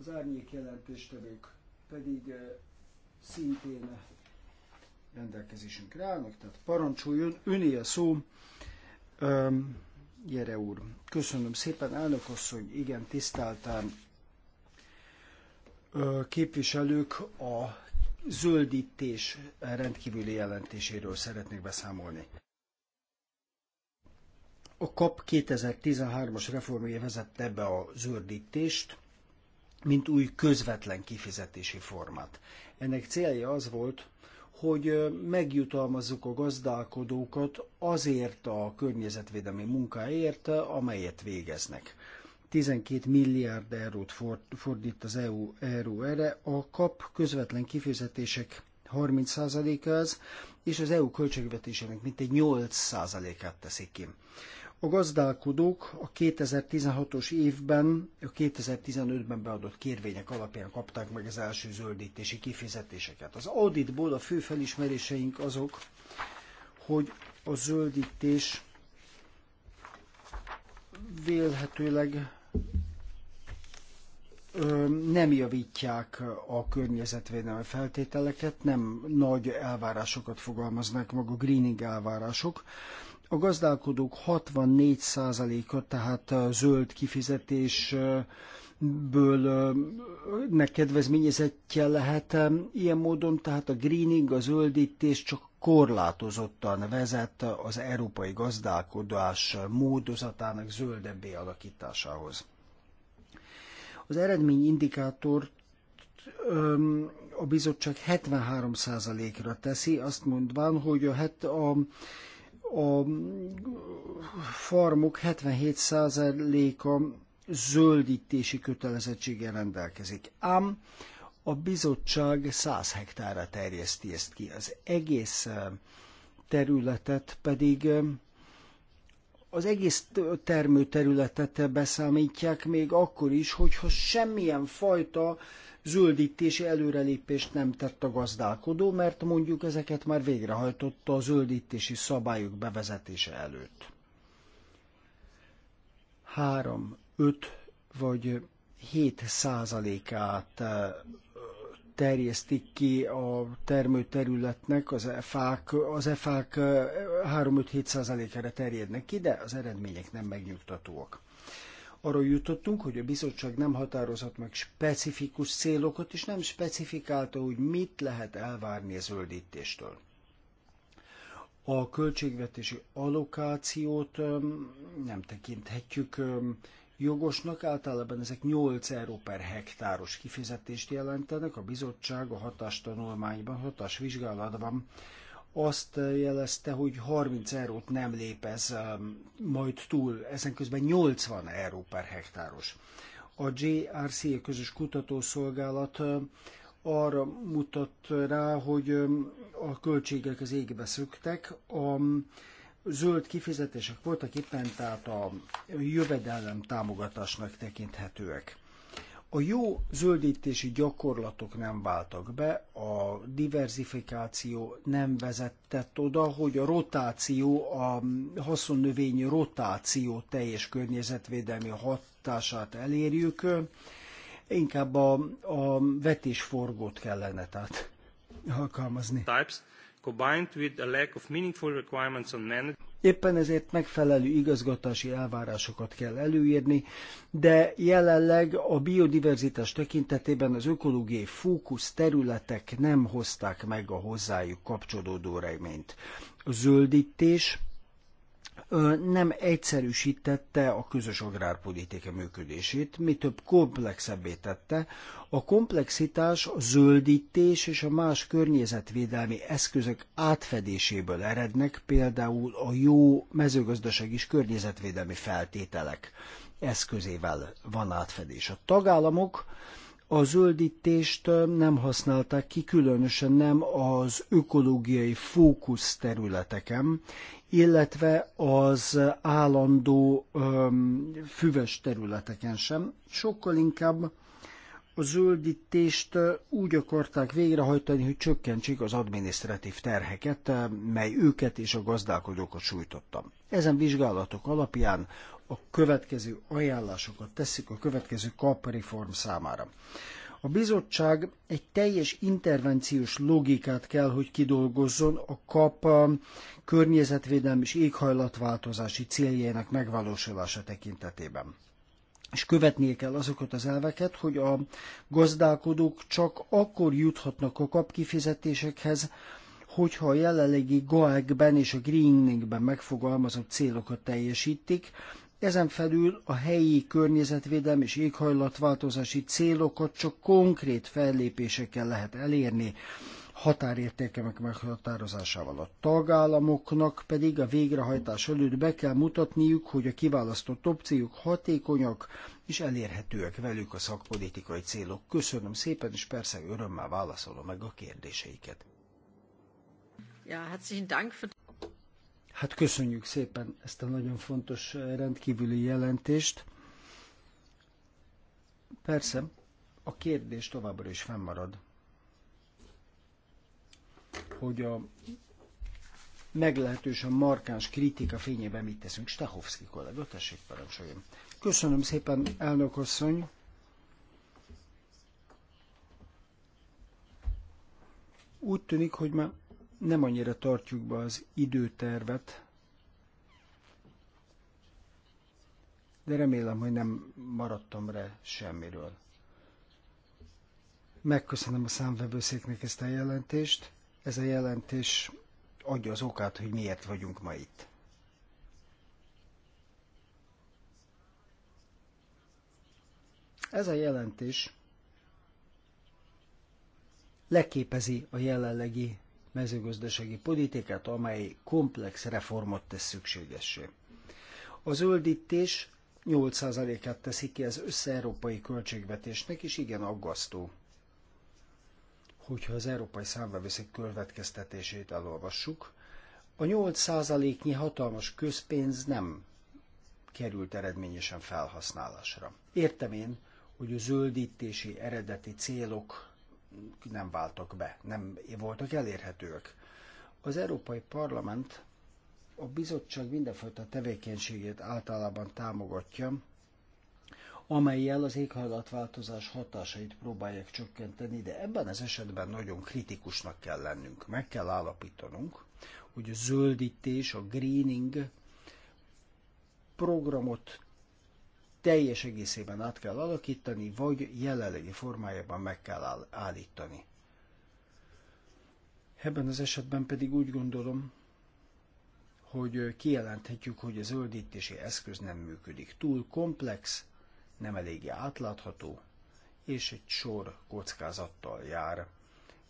az árnyék jelentéstevők pedig szintén rendelkezésünkre állnak, tehát parancsoljon, öné a szó. Ö, Jere úr. Köszönöm szépen, elnök asszony, igen, tiszteltem képviselők a zöldítés rendkívüli jelentéséről szeretnék beszámolni. A KAP 2013-as reformja vezette be a zöldítést, mint új közvetlen kifizetési formát. Ennek célja az volt, hogy megjutalmazzuk a gazdálkodókat azért a környezetvédelmi munkáért, amelyet végeznek. 12 milliárd eurót fordít az EU euró erre, a kap közvetlen kifizetések 30%-a és az EU költségvetésének mintegy 8%-át teszik ki. A gazdálkodók a 2016-os évben, a 2015-ben beadott kérvények alapján kapták meg az első zöldítési kifizetéseket. Az auditból a fő felismeréseink azok, hogy a zöldítés vélhetőleg nem javítják a környezetvédelmi feltételeket, nem nagy elvárásokat fogalmaznak meg a greening elvárások, a gazdálkodók 64%-a, tehát a zöld kifizetésből nek kedvezményezettje lehet. Ilyen módon tehát a greening, a zöldítés csak korlátozottan vezet az európai gazdálkodás módozatának zöldebbé alakításához. Az eredmény indikátor, a bizottság 73%-ra teszi, azt mondván, hogy a, het, a a farmok 77%-a zöldítési kötelezettséggel rendelkezik. Ám a bizottság 100 hektára terjeszti ezt ki. Az egész eh, területet pedig eh, az egész termőterületet beszámítják még akkor is, hogyha semmilyen fajta zöldítési előrelépést nem tett a gazdálkodó, mert mondjuk ezeket már végrehajtotta a zöldítési szabályok bevezetése előtt. 3, 5 vagy 7 százalékát eh, terjesztik ki a termőterületnek, az efák, az efák 3-5-7 eh, százalékára terjednek ki, de az eredmények nem megnyugtatóak arra jutottunk, hogy a bizottság nem határozott meg specifikus célokat, és nem specifikálta, hogy mit lehet elvárni a zöldítéstől. A költségvetési allokációt nem tekinthetjük jogosnak, általában ezek 8 euró per hektáros kifizetést jelentenek, a bizottság a hatástanulmányban, hatásvizsgálatban azt jelezte, hogy 30 eurót nem lép ez um, majd túl, ezen közben 80 euró per hektáros. A JRC, közös kutatószolgálat um, arra mutat rá, hogy um, a költségek az égbe szöktek. A zöld kifizetések voltak éppen, tehát a jövedelem támogatásnak tekinthetőek. A jó zöldítési gyakorlatok nem váltak be, a diversifikáció nem vezetett oda, hogy a rotáció, a haszonnövény rotáció teljes környezetvédelmi hatását elérjük, inkább a, a vetésforgót kellene tehát *laughs* alkalmazni. Types, combined with a lack of meaningful requirements on management. Éppen ezért megfelelő igazgatási elvárásokat kell előírni, de jelenleg a biodiverzitás tekintetében az ökológiai fókusz területek nem hozták meg a hozzájuk kapcsolódó reményt. A zöldítés nem egyszerűsítette a közös agrárpolitika működését, mi több komplexebbé tette. A komplexitás, a zöldítés és a más környezetvédelmi eszközök átfedéséből erednek, például a jó mezőgazdaság és környezetvédelmi feltételek eszközével van átfedés. A tagállamok a zöldítést nem használták ki, különösen nem az ökológiai fókusz területeken, illetve az állandó öm, füves területeken sem. Sokkal inkább a zöldítést úgy akarták végrehajtani, hogy csökkentsék az adminisztratív terheket, mely őket és a gazdálkodókat sújtotta. Ezen vizsgálatok alapján a következő ajánlásokat teszik a következő kapreform számára. A bizottság egy teljes intervenciós logikát kell, hogy kidolgozzon a kap um, környezetvédelmi és éghajlatváltozási céljainak megvalósulása tekintetében. És követnie kell azokat az elveket, hogy a gazdálkodók csak akkor juthatnak a kap kifizetésekhez, hogyha a jelenlegi GAEG-ben és a Greeningben megfogalmazott célokat teljesítik, ezen felül a helyi környezetvédelmi és éghajlatváltozási célokat csak konkrét fellépésekkel lehet elérni, határértékemek meghatározásával. A tagállamoknak pedig a végrehajtás előtt be kell mutatniuk, hogy a kiválasztott opciók hatékonyak és elérhetőek velük a szakpolitikai célok. Köszönöm szépen, és persze örömmel válaszolom meg a kérdéseiket. Ja, herzlichen Dank für Hát köszönjük szépen ezt a nagyon fontos eh, rendkívüli jelentést. Persze, a kérdés továbbra is fennmarad, hogy a meglehetősen markáns kritika fényében mit teszünk. Stahovszki kollega, tessék parancsoljon. Köszönöm szépen, elnök asszony. Úgy tűnik, hogy már nem annyira tartjuk be az időtervet, de remélem, hogy nem maradtam re semmiről. Megköszönöm a számvevőszéknek ezt a jelentést. Ez a jelentés adja az okát, hogy miért vagyunk ma itt. Ez a jelentés leképezi a jelenlegi mezőgazdasági politikát, amely komplex reformot tesz szükségessé. A zöldítés 8%-át teszi ki az összeurópai költségvetésnek, és igen aggasztó, hogyha az európai számbevészek következtetését elolvassuk. A 8%-nyi hatalmas közpénz nem került eredményesen felhasználásra. Értem én, hogy a zöldítési eredeti célok nem váltak be, nem voltak elérhetőek. Az Európai Parlament a bizottság mindenfajta tevékenységét általában támogatja, amelyel az éghajlatváltozás hatásait próbálják csökkenteni, de ebben az esetben nagyon kritikusnak kell lennünk. Meg kell állapítanunk, hogy a zöldítés, a greening programot teljes egészében át kell alakítani, vagy jelenlegi formájában meg kell állítani. Ebben az esetben pedig úgy gondolom, hogy kijelenthetjük, hogy a zöldítési eszköz nem működik. Túl komplex, nem eléggé átlátható, és egy sor kockázattal jár.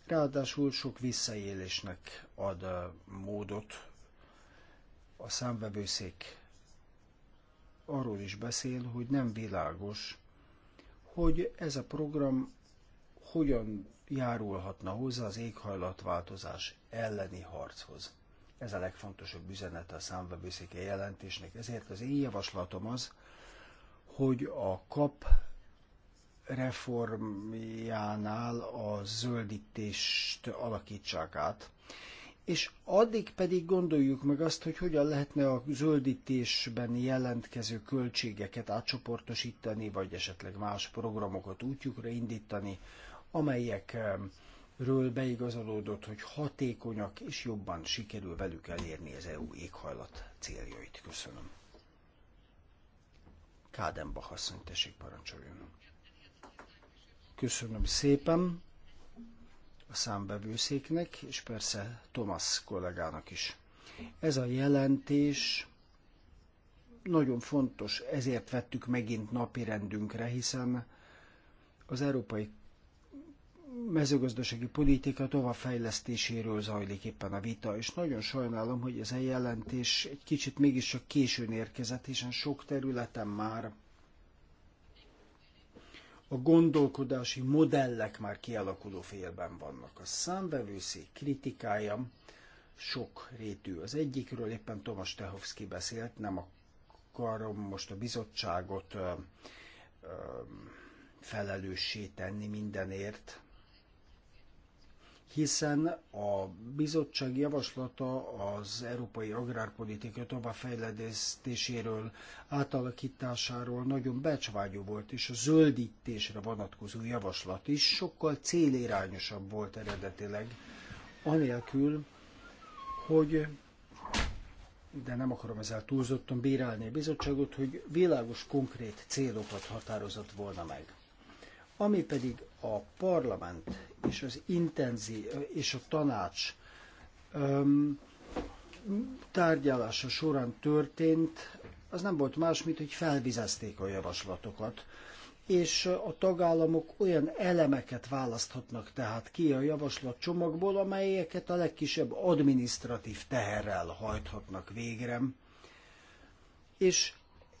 Ráadásul sok visszaélésnek ad uh, módot. A számvevőszék arról is beszél, hogy nem világos, hogy ez a program hogyan járulhatna hozzá az éghajlatváltozás elleni harchoz. Ez a legfontosabb üzenete a számvevőszéke jelentésnek. Ezért az én javaslatom az, hogy a kap reformjánál a zöldítést alakítsák át, és addig pedig gondoljuk meg azt, hogy hogyan lehetne a zöldítésben jelentkező költségeket átcsoportosítani, vagy esetleg más programokat útjukra indítani, amelyekről beigazolódott, hogy hatékonyak és jobban sikerül velük elérni az EU éghajlat céljait. Köszönöm. Kádenbach asszony, tessék parancsoljon. Köszönöm szépen a számbevőszéknek, és persze Thomas kollégának is. Ez a jelentés nagyon fontos, ezért vettük megint napirendünkre, hiszen az európai mezőgazdasági politika továbbfejlesztéséről zajlik éppen a vita, és nagyon sajnálom, hogy ez a jelentés egy kicsit mégiscsak későn érkezett, hiszen sok területen már a gondolkodási modellek már kialakuló félben vannak. A számbevőszék kritikája sok rétű. Az egyikről éppen Tomas Tehovszki beszélt, nem akarom most a bizottságot ö, ö, felelőssé tenni mindenért, hiszen a bizottság javaslata az európai agrárpolitika továbbfejlesztéséről, átalakításáról nagyon becsvágyó volt, és a zöldítésre vonatkozó javaslat is sokkal célirányosabb volt eredetileg, anélkül, hogy de nem akarom ezzel túlzottan bírálni a bizottságot, hogy világos, konkrét célokat határozott volna meg. Ami pedig a parlament és az intenzi és a tanács öm, tárgyalása során történt, az nem volt más, mint hogy felvizezték a javaslatokat és a tagállamok olyan elemeket választhatnak tehát ki a javaslat csomagból, amelyeket a legkisebb administratív teherrel hajthatnak végre. És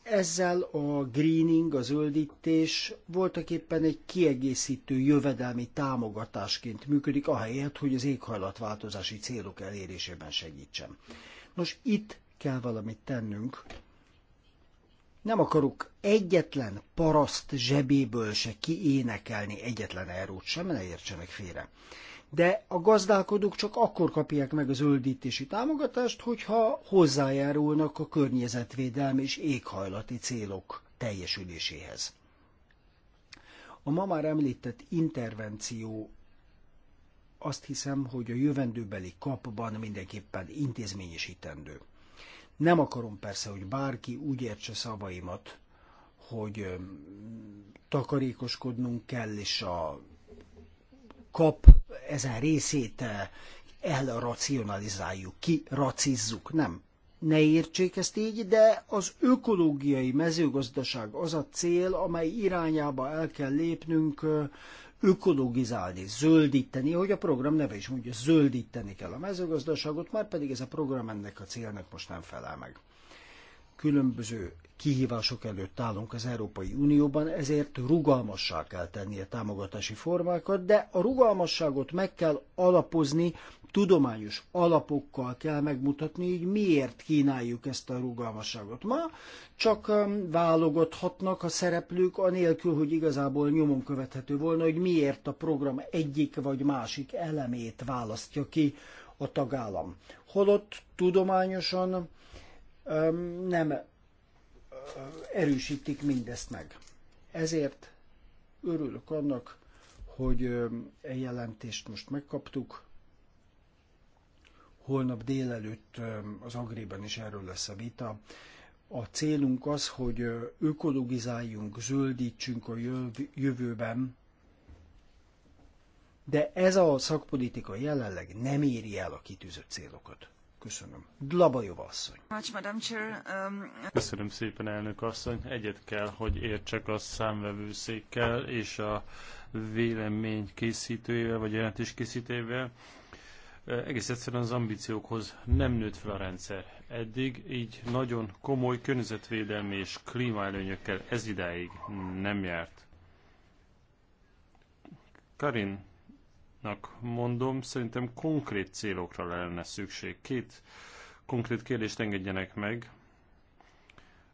ezzel a greening, a zöldítés voltak éppen egy kiegészítő jövedelmi támogatásként működik, ahelyett, hogy az éghajlatváltozási célok elérésében segítsen. Nos, itt kell valamit tennünk. Nem akarok egyetlen paraszt zsebéből se kiénekelni egyetlen erót sem, ne értsenek félre de a gazdálkodók csak akkor kapják meg a zöldítési támogatást, hogyha hozzájárulnak a környezetvédelmi és éghajlati célok teljesüléséhez. A ma már említett intervenció azt hiszem, hogy a jövendőbeli kapban mindenképpen intézményesítendő. Nem akarom persze, hogy bárki úgy értse szavaimat, hogy takarékoskodnunk kell, és a kap ezen részét eh, elracionalizáljuk, kiracizzuk. Nem. Ne értsék ezt így, de az ökológiai mezőgazdaság az a cél, amely irányába el kell lépnünk, eh, ökologizálni, zöldíteni, hogy a program neve is mondja, zöldíteni kell a mezőgazdaságot, már pedig ez a program ennek a célnak most nem felel meg. Különböző kihívások előtt állunk az Európai Unióban, ezért rugalmassá kell tenni a támogatási formákat, de a rugalmasságot meg kell alapozni, tudományos alapokkal kell megmutatni, hogy miért kínáljuk ezt a rugalmasságot. Ma csak um, válogathatnak a szereplők, anélkül, hogy igazából nyomon követhető volna, hogy miért a program egyik vagy másik elemét választja ki a tagállam. Holott tudományosan um, nem erősítik mindezt meg. Ezért örülök annak, hogy e jelentést most megkaptuk. Holnap délelőtt az Agréban is erről lesz a vita. A célunk az, hogy ökologizáljunk, zöldítsünk a jövőben, de ez a szakpolitika jelenleg nem éri el a kitűzött célokat. Köszönöm. Dlabajova asszony. Um, Köszönöm szépen, elnök asszony. Egyet kell, hogy értsek a számvevőszékkel és a vélemény készítőjével, vagy jelentés készítőjével. Egész egyszerűen az ambíciókhoz nem nőtt fel a rendszer. Eddig így nagyon komoly környezetvédelmi és klímaelőnyökkel ez idáig nem járt. Karin fontosnak mondom, szerintem konkrét célokra lenne szükség. Két konkrét kérdést engedjenek meg.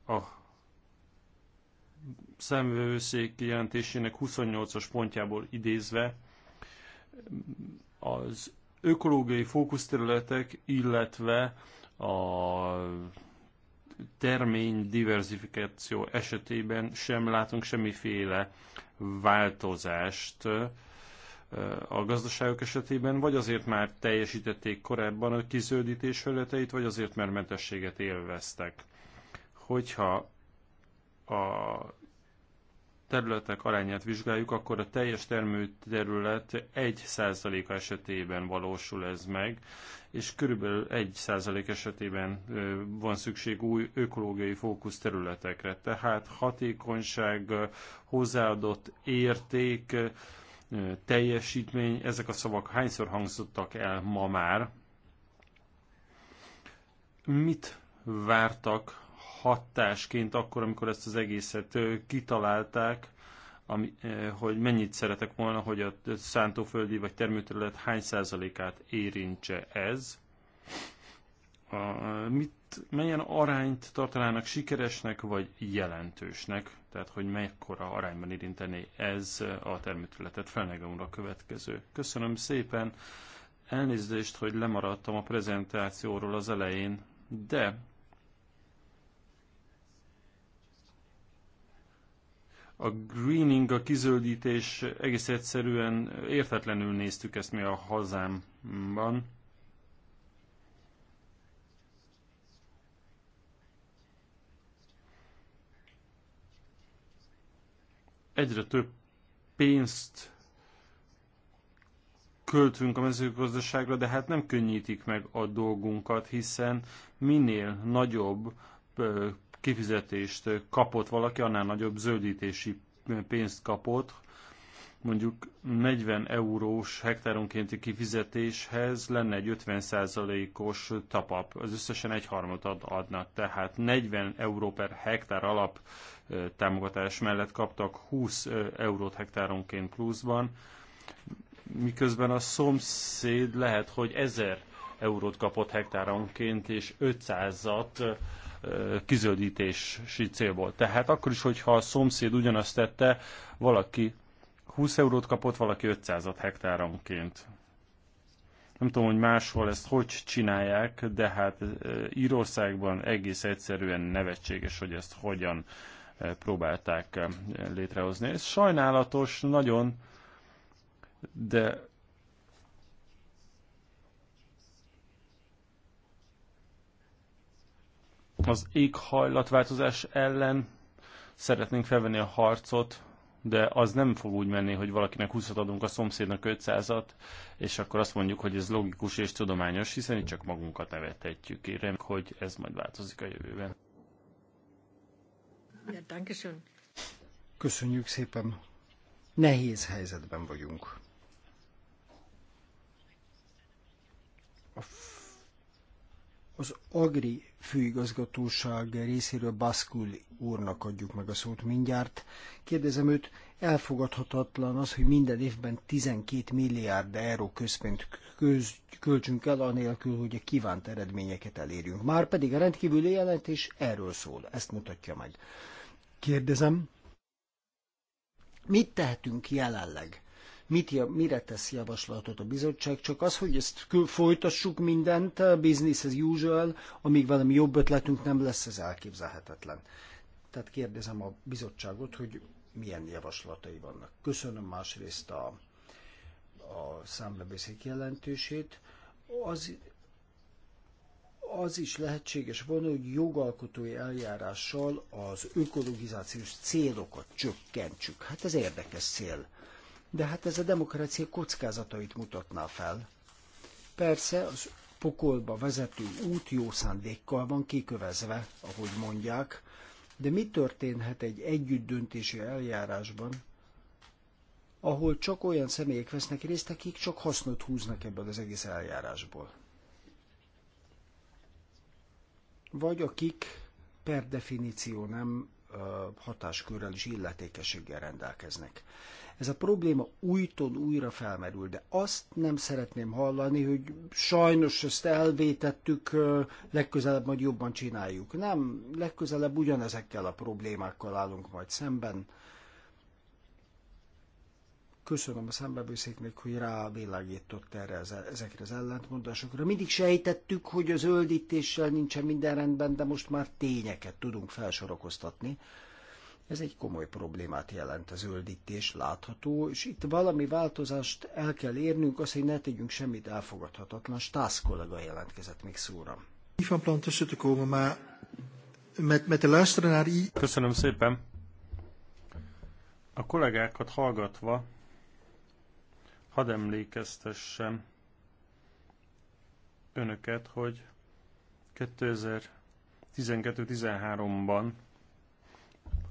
A szemvőszék jelentésének 28-as pontjából idézve az ökológiai fókuszterületek, illetve a termény diversifikáció esetében sem látunk semmiféle változást a gazdaságok esetében, vagy azért már teljesítették korábban a kizöldítés felületeit, vagy azért mert mentességet élveztek. Hogyha a területek arányát vizsgáljuk, akkor a teljes termőterület 1%-a esetében valósul ez meg, és körülbelül 1% esetében van szükség új ökológiai fókusz területekre. Tehát hatékonyság, hozzáadott érték, teljesítmény, ezek a szavak hányszor hangzottak el ma már? Mit vártak hatásként akkor, amikor ezt az egészet kitalálták, ami, hogy mennyit szeretek volna, hogy a szántóföldi vagy termőterület hány százalékát érintse ez? a, mit, milyen arányt tartanának sikeresnek vagy jelentősnek, tehát hogy mekkora arányban érintené ez a termőterületet a következő. Köszönöm szépen, elnézést, hogy lemaradtam a prezentációról az elején, de a greening, a kizöldítés egész egyszerűen értetlenül néztük ezt mi a hazámban. egyre több pénzt költünk a mezőgazdaságra, de hát nem könnyítik meg a dolgunkat, hiszen minél nagyobb kifizetést kapott valaki, annál nagyobb zöldítési pénzt kapott, mondjuk 40 eurós hektáronkénti kifizetéshez lenne egy 50%-os tapap. Az összesen egy harmot ad, adnak, tehát 40 euró per hektár alap támogatás mellett kaptak 20 eurót hektáronként pluszban, miközben a szomszéd lehet, hogy 1000 eurót kapott hektáronként, és 500-at kizöldítési célból. Tehát akkor is, hogyha a szomszéd ugyanazt tette, valaki 20 eurót kapott, valaki 500-at hektáronként. Nem tudom, hogy máshol ezt hogy csinálják, de hát e, Írországban egész egyszerűen nevetséges, hogy ezt hogyan e, próbálták e, létrehozni. Ez sajnálatos, nagyon, de az éghajlatváltozás ellen szeretnénk felvenni a harcot, de az nem fog úgy menni, hogy valakinek 20 adunk, a szomszédnak 500-at, és akkor azt mondjuk, hogy ez logikus és tudományos, hiszen itt csak magunkat nevethetjük. Érem, hogy ez majd változik a jövőben. Köszönjük szépen. Nehéz helyzetben vagyunk. A az agri főigazgatóság részéről Baszkul úrnak adjuk meg a szót mindjárt. Kérdezem őt, elfogadhatatlan az, hogy minden évben 12 milliárd euró közpént köz, költsünk el, anélkül, hogy a kívánt eredményeket elérjünk. Már pedig a rendkívüli jelentés erről szól, ezt mutatja meg. Kérdezem, mit tehetünk jelenleg Mit, mire tesz javaslatot a bizottság? Csak az, hogy ezt folytassuk mindent, business as usual, amíg valami jobb ötletünk nem lesz, ez elképzelhetetlen. Tehát kérdezem a bizottságot, hogy milyen javaslatai vannak. Köszönöm másrészt a, a számlebeszék jelentését. Az, az is lehetséges volna, hogy jogalkotói eljárással az ökologizációs célokat csökkentsük. Hát ez érdekes cél de hát ez a demokrácia kockázatait mutatná fel. Persze az pokolba vezető út jó szándékkal van kikövezve, ahogy mondják, de mi történhet egy együttdöntési eljárásban, ahol csak olyan személyek vesznek részt, akik csak hasznot húznak ebből az egész eljárásból? Vagy akik per definíció nem hatáskörrel és illetékességgel rendelkeznek. Ez a probléma újton újra felmerül, de azt nem szeretném hallani, hogy sajnos ezt elvétettük, legközelebb majd jobban csináljuk. Nem, legközelebb ugyanezekkel a problémákkal állunk majd szemben. Köszönöm a szembebőszéknek, hogy rávilágított erre e- ezekre az ellentmondásokra. Mindig sejtettük, hogy a zöldítéssel nincsen minden rendben, de most már tényeket tudunk felsorokoztatni. Ez egy komoly problémát jelent a zöldítés, látható, és itt valami változást el kell érnünk, az, hogy ne tegyünk semmit elfogadhatatlan. Stász kollega jelentkezett még szóra. Köszönöm szépen. A kollégákat hallgatva hadd emlékeztessem önöket, hogy 2012-13-ban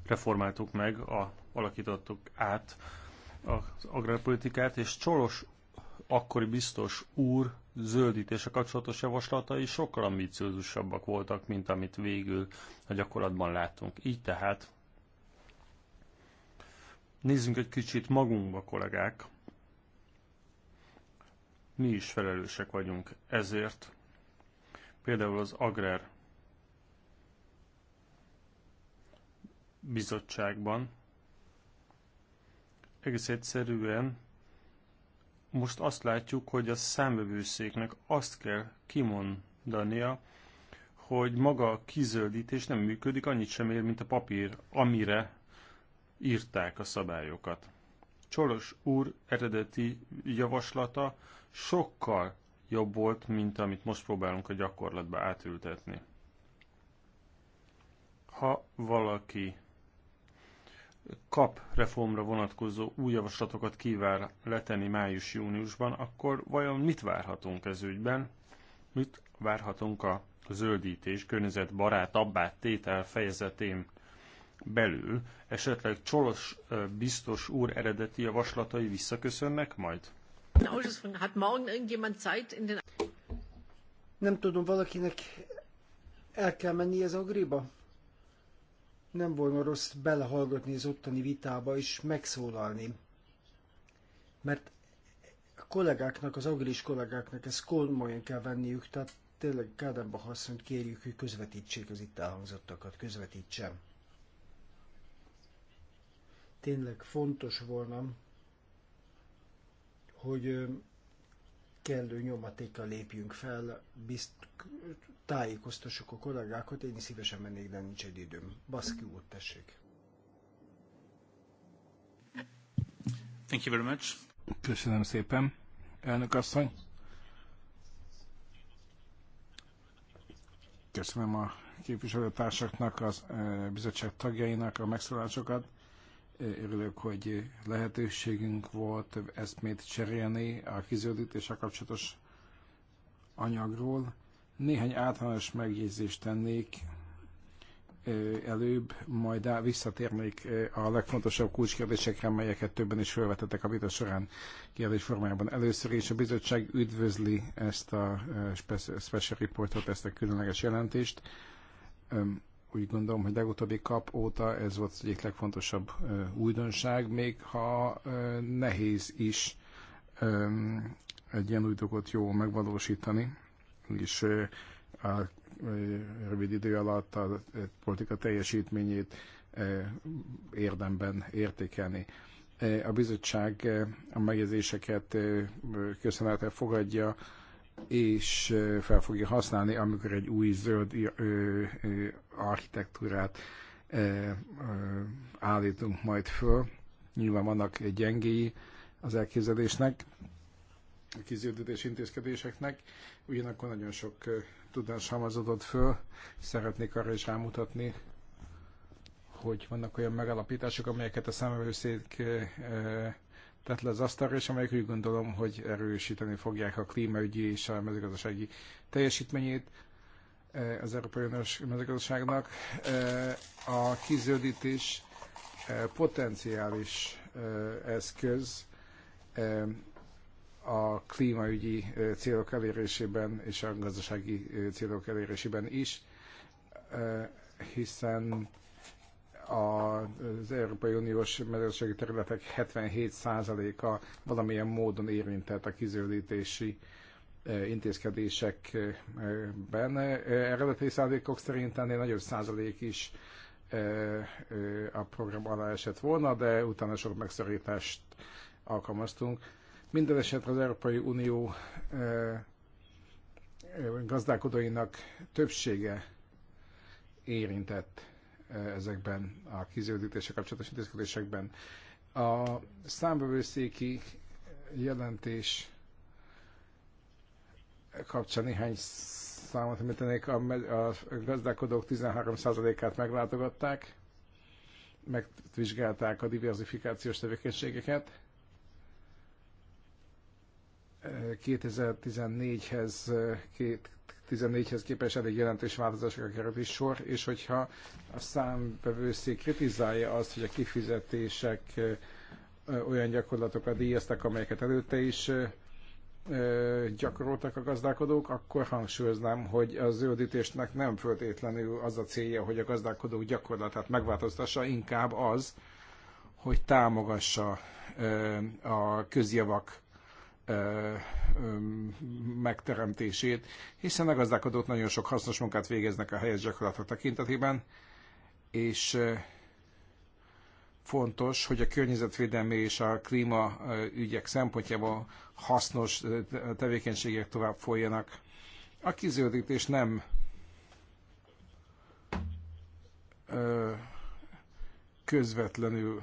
reformáltuk meg, a, alakítottuk át az agrárpolitikát, és Csolos akkori biztos úr zöldítése kapcsolatos javaslatai sokkal ambiciózusabbak voltak, mint amit végül a gyakorlatban láttunk. Így tehát nézzünk egy kicsit magunkba, kollégák. Mi is felelősek vagyunk ezért. Például az agrár bizottságban. Egész egyszerűen most azt látjuk, hogy a számövőszéknek azt kell kimondania, hogy maga a kizöldítés nem működik, annyit sem ér, mint a papír, amire írták a szabályokat. Csoros úr eredeti javaslata sokkal jobb volt, mint amit most próbálunk a gyakorlatba átültetni. Ha valaki kap reformra vonatkozó új javaslatokat kíván letenni május-júniusban, akkor vajon mit várhatunk ez ügyben? Mit várhatunk a zöldítés környezetbarátabbá tétel fejezetén belül? Esetleg Csolos biztos úr eredeti javaslatai visszaköszönnek majd? Nem tudom, valakinek el kell menni ez agriba? nem volna rossz belehallgatni az ottani vitába és megszólalni. Mert a kollégáknak, az agilis kollégáknak ezt komolyan kell venniük, tehát tényleg Kádemba asszonyt kérjük, hogy közvetítsék az itt elhangzottakat, közvetítsem. Tényleg fontos volna, hogy kellő nyomatékkal lépjünk fel, bizt, tájékoztassuk a kollégákat, én is szívesen mennék, de nincs egy időm. Baszki úr, tessék. Thank you very much. Köszönöm szépen, elnök asszony. Köszönöm a képviselőtársaknak, az eh, bizottság tagjainak a megszólásokat. Örülök, hogy lehetőségünk volt több eszmét cserélni a kizöldítéssel kapcsolatos anyagról. Néhány általános megjegyzést tennék előbb, majd visszatérnék a legfontosabb kulcskérdésekre, melyeket többen is felvetettek a vita során kérdés formájában. Először is a bizottság üdvözli ezt a special reportot, ezt a különleges jelentést úgy gondolom, hogy legutóbbi kap óta ez volt az egyik legfontosabb újdonság, még ha nehéz is egy ilyen új dolgot jó megvalósítani, és a rövid idő alatt a politika teljesítményét érdemben értékelni. A bizottság a megjegyzéseket köszönettel fogadja, és fel fogja használni, amikor egy új zöld architektúrát állítunk majd föl. Nyilván vannak gyengéi az elképzelésnek, a kizöldítés intézkedéseknek, ugyanakkor nagyon sok tudás halmazódott föl. Szeretnék arra is rámutatni, hogy vannak olyan megalapítások, amelyeket a számvevőszék tett le az asztalra, és amelyek úgy gondolom, hogy erősíteni fogják a klímaügyi és a mezőgazdasági teljesítményét eh, az Európai Uniós mezőgazdaságnak. Eh, a kizöldítés eh, potenciális eszköz a klímaügyi célok elérésében és a gazdasági célok elérésében is, hiszen az Európai Uniós mezőgazdasági területek 77%-a valamilyen módon érintett a kizöldítési e, intézkedésekben. E, eredeti szándékok szerint ennél nagyobb százalék is e, a program alá esett volna, de utána sok megszorítást alkalmaztunk. Minden esetre az Európai Unió gazdálkodóinak többsége érintett E, ezekben a kizöldítése kapcsolatos intézkedésekben. A számbevőszéki jelentés kapcsán néhány számot említenék, a, a gazdálkodók 13%-át meglátogatták, megvizsgálták a diversifikációs tevékenységeket. 2014-hez e, 2014-hez képest elég jelentős változásokra került is sor, és hogyha a számbevőszék kritizálja azt, hogy a kifizetések olyan gyakorlatokat díjaztak, amelyeket előtte is gyakoroltak a gazdálkodók, akkor hangsúlyoznám, hogy a zöldítésnek nem föltétlenül az a célja, hogy a gazdálkodók gyakorlatát megváltoztassa, inkább az, hogy támogassa a közjavak megteremtését, hiszen a gazdálkodók nagyon sok hasznos munkát végeznek a helyes gyakorlatok tekintetében, és fontos, hogy a környezetvédelmi és a klíma ügyek szempontjából hasznos tevékenységek tovább folyjanak. A kizöldítés nem közvetlenül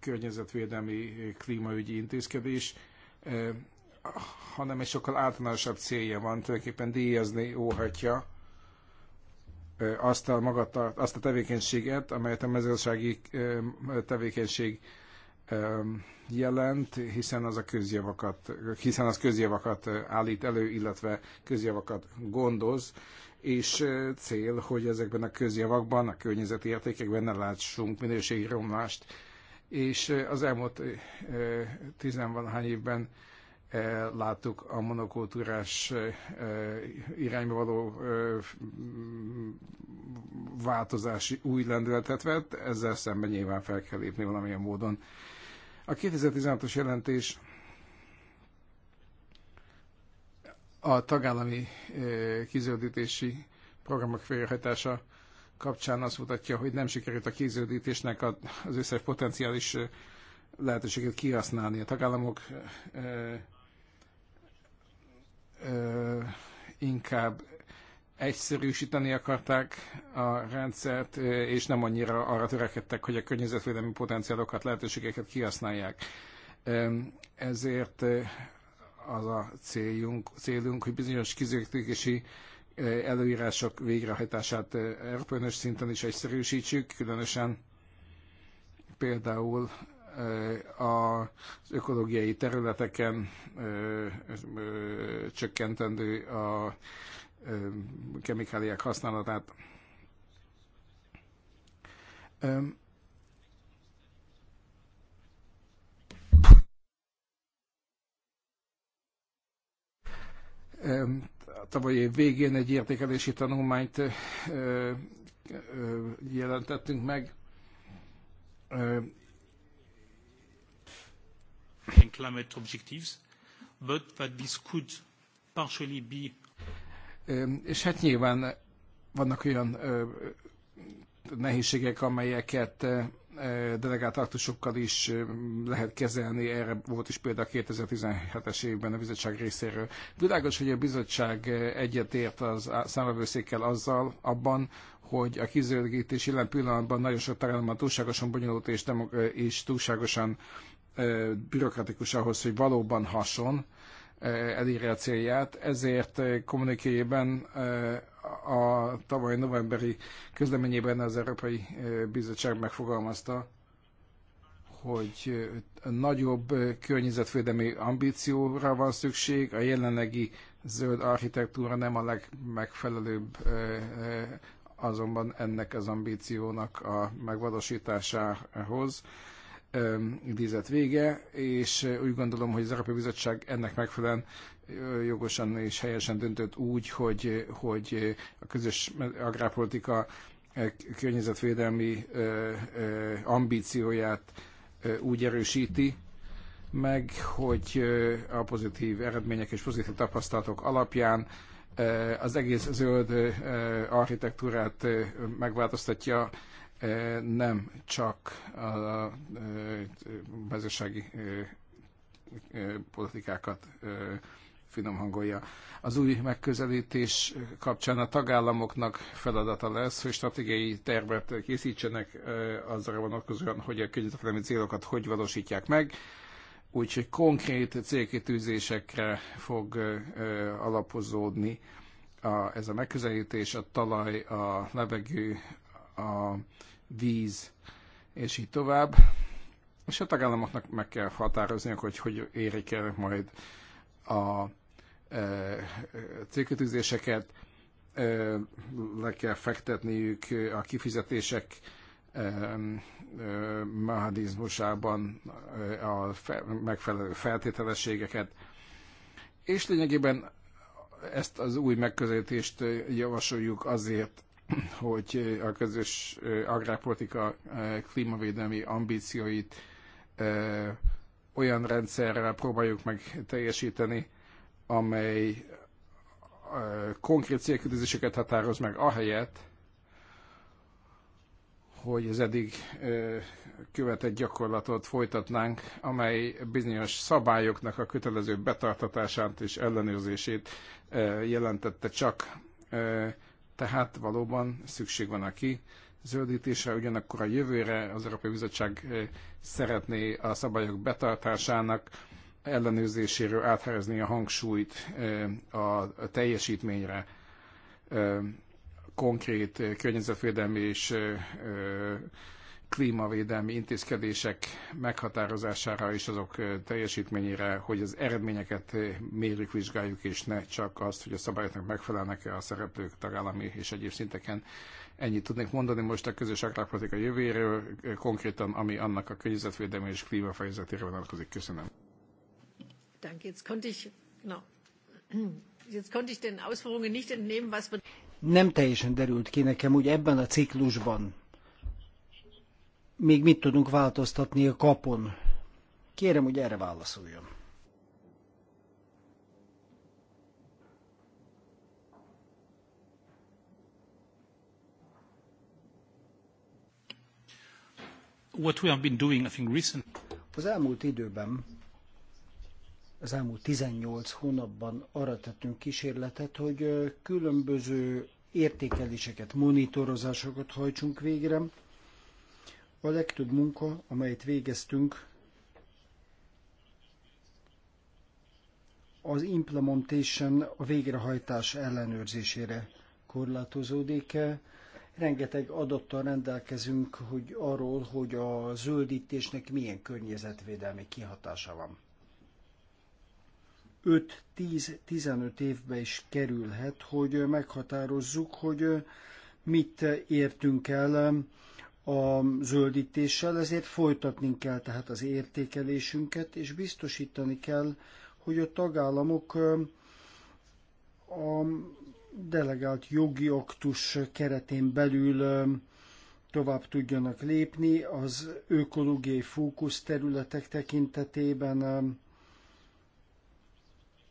környezetvédelmi, klímaügyi intézkedés, eh, hanem egy sokkal általánosabb célja van, tulajdonképpen díjazni óhatja eh, azt a, magatart, azt a tevékenységet, amelyet a mezőgazdasági eh, tevékenység jelent, hiszen az a közjavakat, hiszen az közjavakat állít elő, illetve közjavakat gondoz, és cél, hogy ezekben a közjavakban, a környezeti értékekben ne látsunk minőségi romlást. És az elmúlt tizenvalahány évben láttuk a monokultúrás irányba való változási új lendületet vett, ezzel szemben nyilván fel kell lépni valamilyen módon. A 2016-os jelentés A tagállami kizöldítési programok félrehajtása kapcsán azt mutatja, hogy nem sikerült a kizöldítésnek az összes potenciális lehetőséget kihasználni. A tagállamok ö, inkább egyszerűsíteni akarták a rendszert, és nem annyira arra törekedtek, hogy a környezetvédelmi potenciálokat, lehetőségeket kihasználják. Ezért az a céljunk, célunk, hogy bizonyos kizértékési előírások végrehajtását európai szinten is egyszerűsítsük, különösen például az ökológiai területeken csökkentendő a kemikáliák használatát. tavaly év végén egy értékelési tanulmányt jelentettünk meg. Climate objectives, but that this could partially be és hát nyilván vannak olyan nehézségek, amelyeket delegált aktusokkal is lehet kezelni, erre volt is példa 2017-es évben a bizottság részéről. Világos, hogy a bizottság egyetért az számlavőszékkel azzal abban, hogy a kizöldítés jelen pillanatban nagyon sok tagállamban túlságosan bonyolult és, demok- és túlságosan bürokratikus ahhoz, hogy valóban hason, elérje a célját, ezért kommunikéjében a tavaly novemberi közleményében az Európai Bizottság megfogalmazta, hogy nagyobb környezetvédelmi ambícióra van szükség, a jelenlegi zöld architektúra nem a legmegfelelőbb azonban ennek az ambíciónak a megvalósításához idézet vége, és úgy gondolom, hogy az Európai Bizottság ennek megfelelően jogosan és helyesen döntött úgy, hogy, hogy a közös agrárpolitika környezetvédelmi ambícióját úgy erősíti, meg, hogy a pozitív eredmények és pozitív tapasztalatok alapján az egész zöld architektúrát megváltoztatja nem csak a gazdasági politikákat finomhangolja. Az új megközelítés kapcsán a tagállamoknak feladata lesz, hogy stratégiai tervet készítsenek azzal vonatkozóan, hogy a környezetvédelmi célokat hogy valósítják meg, úgyhogy konkrét célkitűzésekre fog alapozódni a, ez a megközelítés, a talaj, a levegő, a víz, és így tovább. És a tagállamoknak meg kell határozni, hogy hogy érik el majd a e, e, célkötőzéseket, e, le kell fektetniük a kifizetések e, e, mechanizmusában a megfelelő feltételességeket, és lényegében ezt az új megközelítést javasoljuk azért, hogy a közös agrárpolitika klímavédelmi ambícióit olyan rendszerrel próbáljuk meg teljesíteni, amely konkrét célkütőzéseket határoz meg ahelyett, hogy az eddig követett gyakorlatot folytatnánk, amely bizonyos szabályoknak a kötelező betartatását és ellenőrzését jelentette csak tehát valóban szükség van a ki zöldítésre, ugyanakkor a jövőre az Európai Bizottság szeretné a szabályok betartásának ellenőrzéséről áthelyezni a hangsúlyt a teljesítményre konkrét környezetvédelmi és klímavédelmi intézkedések meghatározására és azok teljesítményére, hogy az eredményeket mérjük, vizsgáljuk, és ne csak azt, hogy a szabályoknak megfelelnek-e a szereplők tagállami és egyéb szinteken. Ennyit tudnék mondani most a közös agrárpolitika jövőjéről, konkrétan ami annak a környezetvédelmi és klímafejezetére vonatkozik. Köszönöm. Nem teljesen derült ki nekem, hogy ebben a ciklusban még mit tudunk változtatni a kapon? Kérem, hogy erre válaszoljon. What we have been doing, I think, recent... Az elmúlt időben, az elmúlt 18 hónapban arra tettünk kísérletet, hogy különböző értékeléseket, monitorozásokat hajtsunk végre, a legtöbb munka, amelyet végeztünk, az implementation, a végrehajtás ellenőrzésére korlátozódik. Rengeteg adattal rendelkezünk hogy arról, hogy a zöldítésnek milyen környezetvédelmi kihatása van. 5-10-15 évbe is kerülhet, hogy meghatározzuk, hogy mit értünk el a zöldítéssel, ezért folytatni kell tehát az értékelésünket, és biztosítani kell, hogy a tagállamok a delegált jogi aktus keretén belül tovább tudjanak lépni az ökológiai fókusz területek tekintetében,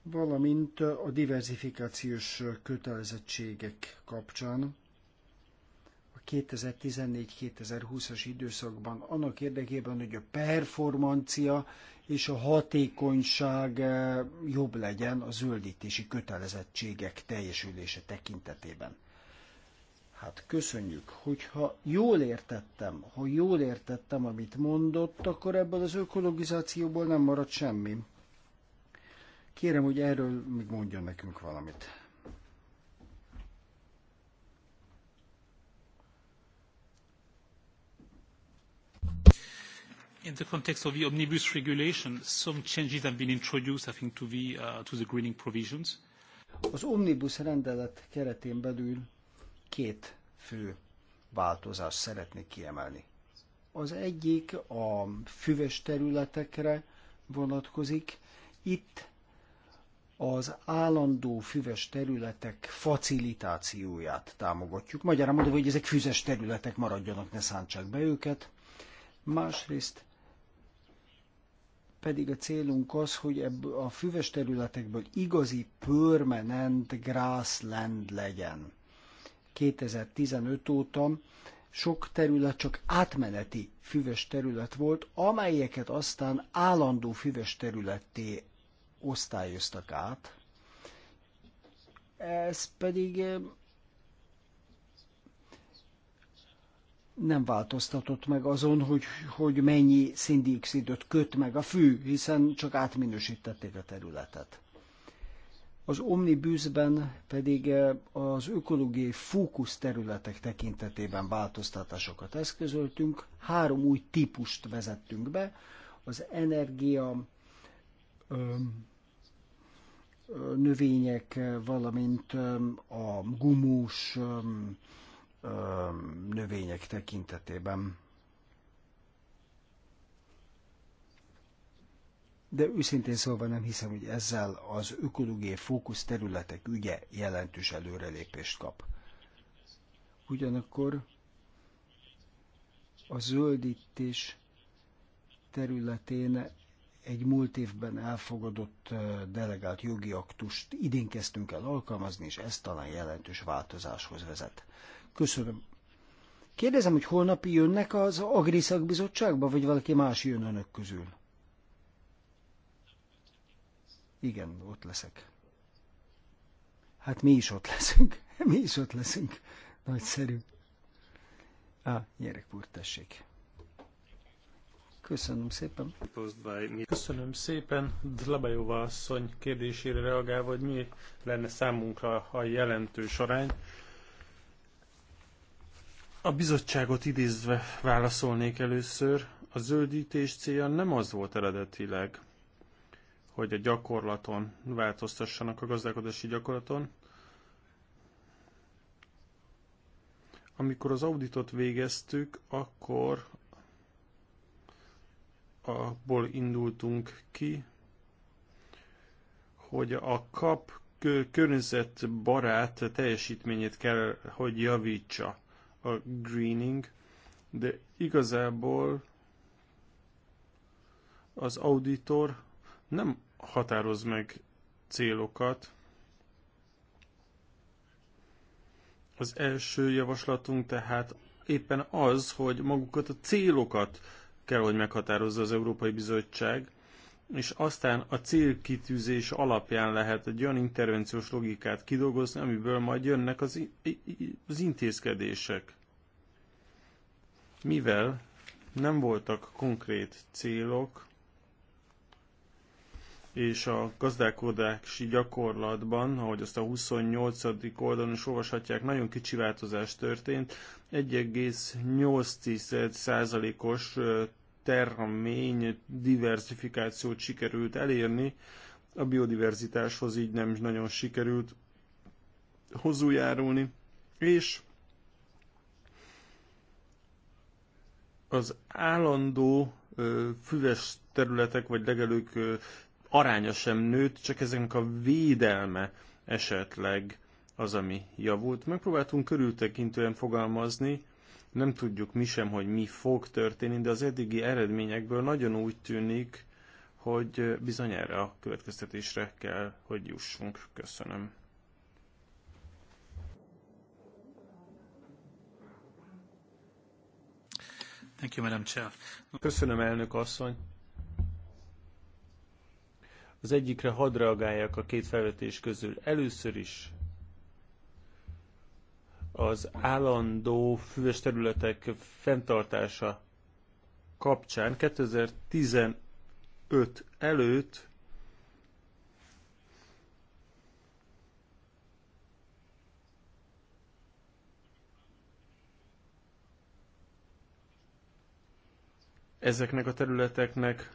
valamint a diversifikációs kötelezettségek kapcsán 2014-2020-as időszakban annak érdekében, hogy a performancia és a hatékonyság eh, jobb legyen a zöldítési kötelezettségek teljesülése tekintetében. Hát köszönjük, hogyha jól értettem, ha jól értettem, amit mondott, akkor ebből az ökologizációból nem marad semmi. Kérem, hogy erről még mondjon nekünk valamit. in the context of the omnibus regulation, some changes have been introduced, I think, to the, uh, to the greening provisions. Az omnibus rendelet keretén belül két fő változást szeretnék kiemelni. Az egyik a füves területekre vonatkozik. Itt az állandó füves területek facilitációját támogatjuk. Magyarán mondom, hogy ezek füzes területek maradjanak, ne szántsák be őket. Másrészt pedig a célunk az, hogy ebből a füves területekből igazi permanent grassland legyen. 2015 óta sok terület csak átmeneti füves terület volt, amelyeket aztán állandó füves területté osztályoztak át. Ez pedig nem változtatott meg azon, hogy, hogy mennyi szindioxidot köt meg a fű, hiszen csak átminősítették a területet. Az omnibűzben pedig eh, az ökológiai fókusz területek tekintetében változtatásokat eszközöltünk. Három új típust vezettünk be, az energia, növények, eh, valamint a gumós, növények tekintetében. De őszintén szólva nem hiszem, hogy ezzel az ökológiai fókusz területek ügye jelentős előrelépést kap. Ugyanakkor a zöldítés területén egy múlt évben elfogadott delegált jogi aktust idén kezdtünk el alkalmazni, és ez talán jelentős változáshoz vezet. Köszönöm. Kérdezem, hogy holnap jönnek az Agri Szakbizottságba, vagy valaki más jön önök közül? Igen, ott leszek. Hát mi is ott leszünk. *laughs* Mi is ott leszünk. Nagyszerű. Á, ah, gyerekpúr, tessék. Köszönöm szépen. Köszönöm szépen. Dlabajova asszony kérdésére reagálva, hogy mi lenne számunkra a jelentős arány. A bizottságot idézve válaszolnék először. A zöldítés célja nem az volt eredetileg, hogy a gyakorlaton változtassanak a gazdálkodási gyakorlaton. Amikor az auditot végeztük, akkor abból indultunk ki, hogy a kap környezetbarát teljesítményét kell, hogy javítsa a greening, de igazából az auditor nem határoz meg célokat. Az első javaslatunk tehát éppen az, hogy magukat a célokat kell, hogy meghatározza az Európai Bizottság, és aztán a célkitűzés alapján lehet egy olyan intervenciós logikát kidolgozni, amiből majd jönnek az, az intézkedések mivel nem voltak konkrét célok, és a gazdálkodási gyakorlatban, ahogy azt a 28. oldalon is olvashatják, nagyon kicsi változás történt. 1,8%-os termény diversifikációt sikerült elérni, a biodiverzitáshoz így nem nagyon sikerült hozzájárulni, és Az állandó füves területek vagy legelők aránya sem nőtt, csak ezeknek a védelme esetleg az, ami javult. Megpróbáltunk körültekintően fogalmazni, nem tudjuk mi sem, hogy mi fog történni, de az eddigi eredményekből nagyon úgy tűnik, hogy bizony erre a következtetésre kell, hogy jussunk. Köszönöm. Thank you, Madam Chair. Köszönöm, elnök asszony. Az egyikre hadd reagáljak a két felvetés közül. Először is az állandó füves területek fenntartása kapcsán 2015 előtt ezeknek a területeknek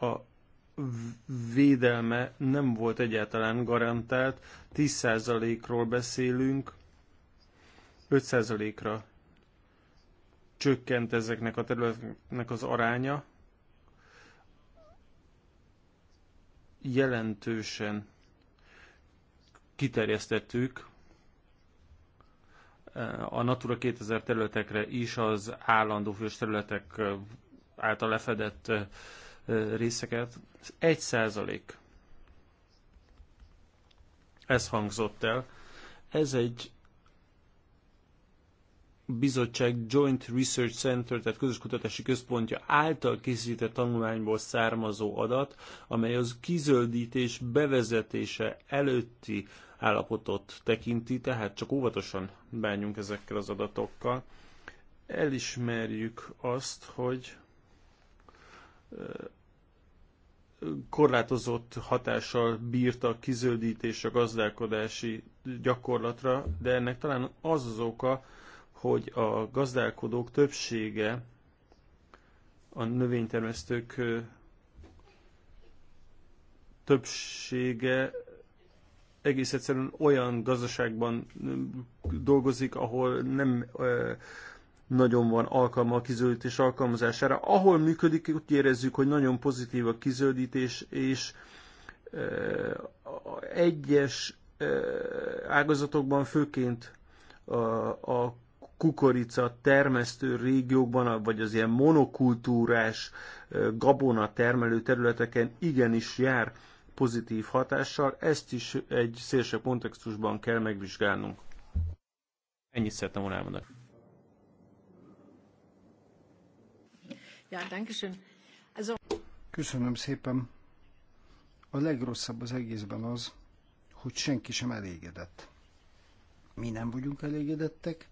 a védelme nem volt egyáltalán garantált, 10%-ról beszélünk, 5%-ra csökkent ezeknek a területeknek az aránya, jelentősen kiterjesztettük eh, a Natura 2000 területekre is az állandó fős területek eh, által lefedett részeket. Ez százalék. Ez hangzott el. Ez egy bizottság Joint Research Center, tehát közös kutatási központja által készített tanulmányból származó adat, amely az kizöldítés bevezetése előtti állapotot tekinti, tehát csak óvatosan bánjunk ezekkel az adatokkal. Elismerjük azt, hogy korlátozott hatással bírt a kizöldítés a gazdálkodási gyakorlatra, de ennek talán az az oka, hogy a gazdálkodók többsége a növénytermesztők többsége egész egyszerűen olyan gazdaságban dolgozik, ahol nem nagyon van alkalma a kizöldítés alkalmazására. Ahol működik, úgy érezzük, hogy nagyon pozitív a kizöldítés, és e, egyes e, ágazatokban, főként a, a kukorica termesztő régiókban, vagy az ilyen monokultúrás e, gabona termelő területeken igenis jár pozitív hatással, ezt is egy szélső kontextusban kell megvizsgálnunk. Ennyit szerettem volna elmondani. Ja, danke schön. Also... Köszönöm szépen. A legrosszabb az egészben az, hogy senki sem elégedett. Mi nem vagyunk elégedettek,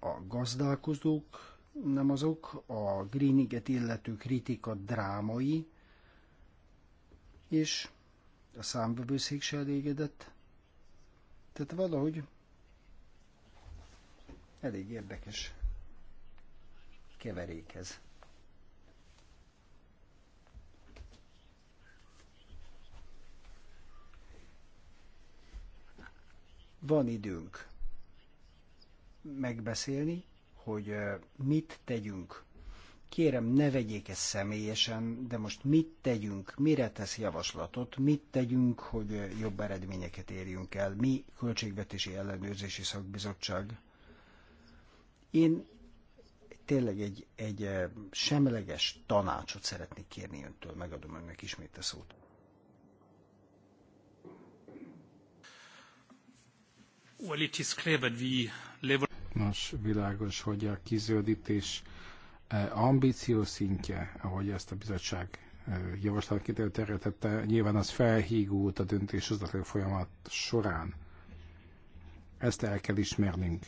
a gazdálkozók nem azok, a Greeniget illető kritika drámai, és a számbevőszék se elégedett. Tehát valahogy elég érdekes keverék ez. Van időnk megbeszélni, hogy mit tegyünk. Kérem, ne vegyék ezt személyesen, de most mit tegyünk, mire tesz javaslatot, mit tegyünk, hogy jobb eredményeket érjünk el. Mi, Költségvetési Ellenőrzési Szakbizottság. Én tényleg egy, egy semleges tanácsot szeretnék kérni öntől, megadom önnek ismét a szót. Well, it is clear that we level... Nos, világos, hogy a kizöldítés eh, ambíció szintje, ahogy ezt a bizottság eh, javaslatként előterjetette, nyilván az felhígult a döntéshozatlan folyamat során. Ezt el kell ismernünk.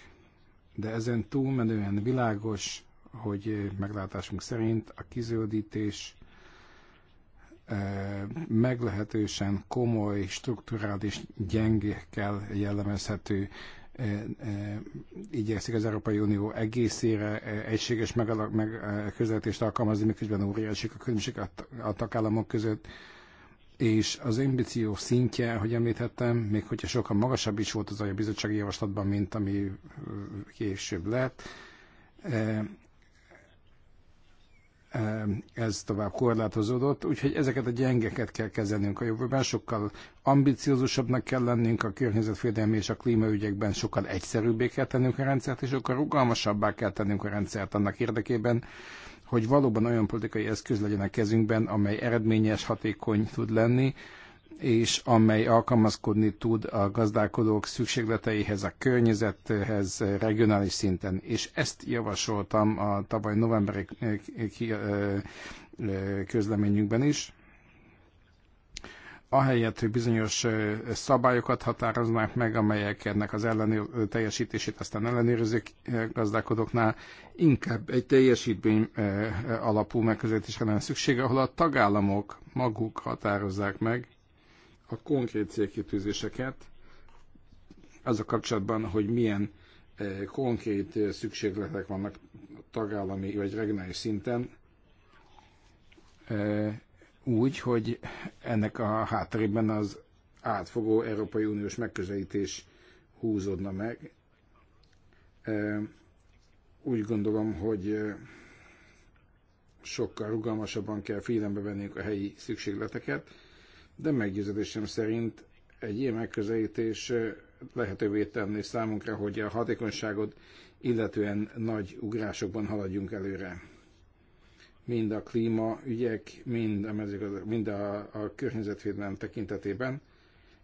De ezen túlmenően világos, hogy eh, meglátásunk szerint a kizöldítés meglehetősen komoly, strukturális gyengékkel jellemezhető igyekszik az Európai Unió egészére egységes megközelítést alkalmazni, miközben óriásik a különbség a, a tagállamok között, és az ambíció szintje, hogy említettem, még hogyha sokkal magasabb is volt az a bizottsági javaslatban, mint ami később lett, Eh, ez tovább korlátozódott, úgyhogy ezeket a gyengeket kell kezelnünk a jövőben, sokkal ambiciózusabbnak kell lennünk a környezetvédelmi és a klímaügyekben, sokkal egyszerűbbé kell tennünk a rendszert, és sokkal rugalmasabbá kell tennünk a rendszert annak érdekében, hogy valóban olyan politikai eszköz legyen a kezünkben, amely eredményes, hatékony tud lenni, és amely alkalmazkodni tud a gazdálkodók szükségleteihez, a környezethez regionális szinten. És ezt javasoltam a tavaly novemberi közleményünkben is. Ahelyett, hogy bizonyos szabályokat határoznák meg, amelyek ennek az ellenőr, teljesítését aztán ellenőrzik gazdálkodóknál, inkább egy teljesítmény alapú megközelítésre lenne szükség, ahol a tagállamok maguk határozzák meg, a konkrét célkitűzéseket, az a kapcsolatban, hogy milyen eh, konkrét eh, szükségletek vannak tagállami vagy regionális szinten, eh, úgy, hogy ennek a hátterében az átfogó Európai Uniós megközelítés húzódna meg. Úgy gondolom, hogy sokkal rugalmasabban kell figyelembe venniük a helyi szükségleteket, de meggyőződésem szerint egy ilyen megközelítés eh, lehetővé tenni számunkra, hogy a hatékonyságot illetően nagy ugrásokban haladjunk előre. Mind a klímaügyek, mind a, mind a, a környezetvédelem tekintetében,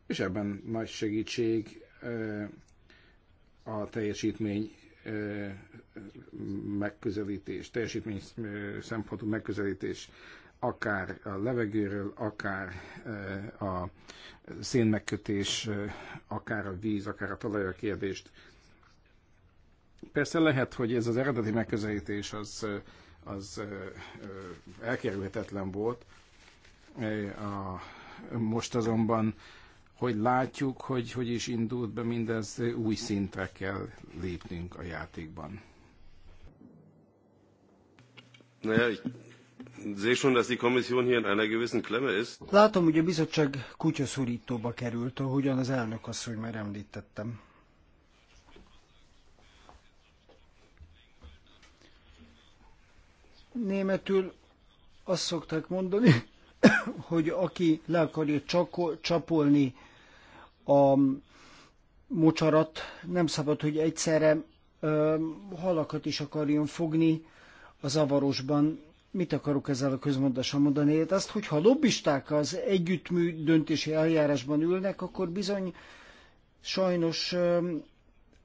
és ebben nagy segítség eh, a teljesítmény eh, megközelítés, teljesítmény szempontú megközelítés akár a levegőről, akár eh, a szénmegkötés, eh, akár a víz, akár a talaj a kérdést. Persze lehet, hogy ez az eredeti megközelítés az, eh, az elkerülhetetlen volt. A, most azonban, hogy látjuk, hogy hogy is indult be mindez, új szintre kell lépnünk a játékban. Naja, Látom, hogy a bizottság kutyaszorítóba került, ahogyan az elnök asszony már említettem. Németül azt szokták mondani, *coughs* hogy aki le akarja csapolni a mocsarat, nem szabad, hogy egyszerre ö, halakat is akarjon fogni a zavarosban, Mit akarok ezzel a közmondással mondani? Hát azt, hogyha lobbisták az együttmű döntési eljárásban ülnek, akkor bizony sajnos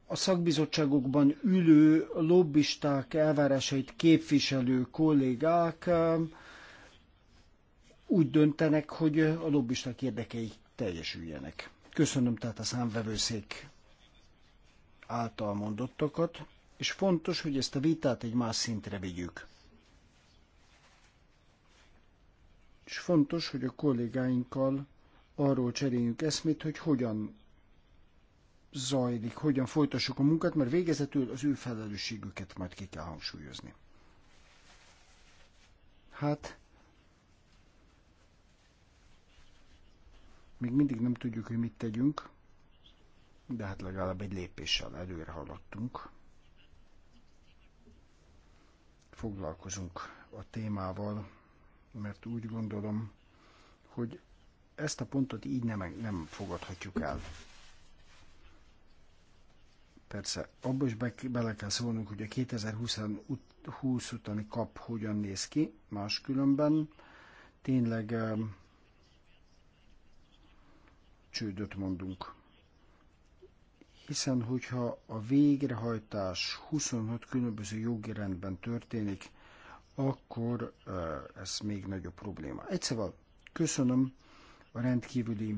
a szakbizottságokban ülő lobbisták elvárásait képviselő kollégák úgy döntenek, hogy a lobbisták érdekei teljesüljenek. Köszönöm tehát a számvevőszék által mondottakat, és fontos, hogy ezt a vitát egy más szintre vigyük. és fontos, hogy a kollégáinkkal arról cseréljünk eszmét, hogy hogyan zajlik, hogyan folytassuk a munkát, mert végezetül az ő felelősségüket majd ki kell hangsúlyozni. Hát, még mindig nem tudjuk, hogy mit tegyünk, de hát legalább egy lépéssel előre haladtunk. Foglalkozunk a témával mert úgy gondolom, hogy ezt a pontot így nem, nem fogadhatjuk el. Persze, abba is be, bele kell szólnunk, hogy a 2020 utáni kap hogyan néz ki, máskülönben tényleg um, csődöt mondunk. Hiszen, hogyha a végrehajtás 26 különböző jogi rendben történik, akkor ez még nagyobb probléma. Egyszerűen szóval, köszönöm a rendkívüli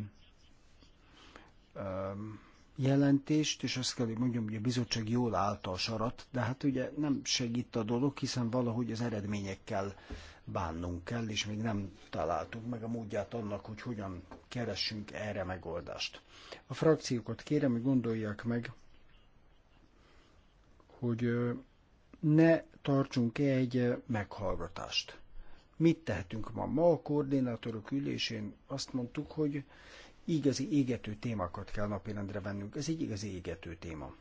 jelentést, és azt kell, hogy mondjam, hogy a bizottság jól állta a sarat, de hát ugye nem segít a dolog, hiszen valahogy az eredményekkel bánnunk kell, és még nem találtuk meg a módját annak, hogy hogyan keressünk erre megoldást. A frakciókat kérem, hogy gondolják meg, hogy ne tartsunk -e egy meghallgatást. Mit tehetünk ma? Ma a koordinátorok ülésén azt mondtuk, hogy igazi égető témákat kell napirendre vennünk. Ez egy igazi égető téma.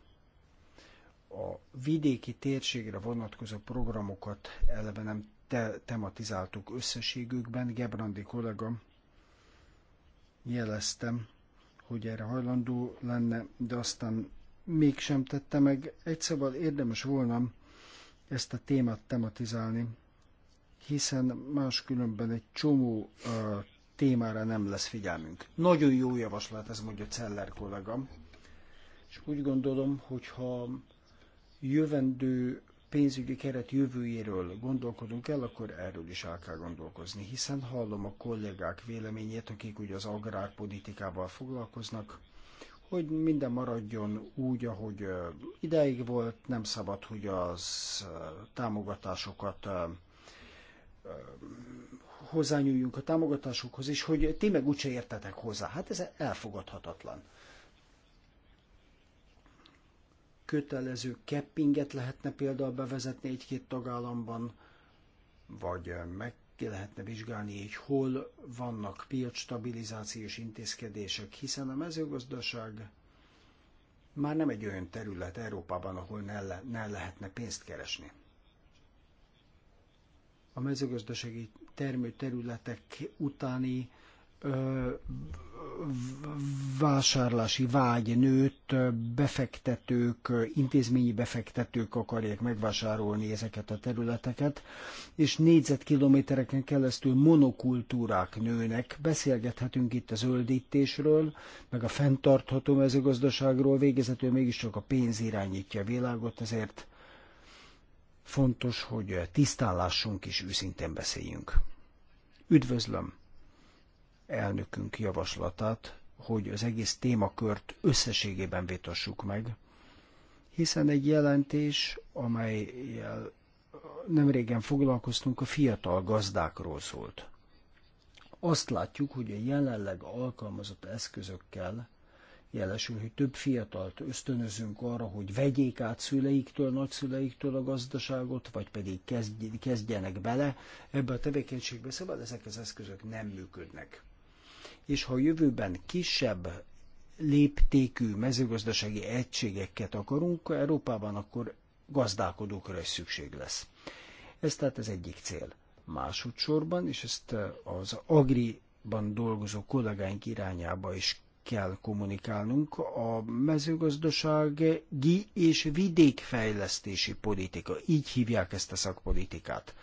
A vidéki térségre vonatkozó programokat eleve nem te- tematizáltuk összességükben. Gebrandi kollega jeleztem, hogy erre hajlandó lenne, de aztán mégsem tette meg. Egy szabad szóval érdemes volna ezt a témát tematizálni, hiszen máskülönben egy csomó uh, témára nem lesz figyelmünk. Nagyon jó javaslat, ez mondja Celler kollégám. És úgy gondolom, hogyha jövendő pénzügyi keret jövőjéről gondolkodunk el, akkor erről is el kell gondolkozni, hiszen hallom a kollégák véleményét, akik ugye az agrárpolitikával foglalkoznak, hogy minden maradjon úgy, ahogy ideig volt, nem szabad, hogy az támogatásokat hozzányúljunk a támogatásokhoz, és hogy ti meg úgyse értetek hozzá. Hát ez elfogadhatatlan. Kötelező keppinget lehetne például bevezetni egy-két tagállamban, vagy meg ki lehetne vizsgálni, hogy hol vannak piacstabilizációs intézkedések, hiszen a mezőgazdaság már nem egy olyan terület Európában, ahol ne, le, ne lehetne pénzt keresni. A mezőgazdasági termőterületek utáni ö, vásárlási vágy nőtt, befektetők, intézményi befektetők akarják megvásárolni ezeket a területeket, és négyzetkilométereken keresztül monokultúrák nőnek. Beszélgethetünk itt a zöldítésről, meg a fenntartható mezőgazdaságról, végezetül mégiscsak a pénz irányítja a világot, ezért fontos, hogy tisztállásunk lássunk és őszintén beszéljünk. Üdvözlöm! elnökünk javaslatát, hogy az egész témakört összességében vitassuk meg, hiszen egy jelentés, amelyel nem régen foglalkoztunk, a fiatal gazdákról szólt. Azt látjuk, hogy a jelenleg alkalmazott eszközökkel jelesül, hogy több fiatalt ösztönözünk arra, hogy vegyék át szüleiktől, nagyszüleiktől a gazdaságot, vagy pedig kezdjenek bele ebbe a tevékenységbe, szóval ezek az eszközök nem működnek és ha a jövőben kisebb léptékű mezőgazdasági egységeket akarunk Európában, akkor gazdálkodókra is szükség lesz. Ez tehát az egyik cél. Másodszorban, és ezt az agriban dolgozó kollégáink irányába is kell kommunikálnunk, a mezőgazdasági és vidékfejlesztési politika. Így hívják ezt a szakpolitikát.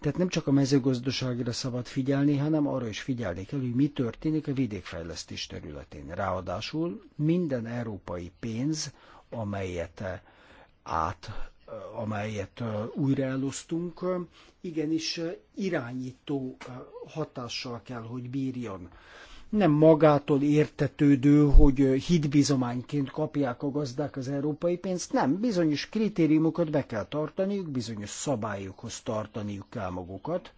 Tehát nem csak a mezőgazdaságra szabad figyelni, hanem arra is figyelni kell, hogy mi történik a vidékfejlesztés területén. Ráadásul minden európai pénz, amelyet eh, át eh, amelyet eh, újraelosztunk, igenis irányító hatással kell, hogy bírjon nem magától értetődő, hogy hitbizományként kapják a gazdák az európai pénzt, nem, bizonyos kritériumokat be kell tartaniuk, bizonyos szabályokhoz tartaniuk kell magukat,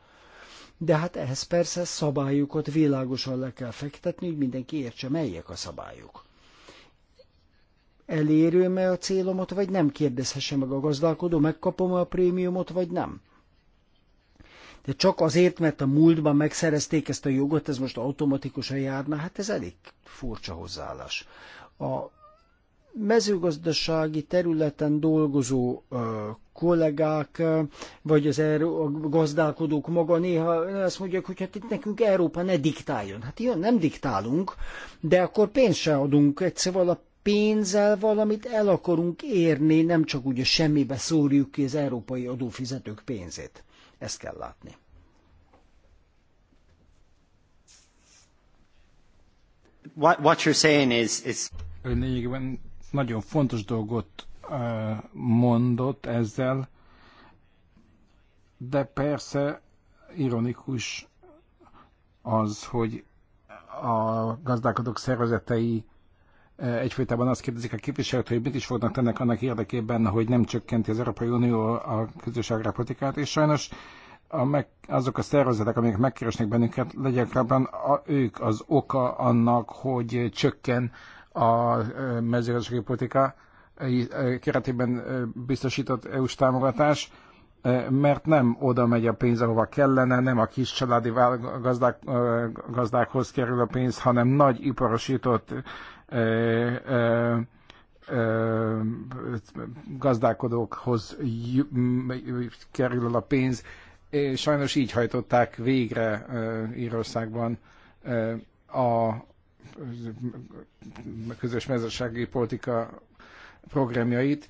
de hát ehhez persze szabályokat világosan le kell fektetni, hogy mindenki értse, melyek a szabályok. Elérőm-e a célomat, vagy nem kérdezhesse meg a gazdálkodó, megkapom-e a prémiumot, vagy nem de csak azért, mert a múltban megszerezték ezt a jogot, ez most automatikusan járna, hát ez elég furcsa hozzáállás. A mezőgazdasági területen dolgozó ö, kollégák, vagy az Euró- a gazdálkodók maga néha azt mondják, hogy hát itt nekünk Európa ne diktáljon. Hát ilyen nem diktálunk, de akkor pénzt se adunk, egyszerűen szóval a pénzzel valamit el akarunk érni, nem csak úgy a semmibe szórjuk ki az európai adófizetők pénzét. Ezt kell látni. What, what you're saying is, is... Ön lényegében nagyon fontos dolgot mondott ezzel, de persze ironikus az, hogy a gazdálkodók szervezetei Eh, egyfolytában azt kérdezik a képviselőt, hogy mit is fognak tenni annak érdekében, hogy nem csökkenti az Európai Unió a közös agrárpolitikát, és sajnos a meg, azok a szervezetek, amik megkeresnek bennünket, legyekrabban a, ők az oka annak, hogy csökken a eh, mezőgazdasági politika eh, keretében biztosított EU-s támogatás, mert nem oda megy a pénz, ahova kellene, nem a kis családi gazdák, gazdákhoz kerül a pénz, hanem nagy iparosított gazdálkodókhoz kerül a pénz. Sajnos így hajtották végre Írországban a közös mezőségi politika programjait,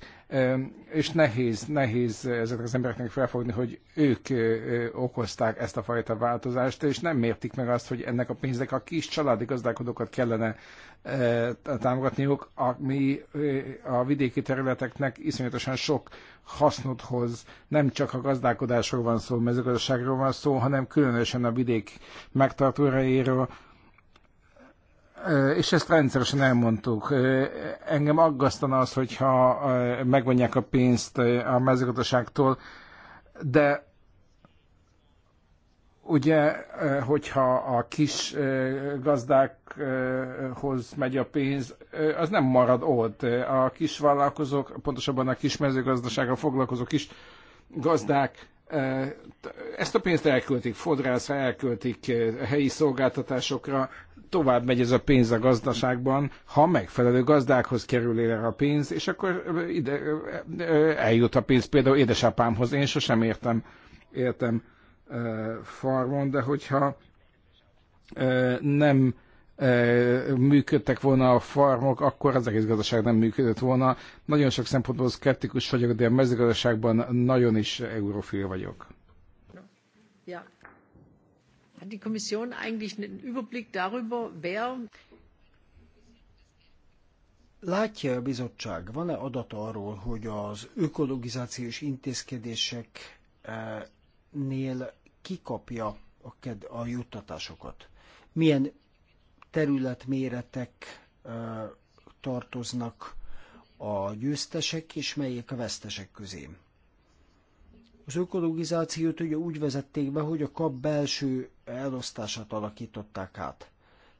és nehéz, nehéz ezeknek az embereknek felfogni, hogy ők okozták ezt a fajta változást, és nem mértik meg azt, hogy ennek a pénznek a kis családi gazdálkodókat kellene e, támogatniuk, ami a vidéki területeknek iszonyatosan sok hasznot hoz. Nem csak a gazdálkodásról van szó, mezőgazdaságról van szó, hanem különösen a vidék megtartóreiről, és ezt rendszeresen elmondtuk. Engem aggasztana az, hogyha megvonják a pénzt a mezőgazdaságtól, de ugye, hogyha a kis gazdákhoz megy a pénz, az nem marad ott. A kis vállalkozók, pontosabban a kis mezőgazdasággal foglalkozó kis gazdák ezt a pénzt elköltik fodrászra, elköltik helyi szolgáltatásokra, tovább megy ez a pénz a gazdaságban, ha megfelelő gazdákhoz kerül erre a pénz, és akkor ide, eljut a pénz például édesapámhoz. Én sosem értem, értem farmon, de hogyha nem működtek volna a farmok, akkor az egész gazdaság nem működött volna. Nagyon sok szempontból szkeptikus vagyok, de a mezőgazdaságban nagyon is eurofil vagyok. Ja. Hat a Kommission eigentlich einen Überblick darüber, wer Látja a bizottság, van-e adat arról, hogy az ökologizációs intézkedéseknél kikapja a, ked- a juttatásokat? Milyen területméretek tartoznak a győztesek, és melyek a vesztesek közé. Az ökologizációt ugye úgy vezették be, hogy a kap belső elosztását alakították át.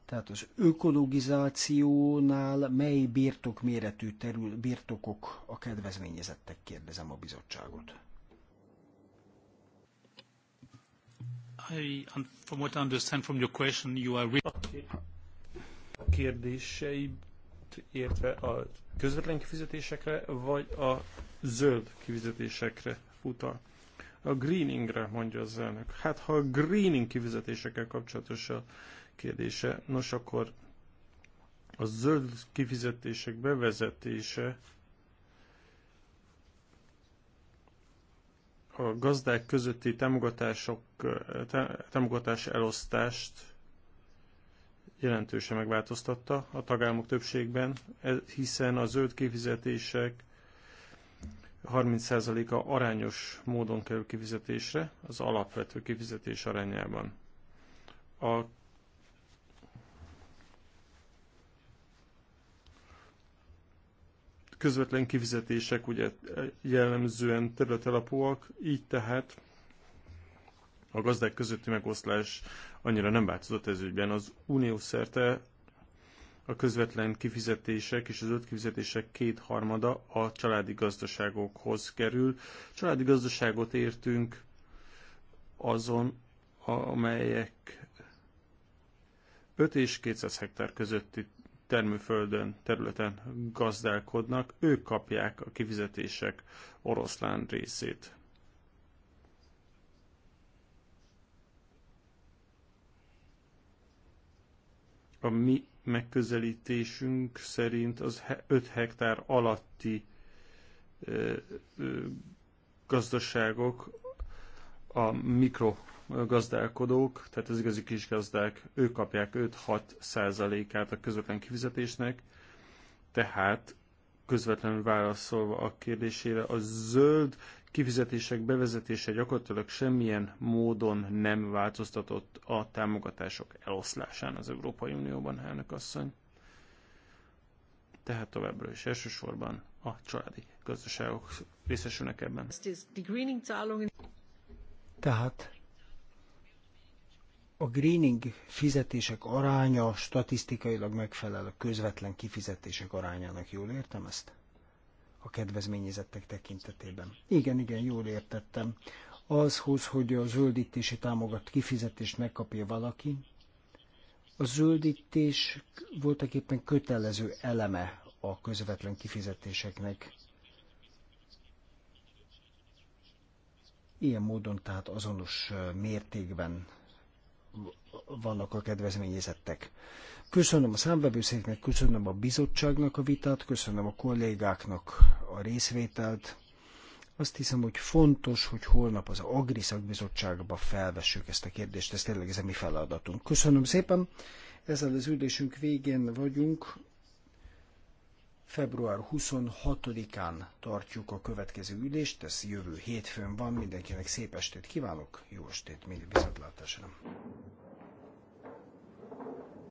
Tehát az ökologizációnál mely birtok méretű terül, birtokok a kedvezményezettek, kérdezem a bizottságot. I, from what I understand from your question, you are kérdéseit értve a közvetlen kifizetésekre, vagy a zöld kifizetésekre utal. A greeningre mondja az elnök. Hát ha a greening kifizetésekkel kapcsolatos a kérdése, nos akkor a zöld kifizetések bevezetése a gazdák közötti támogatások, támogatás elosztást jelentősen megváltoztatta a tagállamok többségben, e- hiszen a zöld kifizetések 30%-a arányos módon kerül kifizetésre, az alapvető kifizetés arányában. A közvetlen kifizetések ugye e- jellemzően területalapúak, így tehát a gazdák közötti megoszlás annyira nem változott ez ügyben. Az unió szerte a közvetlen kifizetések és az öt kifizetések kétharmada a családi gazdaságokhoz kerül. Családi gazdaságot értünk azon, amelyek 5 és 200 hektár közötti termőföldön, területen gazdálkodnak, ők kapják a kifizetések oroszlán részét. A mi megközelítésünk szerint az 5 hektár alatti gazdaságok, a mikrogazdálkodók, tehát az igazi kis gazdák, ők kapják 5-6 százalékát a közvetlen kifizetésnek, tehát közvetlenül válaszolva a kérdésére, a zöld kifizetések bevezetése gyakorlatilag semmilyen módon nem változtatott a támogatások eloszlásán az Európai Unióban, elnök asszony. Tehát továbbra is elsősorban a családi gazdaságok részesülnek ebben. Tehát a greening fizetések aránya statisztikailag megfelel a közvetlen kifizetések arányának. Jól értem ezt? a kedvezményezettek tekintetében. Igen, igen, jól értettem. Azhoz, hogy a zöldítési támogat kifizetést megkapja valaki, a zöldítés voltak éppen kötelező eleme a közvetlen kifizetéseknek. Ilyen módon tehát azonos mértékben vannak a kedvezményezettek. Köszönöm a számbevőszéknek, köszönöm a bizottságnak a vitát, köszönöm a kollégáknak a részvételt. Azt hiszem, hogy fontos, hogy holnap az Agri szakbizottságba felvessük ezt a kérdést, ez tényleg ez a mi feladatunk. Köszönöm szépen, ezzel az ülésünk végén vagyunk. Február 26-án tartjuk a következő ülést, ez jövő hétfőn van, mindenkinek szép estét kívánok, jó estét, mindig viszontlátásra.